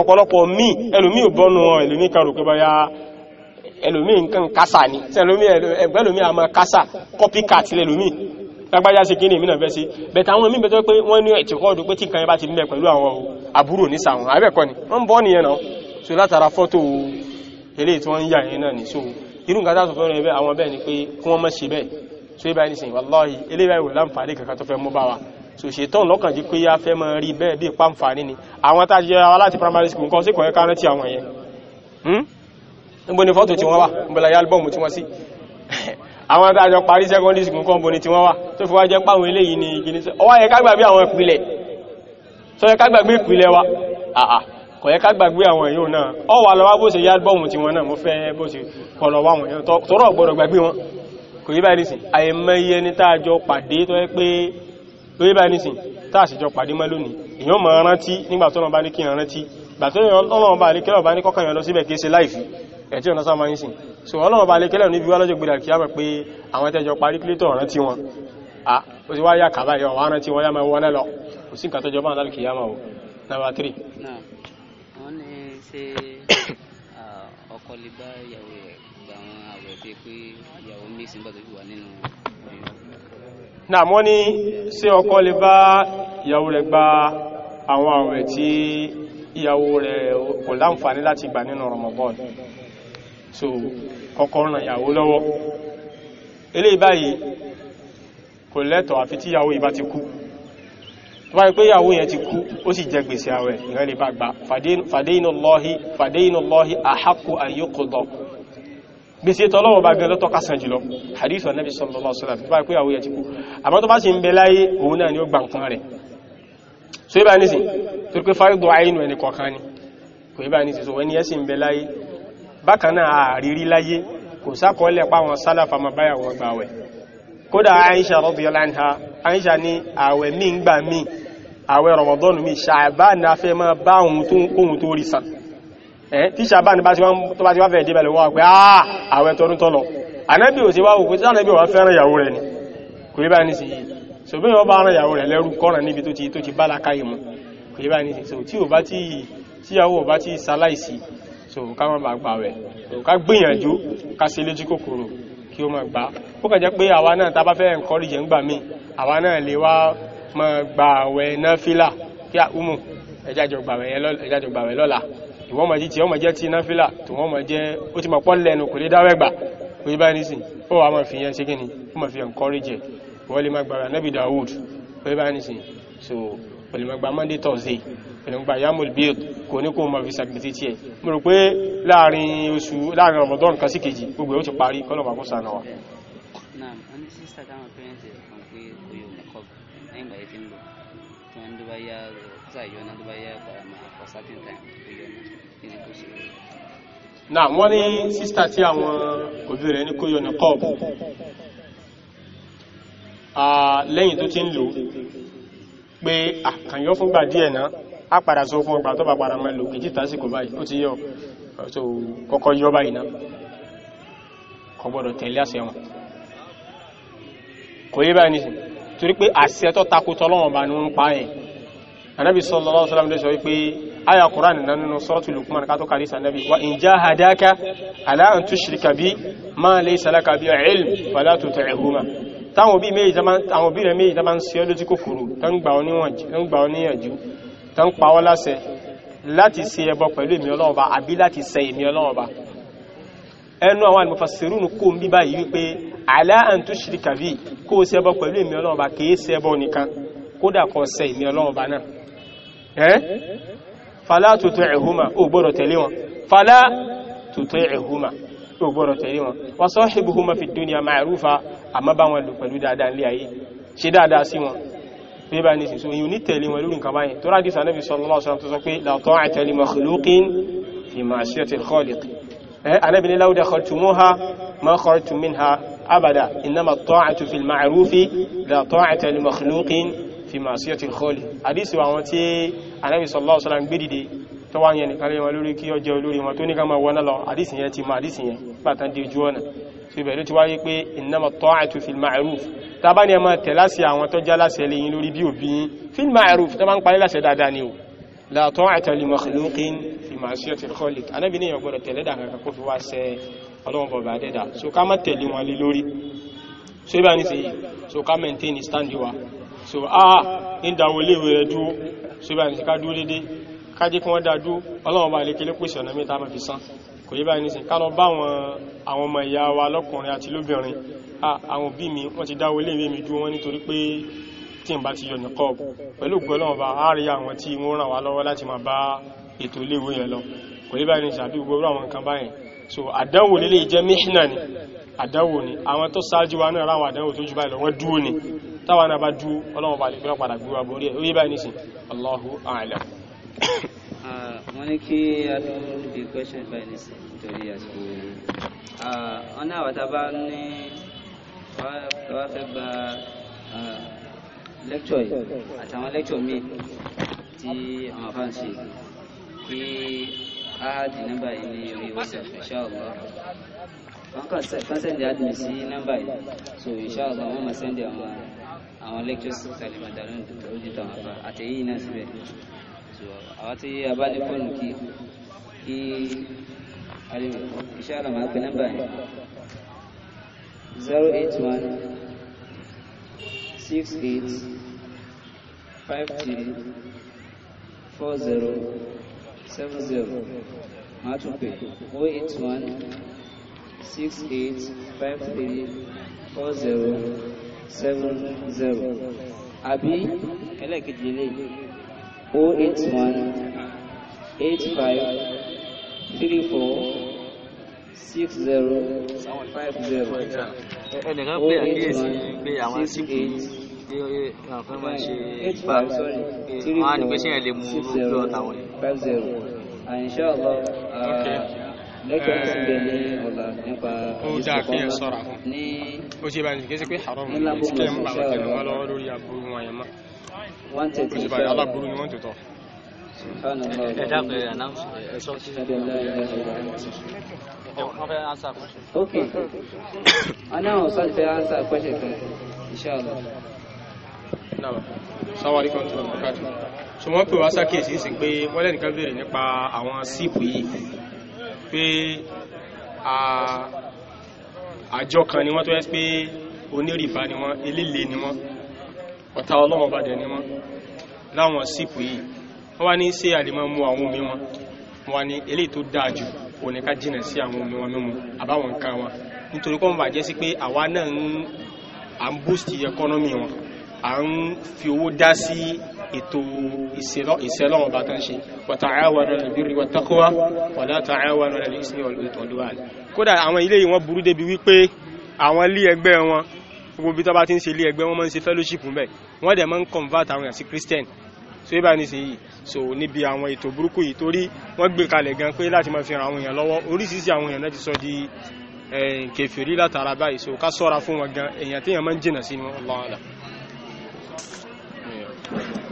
ọ̀pọ̀lọpọ̀ míì ẹlòmí ò bọ́nu wọn ẹlòmí kan rò pé báyá ẹlòmí nǹkan kásà ní ẹgbẹ́lòmí àmà kásà copycat lẹ́lòmí lágbájá sí kí ní ìmìnà fẹ́ sí bẹ̀tà àwọn mímẹ̀ tó pé wọ́n ní ẹ̀tìkọ́ọ̀dù pé tí nǹkan yẹn bá ti nílẹ̀ pẹ̀lú àwọn àbúrò ní ni wọ́n ń bọ́ nìyẹn náà so látara fọ́tò eléyìí tí wọ́n ń yà yẹn náà ní so irú nǹkan so ibà nísìnyí wàláhì eléyà ìwẹ̀ láǹfààní kankan tó fẹ́ mú bá wa so ṣètò lọ́kàn jí pé a fẹ́ mọ rí bẹ́ẹ̀ bí pàǹfààní ni àwọn tá a jẹ́ ara láti primary school nǹkan sí kò yẹ ká rántí àwọn yẹn hmm? níbo ni fọ́tò tí wọ́n wà níbo la yá álbọ́ọ̀mù tí wọ́n sí àwọn tá a jọ parí secondary school nǹkan bo ni tí wọ́n wà tó fi wá jẹ́ páwọn eléyìí ni igi ní sọ ọwọ́ yẹ ká gbàgbé àwọn ìpìlẹ̀ sọ yẹ ká gbàgbé ìpìlẹ̀ wa àà kò yẹ ká gbàgbé àwọn èèyàn náà ọ wà lọ wá bó ṣe yá tí wọ́n náà mo fẹ́ bó ṣe kọ̀ àwọn èèyàn tọrọ gbọ́dọ̀ gbàgbé wọn kò yí báyìí nìsìn àìmọ̀ iye ní tààjọ pàdé tó yẹ pé kò yí báyìí nìsìn tààṣìjọ pàdé mọ́ lónìí èyàn mọ̀ rántí nígbà tó bá ní kí rántí gbà tó Ọlọ́run bá lè kẹ́lọ̀ bá ní kọ́kànlọ́ lọ síbẹ̀ kéèṣe láìfì ẹ̀tí ọ̀nà sáà máa ń sìn so Ọlọ́run bá lè kẹ́lọ̀ níbi wá lọ́jọ́ gbèrà kí á mọ̀ pé àwọn tẹ́jọ parí kílétọ̀ rántí wọn ah ó ti wá yá kàbá yọ wọ́n rántí wọ́n yá máa wọ́n lẹ́lọ kò sí nǹkan tọ́jọ́ máa lálẹ́ kìí yá máa wò nàbà 3. wọ́n ní ṣe ọkọ lè bá ìyàwó rẹ̀ gbà wọn àwẹ̀ pé ní ìsìnbà tó wà nínú náà wọ́n ní ṣé ọkọ lè bá ìyàwó rẹ̀ gba àwọn àwẹ̀ tí ìyàwó rẹ̀ kò láǹfààní láti gbà nínú Ramadan so ọkọ ràn ìyàwó lọ́wọ́ eléyìí báyìí kò lẹ́tọ̀ọ́ àfi tí ìyàwó ìbá ti kú tó bá rí pé ìyàwó yẹn ti kú ó sì jẹ gbèsè àwẹ̀ ìyẹn lè bá gbà fàdéinú lọ́hí fàdéinú lọ́hí àhákù an yuqda gbèsè tọ́lọ́wọ́ bá gẹ́lọ́ tọ́ka sàn jùlọ hadith anabi sallallahu alaihi wasallam bá pé àwọn yẹn ti kú àmọ́ tó bá sì ń bẹ láyé òun náà ni ó gbà nǹkan rẹ̀ so ibà nísìn tó pé fárídọ̀ àyínú ẹni kọ̀ọ̀kan ni kò ibà nísìn so ẹni yẹn sì ń bẹ láyé bákan àwẹ̀ mí ń gbà mí àwẹ̀ Ramadan mi ṣàbá náà fẹ́ máa bá òun tó rí sàn Eh, tí ṣàbáni bá tó bá ti wá fẹ́ dé bẹ̀lẹ̀ wọ́n pé ààwẹ̀ ah, tọdún tọ́lọ anábì ò sí wá òkú sánàbí wọ́n fẹ́ràn ìyàwó rẹ̀ ni kò rí bá ní sí so bí wọ́n bá rán ìyàwó rẹ̀ lẹ́rú kọ́ràn níbi tó ti tó ti bála káyì so tí ò bá tí ìyàwó ò so ká má bàa gbà wẹ̀ ká gbìyànjú ká ṣe lójú kòkòrò kí ó má gbà ó kàn jẹ́ pé àwa náà tá a bá fẹ́ encourage lọ́la ìwọ́n ma jí tí wọ́n ma jẹ́ tí náfílà tí wọ́n ma jẹ́ ó ti ma pọ́ lẹ́nu kò lè dáwẹ́gbà kò yí bá ní sìn ó ma fi yẹn ṣe kíni ó ma fi encourage wọ́n lè ma so wọ́n lè ma gba Monday Thursday wọ́n lè ma gba yamul bid kò ní kó ma fi sàgbètì tiẹ̀ mo rò pé wa. na wọ́n ní sísítà tí àwọn òbí rẹ̀ ní kó yọ ní kọ́ọ̀bù lẹ́yìn tó ti ń lò pé àkànyọ́ fúngbà díẹ̀ náà padà sọ fún ọgbà tó bá padà mọ́ lò kìí tásìkò báyìí ó ti yọ ọ̀tọ̀ kọ́kọ́ yọ báyìí náà kò tẹ̀lé àṣẹ wọn kò báyìí torí pé àṣẹ tó bá aya Qur'an nan nínú suratu Luqman ká tó kàrí sanabi wa in jahadaka ala an tushrika bi ma laysa laka bi ilm fala tuti'huma táwọn òbí méjì tán àwọn òbí rẹ̀ méjì tán bá ń ṣe ọdún tí kò kúrò tán gbà ọ níyànjú tán pa ọ láṣẹ láti ṣe ẹbọ pẹ̀lú èmi Ọlọ́run Ọba àbí láti ṣe èmi Ọlọ́run Ọba ẹnu àwọn al-mufassirun kó ń bí báyìí wípé ala kó o ṣe pẹ̀lú èmi Ọlọ́run kìí ṣe nìkan kódà kó ṣe èmi náà fàlá tuti'huma ó gbọ́dọ̀ tẹ̀lé wọn fàlá tuti'huma ó gbọ́dọ̀ tẹ̀lé wọn wa sahibuhuma fi dunya ma'rufa àmọ́ bá wọn lò pẹ̀lú dáadáa lé ayé ṣe dáadáa sí wọn bí bá ní sísun yìí ní tẹ̀lé wọn lórí nǹkan báyìí tó rádi sànẹ́bí sallallahu alaihi wasallam tó sọ pé la fi ma'siyatil khali àdísì àwọn tí Ànábì sallallahu alaihi wasallam gbé dìde tó wá yẹn nìkan lè wọn lórí kí ọjọ́ olórí wọn tó ní ká máa wọ́n lọ àdísì yẹn ti máa àdísì yẹn pàtàkì di ojú ọ̀nà tó ìbẹ̀rẹ̀ tó wáyé pé innama ta'atu fil ma'ruf tá bá ní ẹ máa tẹ̀ láṣẹ àwọn tó já láṣẹ lẹ́yìn lórí bí òbí fil ma'ruf tó máa ń parí láṣẹ dáadáa ni o la ta'ata li makhluqin fi ma'siyatil khaliq Ànábì ní èèyàn gbọ́dọ̀ tẹ̀lé dàgbà kó fi wá ṣẹ ọlọ́run bọ̀bà dẹ́dà so ká má tẹ̀lé wọn lé lórí so ibà ní sèyí so ká maintain stand so a ah, ń dáwọn iléèwé rẹ̀ dúó so bá ní ká dúó dédé kájí kí wọ́n dá dúó ọlọ́wọ́n bá lékelé pèsè ọ̀nà mẹ́ta máa fi san kò yí báyìí nísìn ká lọ bá àwọn ọmọ ìyá wa lọ́kùnrin àti lóbìnrin ah, àwọn òbí mi wọ́n ti dáwọ́ iléèwé mi dúó wọ́n nítorí pé tí n bá ti yọ nìkọ́ pẹ̀lú ògbọ́lọ́wọ́n bá á rí àwọn tí so àdánwò nílé ìjẹ́ mihna ni àdánwò ni àwọn tó ṣáájú wa náà ráwọn táwọn náà bá dú ọlọ́wọ́ bá lè fẹ́ padà gbúra borí ẹ̀ orí báyìí nìsín Allahu a'lam. Ah, wọ́n ní kí a tó níbi question báyìí nìsín torí àsìkò wọn náà wàtá bá ah, lecture yìí àtàwọn lecture míì tí àwọn afáàn ṣe kí a di nọ́mbà yìí ní orí WhatsApp inshallah wọn kàn sẹ́ndì admin sí nọ́mbà yìí so inshallah wọn máa sẹ́ndì àwọn àwọn lectures tàlẹ́ màdàlú ó di tàwọn àbá àtẹ̀yìn náà síbẹ̀ àwọn tí a bá ní fóònù kí kí alẹ́ iṣẹ́ àlọ́ máa pe nọ́mbà yẹn zero eight one six eight five three four zero seven zero máa tún pè o eight one six eight five three four zero seven zero àbí ẹlẹ́ẹ̀kejì lè o oh eight one eight five three four six zero five zero ẹnìkan pé àkíyèsí oh pé àwọn eight five three four six zero. ìgbà pé wọn á ní pé ṣé ẹ lè mú orúkọ táwọn yìí. five zero and inshallah. Uh, okay ó dáa kí ẹ sọ́ra fún ó answer question. question kan inshallah. náà sáwọn àríkàn tó ń bọ̀ káàtó. sọ wọn pè wá sákèsí sí pé wọ́n lẹ́nìkan béèrè nípa àwọn síìpù yìí pé àjọ kan ni wọ́n tó yẹ́ pé onírìbá ni wọ́n eléle ni wọ́n ọ̀tá ọlọ́wọ̀n bá ni wọ́n láwọn sípò yìí wọ́n wá ní ṣe àlèmọ́ mú àwọn omi wọn wọ́n ní eléyìí tó dáa jù òní ká jìnà sí àwọn omi wọn mímu àbáwọn nǹkan wọn nítorí kọ́ mọ̀ bàjẹ́ sí pé àwa náà ń boost economy wọn à ń fi owó dá sí ètò ìṣẹ́lọ́ ọba tó ń ṣe wa ta'awanu 'alal birri wat taqwa wa la ta'awanu 'alal ismi wal 'udwan kódà àwọn ilé yìí wọ́n burú débi wípé àwọn ilé ẹgbẹ́ wọn gbogbo bí tó bá ti ń ṣe ilé ẹgbẹ́ wọn máa ń ṣe fellowship mbẹ̀ wọ́n dẹ̀ máa ń convert àwọn àti christian so ibà nísìnyí so níbi àwọn ètò burúkú yìí torí wọ́n gbé kalẹ̀ gan pé láti máa fi ran àwọn èèyàn lọ́wọ́ oríṣiríṣi àwọn èèyàn náà ti sọ di eh, kèfèrí látara báyìí so ká sọ́ra fún wọn gan èèyàn téèyàn máa ń jìnnà sí ni wọ́n lọ́wọ́ Thank you.